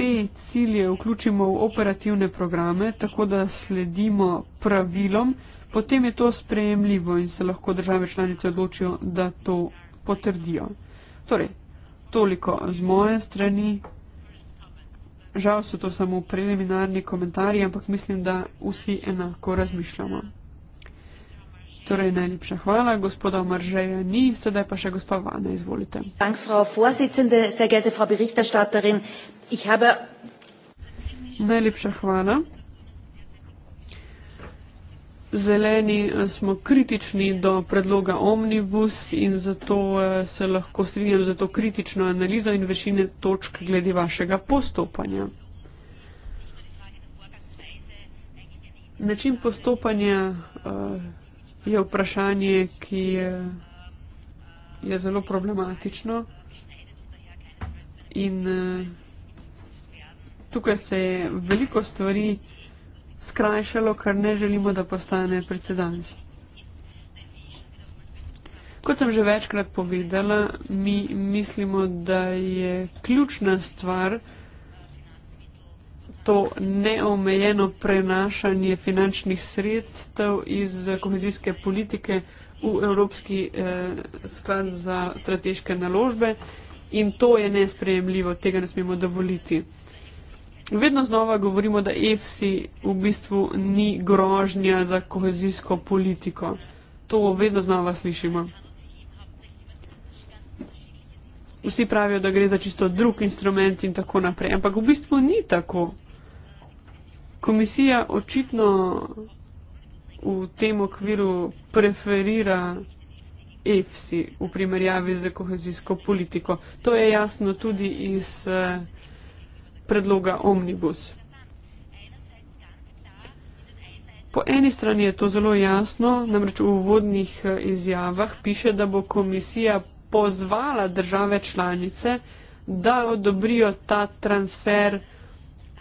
te cilje vključimo v operativne programe, tako da sledimo pravilom, potem je to sprejemljivo in se lahko države članice odločijo, da to potrdijo. Torej, toliko z moje strani. Žal so to samo preliminarni komentarji, ampak mislim, da vsi enako razmišljamo. Torej, najlepša hvala, gospoda Maržeja ni, sedaj pa še gospa Vane, izvolite. Najlepša hvala. Zeleni eh, smo kritični do predloga omnibus in zato eh, se lahko strinjam za to kritično analizo in večine točk glede vašega postopanja. Način postopanja eh, je vprašanje, ki je, je zelo problematično in tukaj se je veliko stvari skrajšalo, ker ne želimo, da postane precedens. Kot sem že večkrat povedala, mi mislimo, da je ključna stvar to neomejeno prenašanje finančnih sredstev iz kohezijske politike v Evropski eh, sklad za strateške naložbe in to je nesprejemljivo, tega ne smemo dovoliti. Vedno znova govorimo, da EFSI v bistvu ni grožnja za kohezijsko politiko. To vedno znova slišimo. Vsi pravijo, da gre za čisto drug instrument in tako naprej. Ampak v bistvu ni tako. Komisija očitno v tem okviru preferira EFSI v primerjavi z kohezijsko politiko. To je jasno tudi iz. Eh, predloga omnibus. Po eni strani je to zelo jasno, namreč v uvodnih eh, izjavah piše, da bo komisija pozvala države članice, da odobrijo ta transfer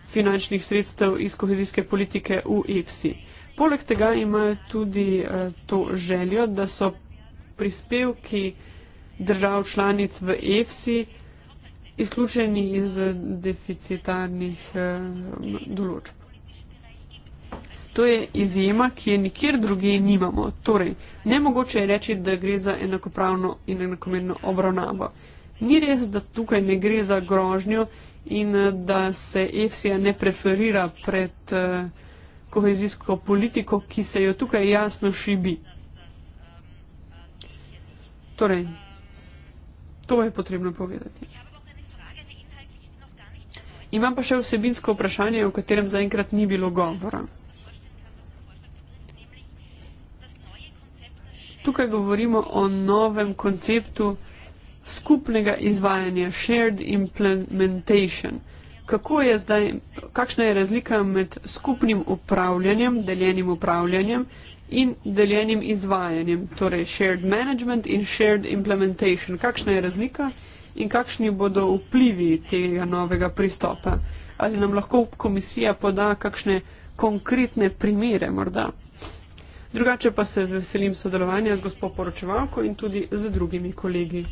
finančnih sredstev iz kohezijske politike v EFSI. Poleg tega imajo tudi eh, to željo, da so prispevki držav članic v EFSI izključeni iz deficitarnih eh, določb. To je izjema, ki je nikjer druge nimamo. Torej, nemogoče je reči, da gre za enakopravno in enakomerno obravnavo. Ni res, da tukaj ne gre za grožnjo in eh, da se EFSA ne preferira pred eh, kohezijsko politiko, ki se jo tukaj jasno šibi. Torej, to je potrebno povedati. Imam pa še vsebinsko vprašanje, o katerem zaenkrat ni bilo govora. Tukaj govorimo o novem konceptu skupnega izvajanja, shared implementation. Kako je zdaj, kakšna je razlika med skupnim upravljanjem, deljenim upravljanjem in deljenim izvajanjem, torej shared management in shared implementation? Kakšna je razlika? in kakšni bodo vplivi tega novega pristopa. Ali nam lahko komisija poda kakšne konkretne primere morda. Drugače pa se veselim sodelovanja z gospod poročevalko in tudi z drugimi kolegi.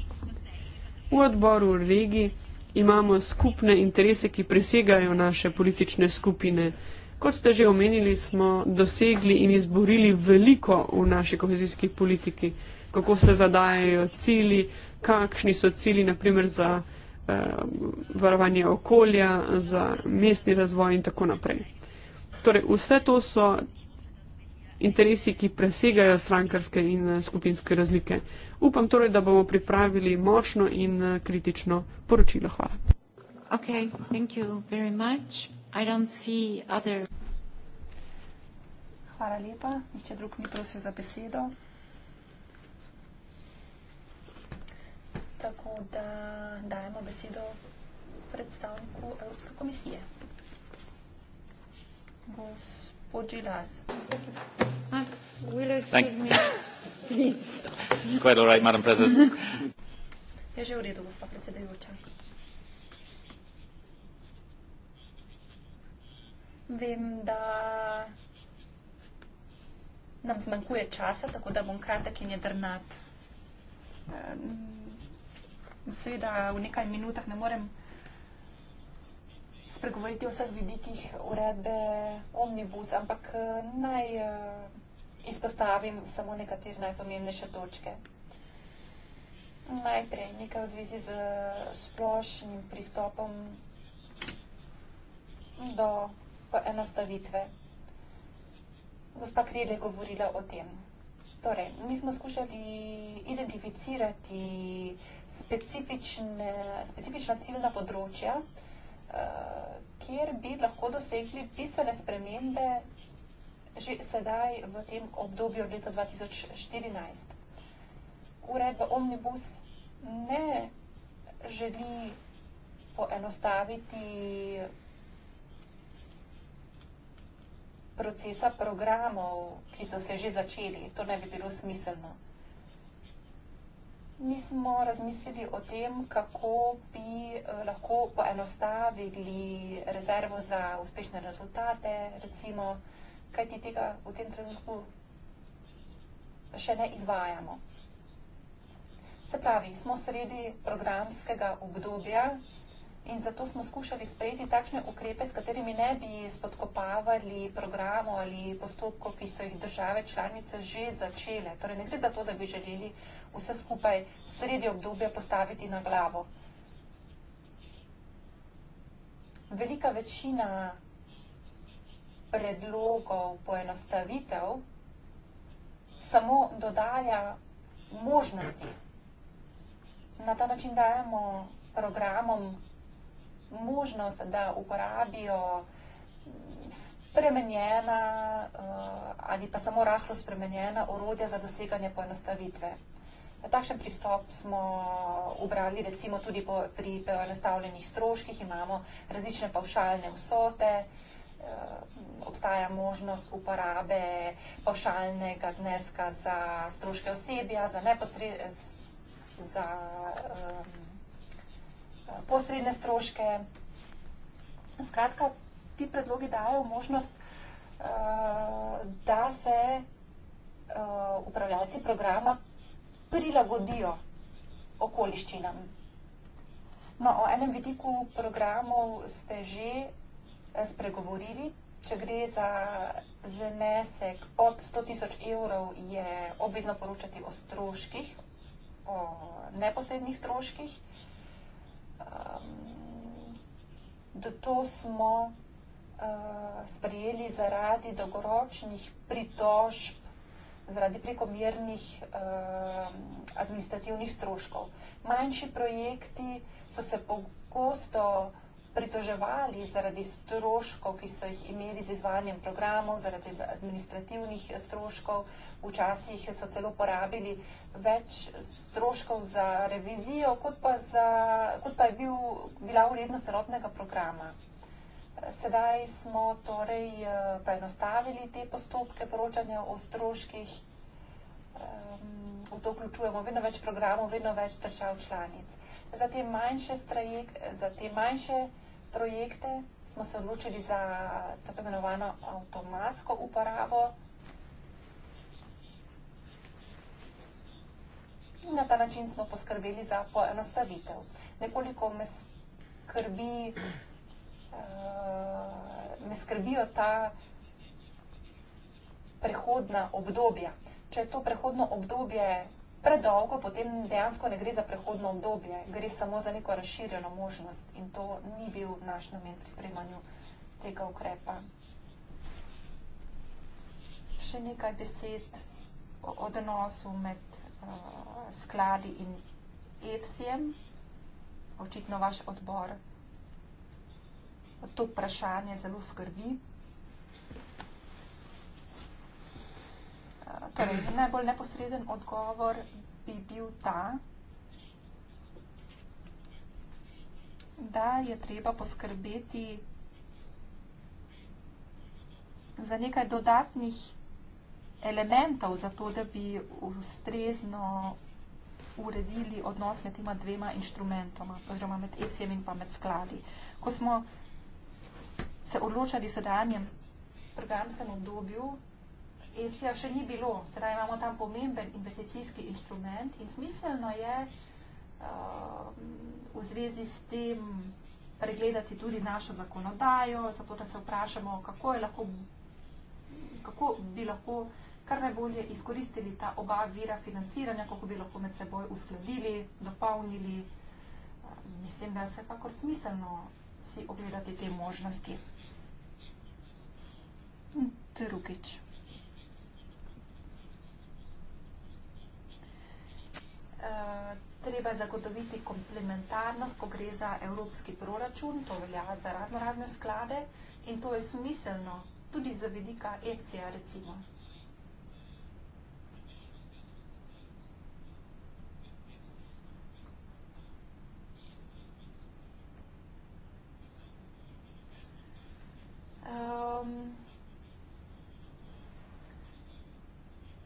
V odboru regi imamo skupne interese, ki presegajo naše politične skupine. Kot ste že omenili, smo dosegli in izborili veliko v naši kohezijski politiki, kako se zadajajo cili, kakšni so cili, naprimer za eh, varovanje okolja, za mestni razvoj in tako naprej. Torej, vse to so interesi, ki presegajo strankarske in eh, skupinske razlike. Upam torej, da bomo pripravili močno in eh, kritično poročilo. Hvala. Okay, other... Hvala lepa. Nihče drug ni prosil za besedo. tako da dajemo besedo predstavniku Evropske komisije. Gospod Gilas. Je že v redu, gospod predsedajoča. Vem, da nam zmanjkuje časa, tako da bom kratek in jedrnat seveda v nekaj minutah ne morem spregovoriti o vseh vidikih uredbe Omnibus, ampak eh, naj eh, izpostavim samo nekatere najpomembnejše točke. Najprej nekaj v zvezi z eh, splošnim pristopom do enostavitve. Gospa Krijel je govorila o tem. Torej, mi smo skušali identificirati specifične, specifična ciljna področja, eh, kjer bi lahko dosegli bistvene spremembe že sedaj v tem obdobju od leta 2014. Uredba Omnibus ne želi poenostaviti procesa programov, ki so se že začeli. To ne bi bilo smiselno. Mi smo razmislili o tem, kako bi eh, lahko poenostavili rezervo za uspešne rezultate, recimo, kaj ti tega v tem trenutku še ne izvajamo. Se pravi, smo sredi programskega obdobja, In zato smo skušali sprejeti takšne ukrepe, s katerimi ne bi spodkopavali programov ali postopkov, ki so jih države članice že začele. Torej ne gre za to, da bi želeli vse skupaj sredi obdobja postaviti na glavo. Velika večina predlogov poenostavitev samo dodaja možnosti. Na ta način dajemo programom možnost, da uporabijo spremenjena eh, ali pa samo rahlo spremenjena orodja za doseganje poenostavitve. Takšen pristop smo ubrali recimo tudi pri poenostavljenih stroških, imamo različne pavšalne vsote, eh, obstaja možnost uporabe pavšalnega zneska za stroške osebja, za neposrednje, za neposrednje, posredne stroške. Skratka, ti predlogi dajo možnost, eh, da se eh, upravljalci programa prilagodijo okoliščinam. No, o enem vidiku programov ste že eh, spregovorili. Če gre za znesek pod 100 tisoč evrov, je obvezno poročati o stroških, o neposrednih stroških. Ehm, da to smo eh, sprejeli zaradi dogoročnih pritožb, zaradi prekomernih ehm, administrativnih stroškov. Manjši projekti so se pogosto vsega, pritoževali zaradi stroškov, ki so jih imeli z izvajanjem programov, zaradi administrativnih stroškov. Včasih so celo porabili več stroškov za revizijo, kot pa, za, kot pa je bil, bila vrednost celotnega programa. Sedaj smo torej eh, poenostavili te postopke poročanja o stroških. Ehm, v to vključujemo vedno več programov, vedno več držav članic. Za te manjše, strajek, za te manjše uh, projekte, smo se odločili za tako imenovano avtomatsko uporabo. In na ta način smo poskrbeli za poenostavitev. Nekoliko me, skrbi, uh, me skrbijo ta prehodna obdobja. Če je to prehodno obdobje predolgo, potem dejansko ne gre za prehodno obdobje, gre samo za neko razširjeno možnost in to ni bil naš namen pri spremanju tega ukrepa. Še nekaj besed o odnosu med uh, skladi in EFSI-jem. Očitno vaš odbor to vprašanje zelo skrbi. Torej, najbolj neposreden odgovor bi bil ta, da je treba poskrbeti za nekaj dodatnih elementov, zato da bi ustrezno uredili odnos med tema dvema inštrumentoma, oziroma med EFSEM in pa med skladi. Ko smo se odločali v sodanjem programskem obdobju, ECA še ni bilo, sedaj imamo tam pomemben investicijski instrument in smiselno je eh, v zvezi s tem pregledati tudi našo zakonodajo, zato da se vprašamo, kako je lahko, kako bi lahko kar najbolje izkoristili ta oba vira financiranja, kako bi lahko med seboj uskladili, dopolnili. Eh, mislim, da je vsekakor smiselno si ogledati te možnosti. Drugič. Eh, treba zagotoviti komplementarnost, ko gre za evropski proračun, to velja za razno razne sklade in to je smiselno tudi za vidika EFSI-ja recimo. Um,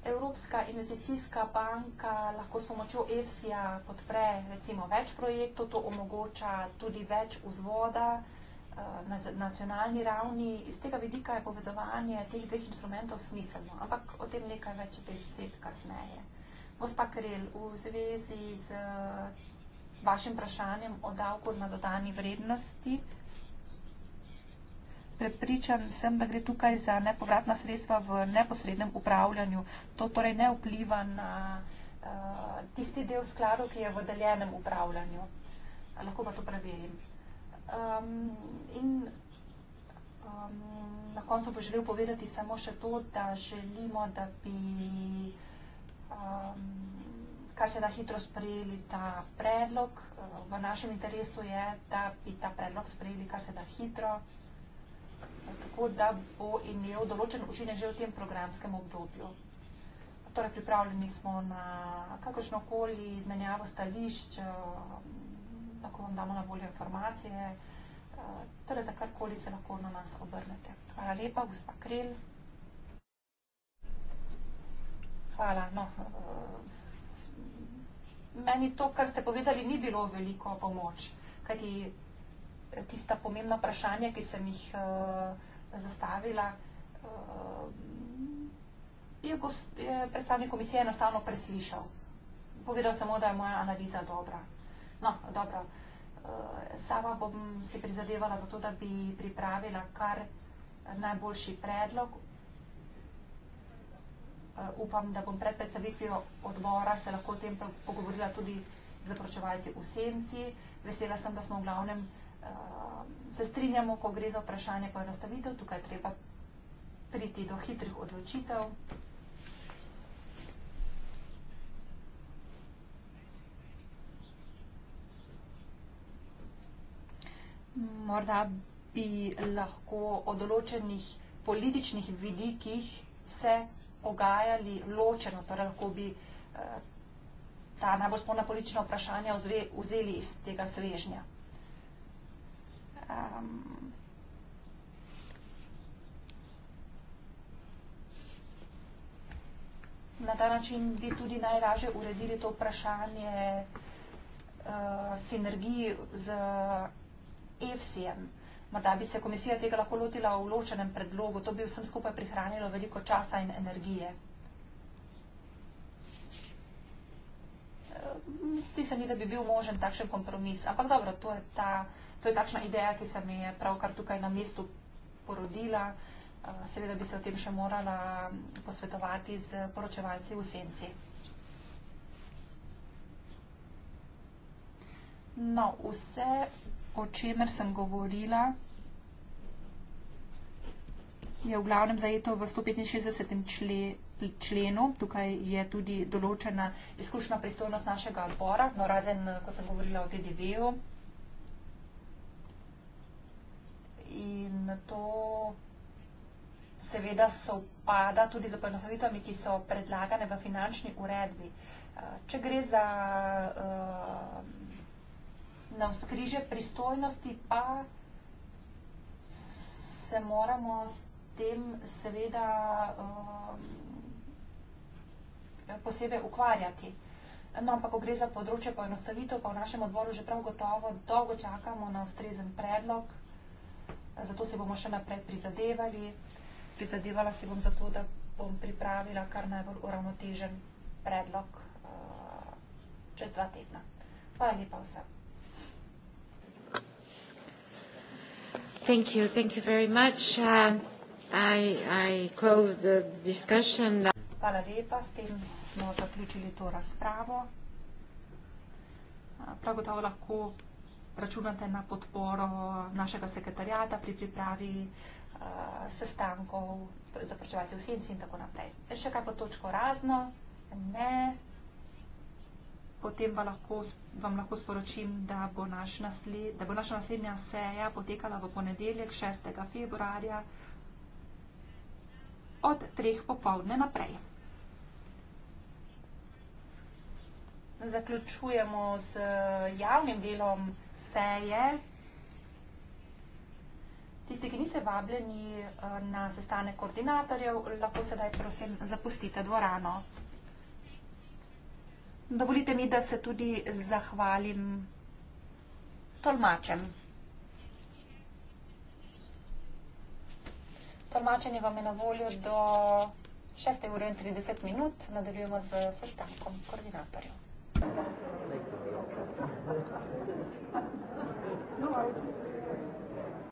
Evropska investicijska banka lahko s pomočjo EFSI-ja podpre recimo več projektov, to omogoča tudi več vzvoda eh, na nacionalni ravni. Iz tega vidika je povezovanje teh dveh instrumentov smiselno, ampak o tem nekaj več besed kasneje. Gospa Kril, v zvezi z vašim vprašanjem o davku na dodani vrednosti, prepričan sem, da gre tukaj za nepovratna sredstva v neposrednem upravljanju. To torej ne vpliva na uh, tisti del skladu, ki je v deljenem upravljanju. Lahko pa to preverim. Um, in um, na koncu bo želel povedati samo še to, da želimo, da bi um, kar se da hitro sprejeli ta predlog. Eh, v našem interesu je, da bi ta predlog sprejeli kar se da hitro tako da bo imel določen učinek že v tem programskem obdobju. Torej, pripravljeni smo na kakršno koli izmenjavo stališč, eh, lahko vam damo na voljo informacije, eh, torej za karkoli se lahko na nas obrnete. Hvala lepa, gospa Krel. Hvala. No, eh, meni to, kar ste povedali, ni bilo veliko pomoč, kajti tista pomembna vprašanja, ki sem jih uh, zastavila, uh, je, gos, je predstavnik komisije enostavno preslišal. Povedal samo, da je moja analiza dobra. No, dobro. Uh, sama bom si prizadevala za to, da bi pripravila kar najboljši predlog. Uh, upam, da bom pred predstavitvijo odbora se lahko o tem pogovorila tudi z zaporočevalci v Senci. Vesela sem, da smo v glavnem Eh, se strinjamo, ko gre za vprašanje poenostavitev, tukaj treba priti do hitrih odločitev. Morda bi lahko o določenih političnih vidikih se ogajali ločeno, torej lahko bi eh, ta najbolj spolna politična vprašanja vzeli iz tega svežnja um, na ta način bi tudi najlažje uredili to vprašanje uh, sinergiji z EFSI-em. Morda bi se komisija tega lahko lotila v ločenem predlogu, to bi vsem skupaj prihranilo veliko časa in energije. Uh, zdi se mi, da bi bil možen takšen kompromis, ampak dobro, to je ta to je takšna ideja, ki se mi je pravkar tukaj na mestu porodila. Eh, seveda bi se o tem še morala mm, posvetovati z poročevalci v senci. No, vse, o čemer sem govorila, je v glavnem zajeto v 165. členu. Tukaj je tudi določena izkušnja pristojnost našega odbora, no razen, eh, ko sem govorila o TDV-u. in to seveda sovpada tudi z poenostavitvami, ki so predlagane v finančni uredbi. Eh, če gre za uh, eh, navskriže pristojnosti, pa se moramo s tem seveda uh, posebej ukvarjati. No, ampak, ko gre za področje poenostavitev, pa v našem odboru že prav gotovo dolgo čakamo na ustrezen predlog, Zato se bomo še naprej prizadevali. Prizadevala se bom zato, da bom pripravila kar najbolj uravnotežen predlog eh, čez dva tedna. Hvala lepa vsem. Thank you. Thank you very much. Uh, I, I close the discussion. Hvala lepa. S tem smo zaključili to razpravo. Prav gotovo lahko računate na podporo našega sekretarjata pri pripravi eh, sestankov, zaprčevati v senci in tako naprej. E, še kaj pa točko razno? Ne. Potem pa lahko, vam lahko sporočim, da bo, naš nasled, da bo naša naslednja seja potekala v ponedeljek 6. februarja od treh popovdne naprej. Zaključujemo z eh, javnim delom feje. Tisti, ki niste vabljeni eh, na sestanek koordinatorjev, lahko sedaj prosim zapustite dvorano. Dovolite mi, da se tudi zahvalim tolmačem. Tolmačenje vam je na voljo do 6.30 minut. Nadaljujemo z sestankom koordinatorjev. Hvala. No, I...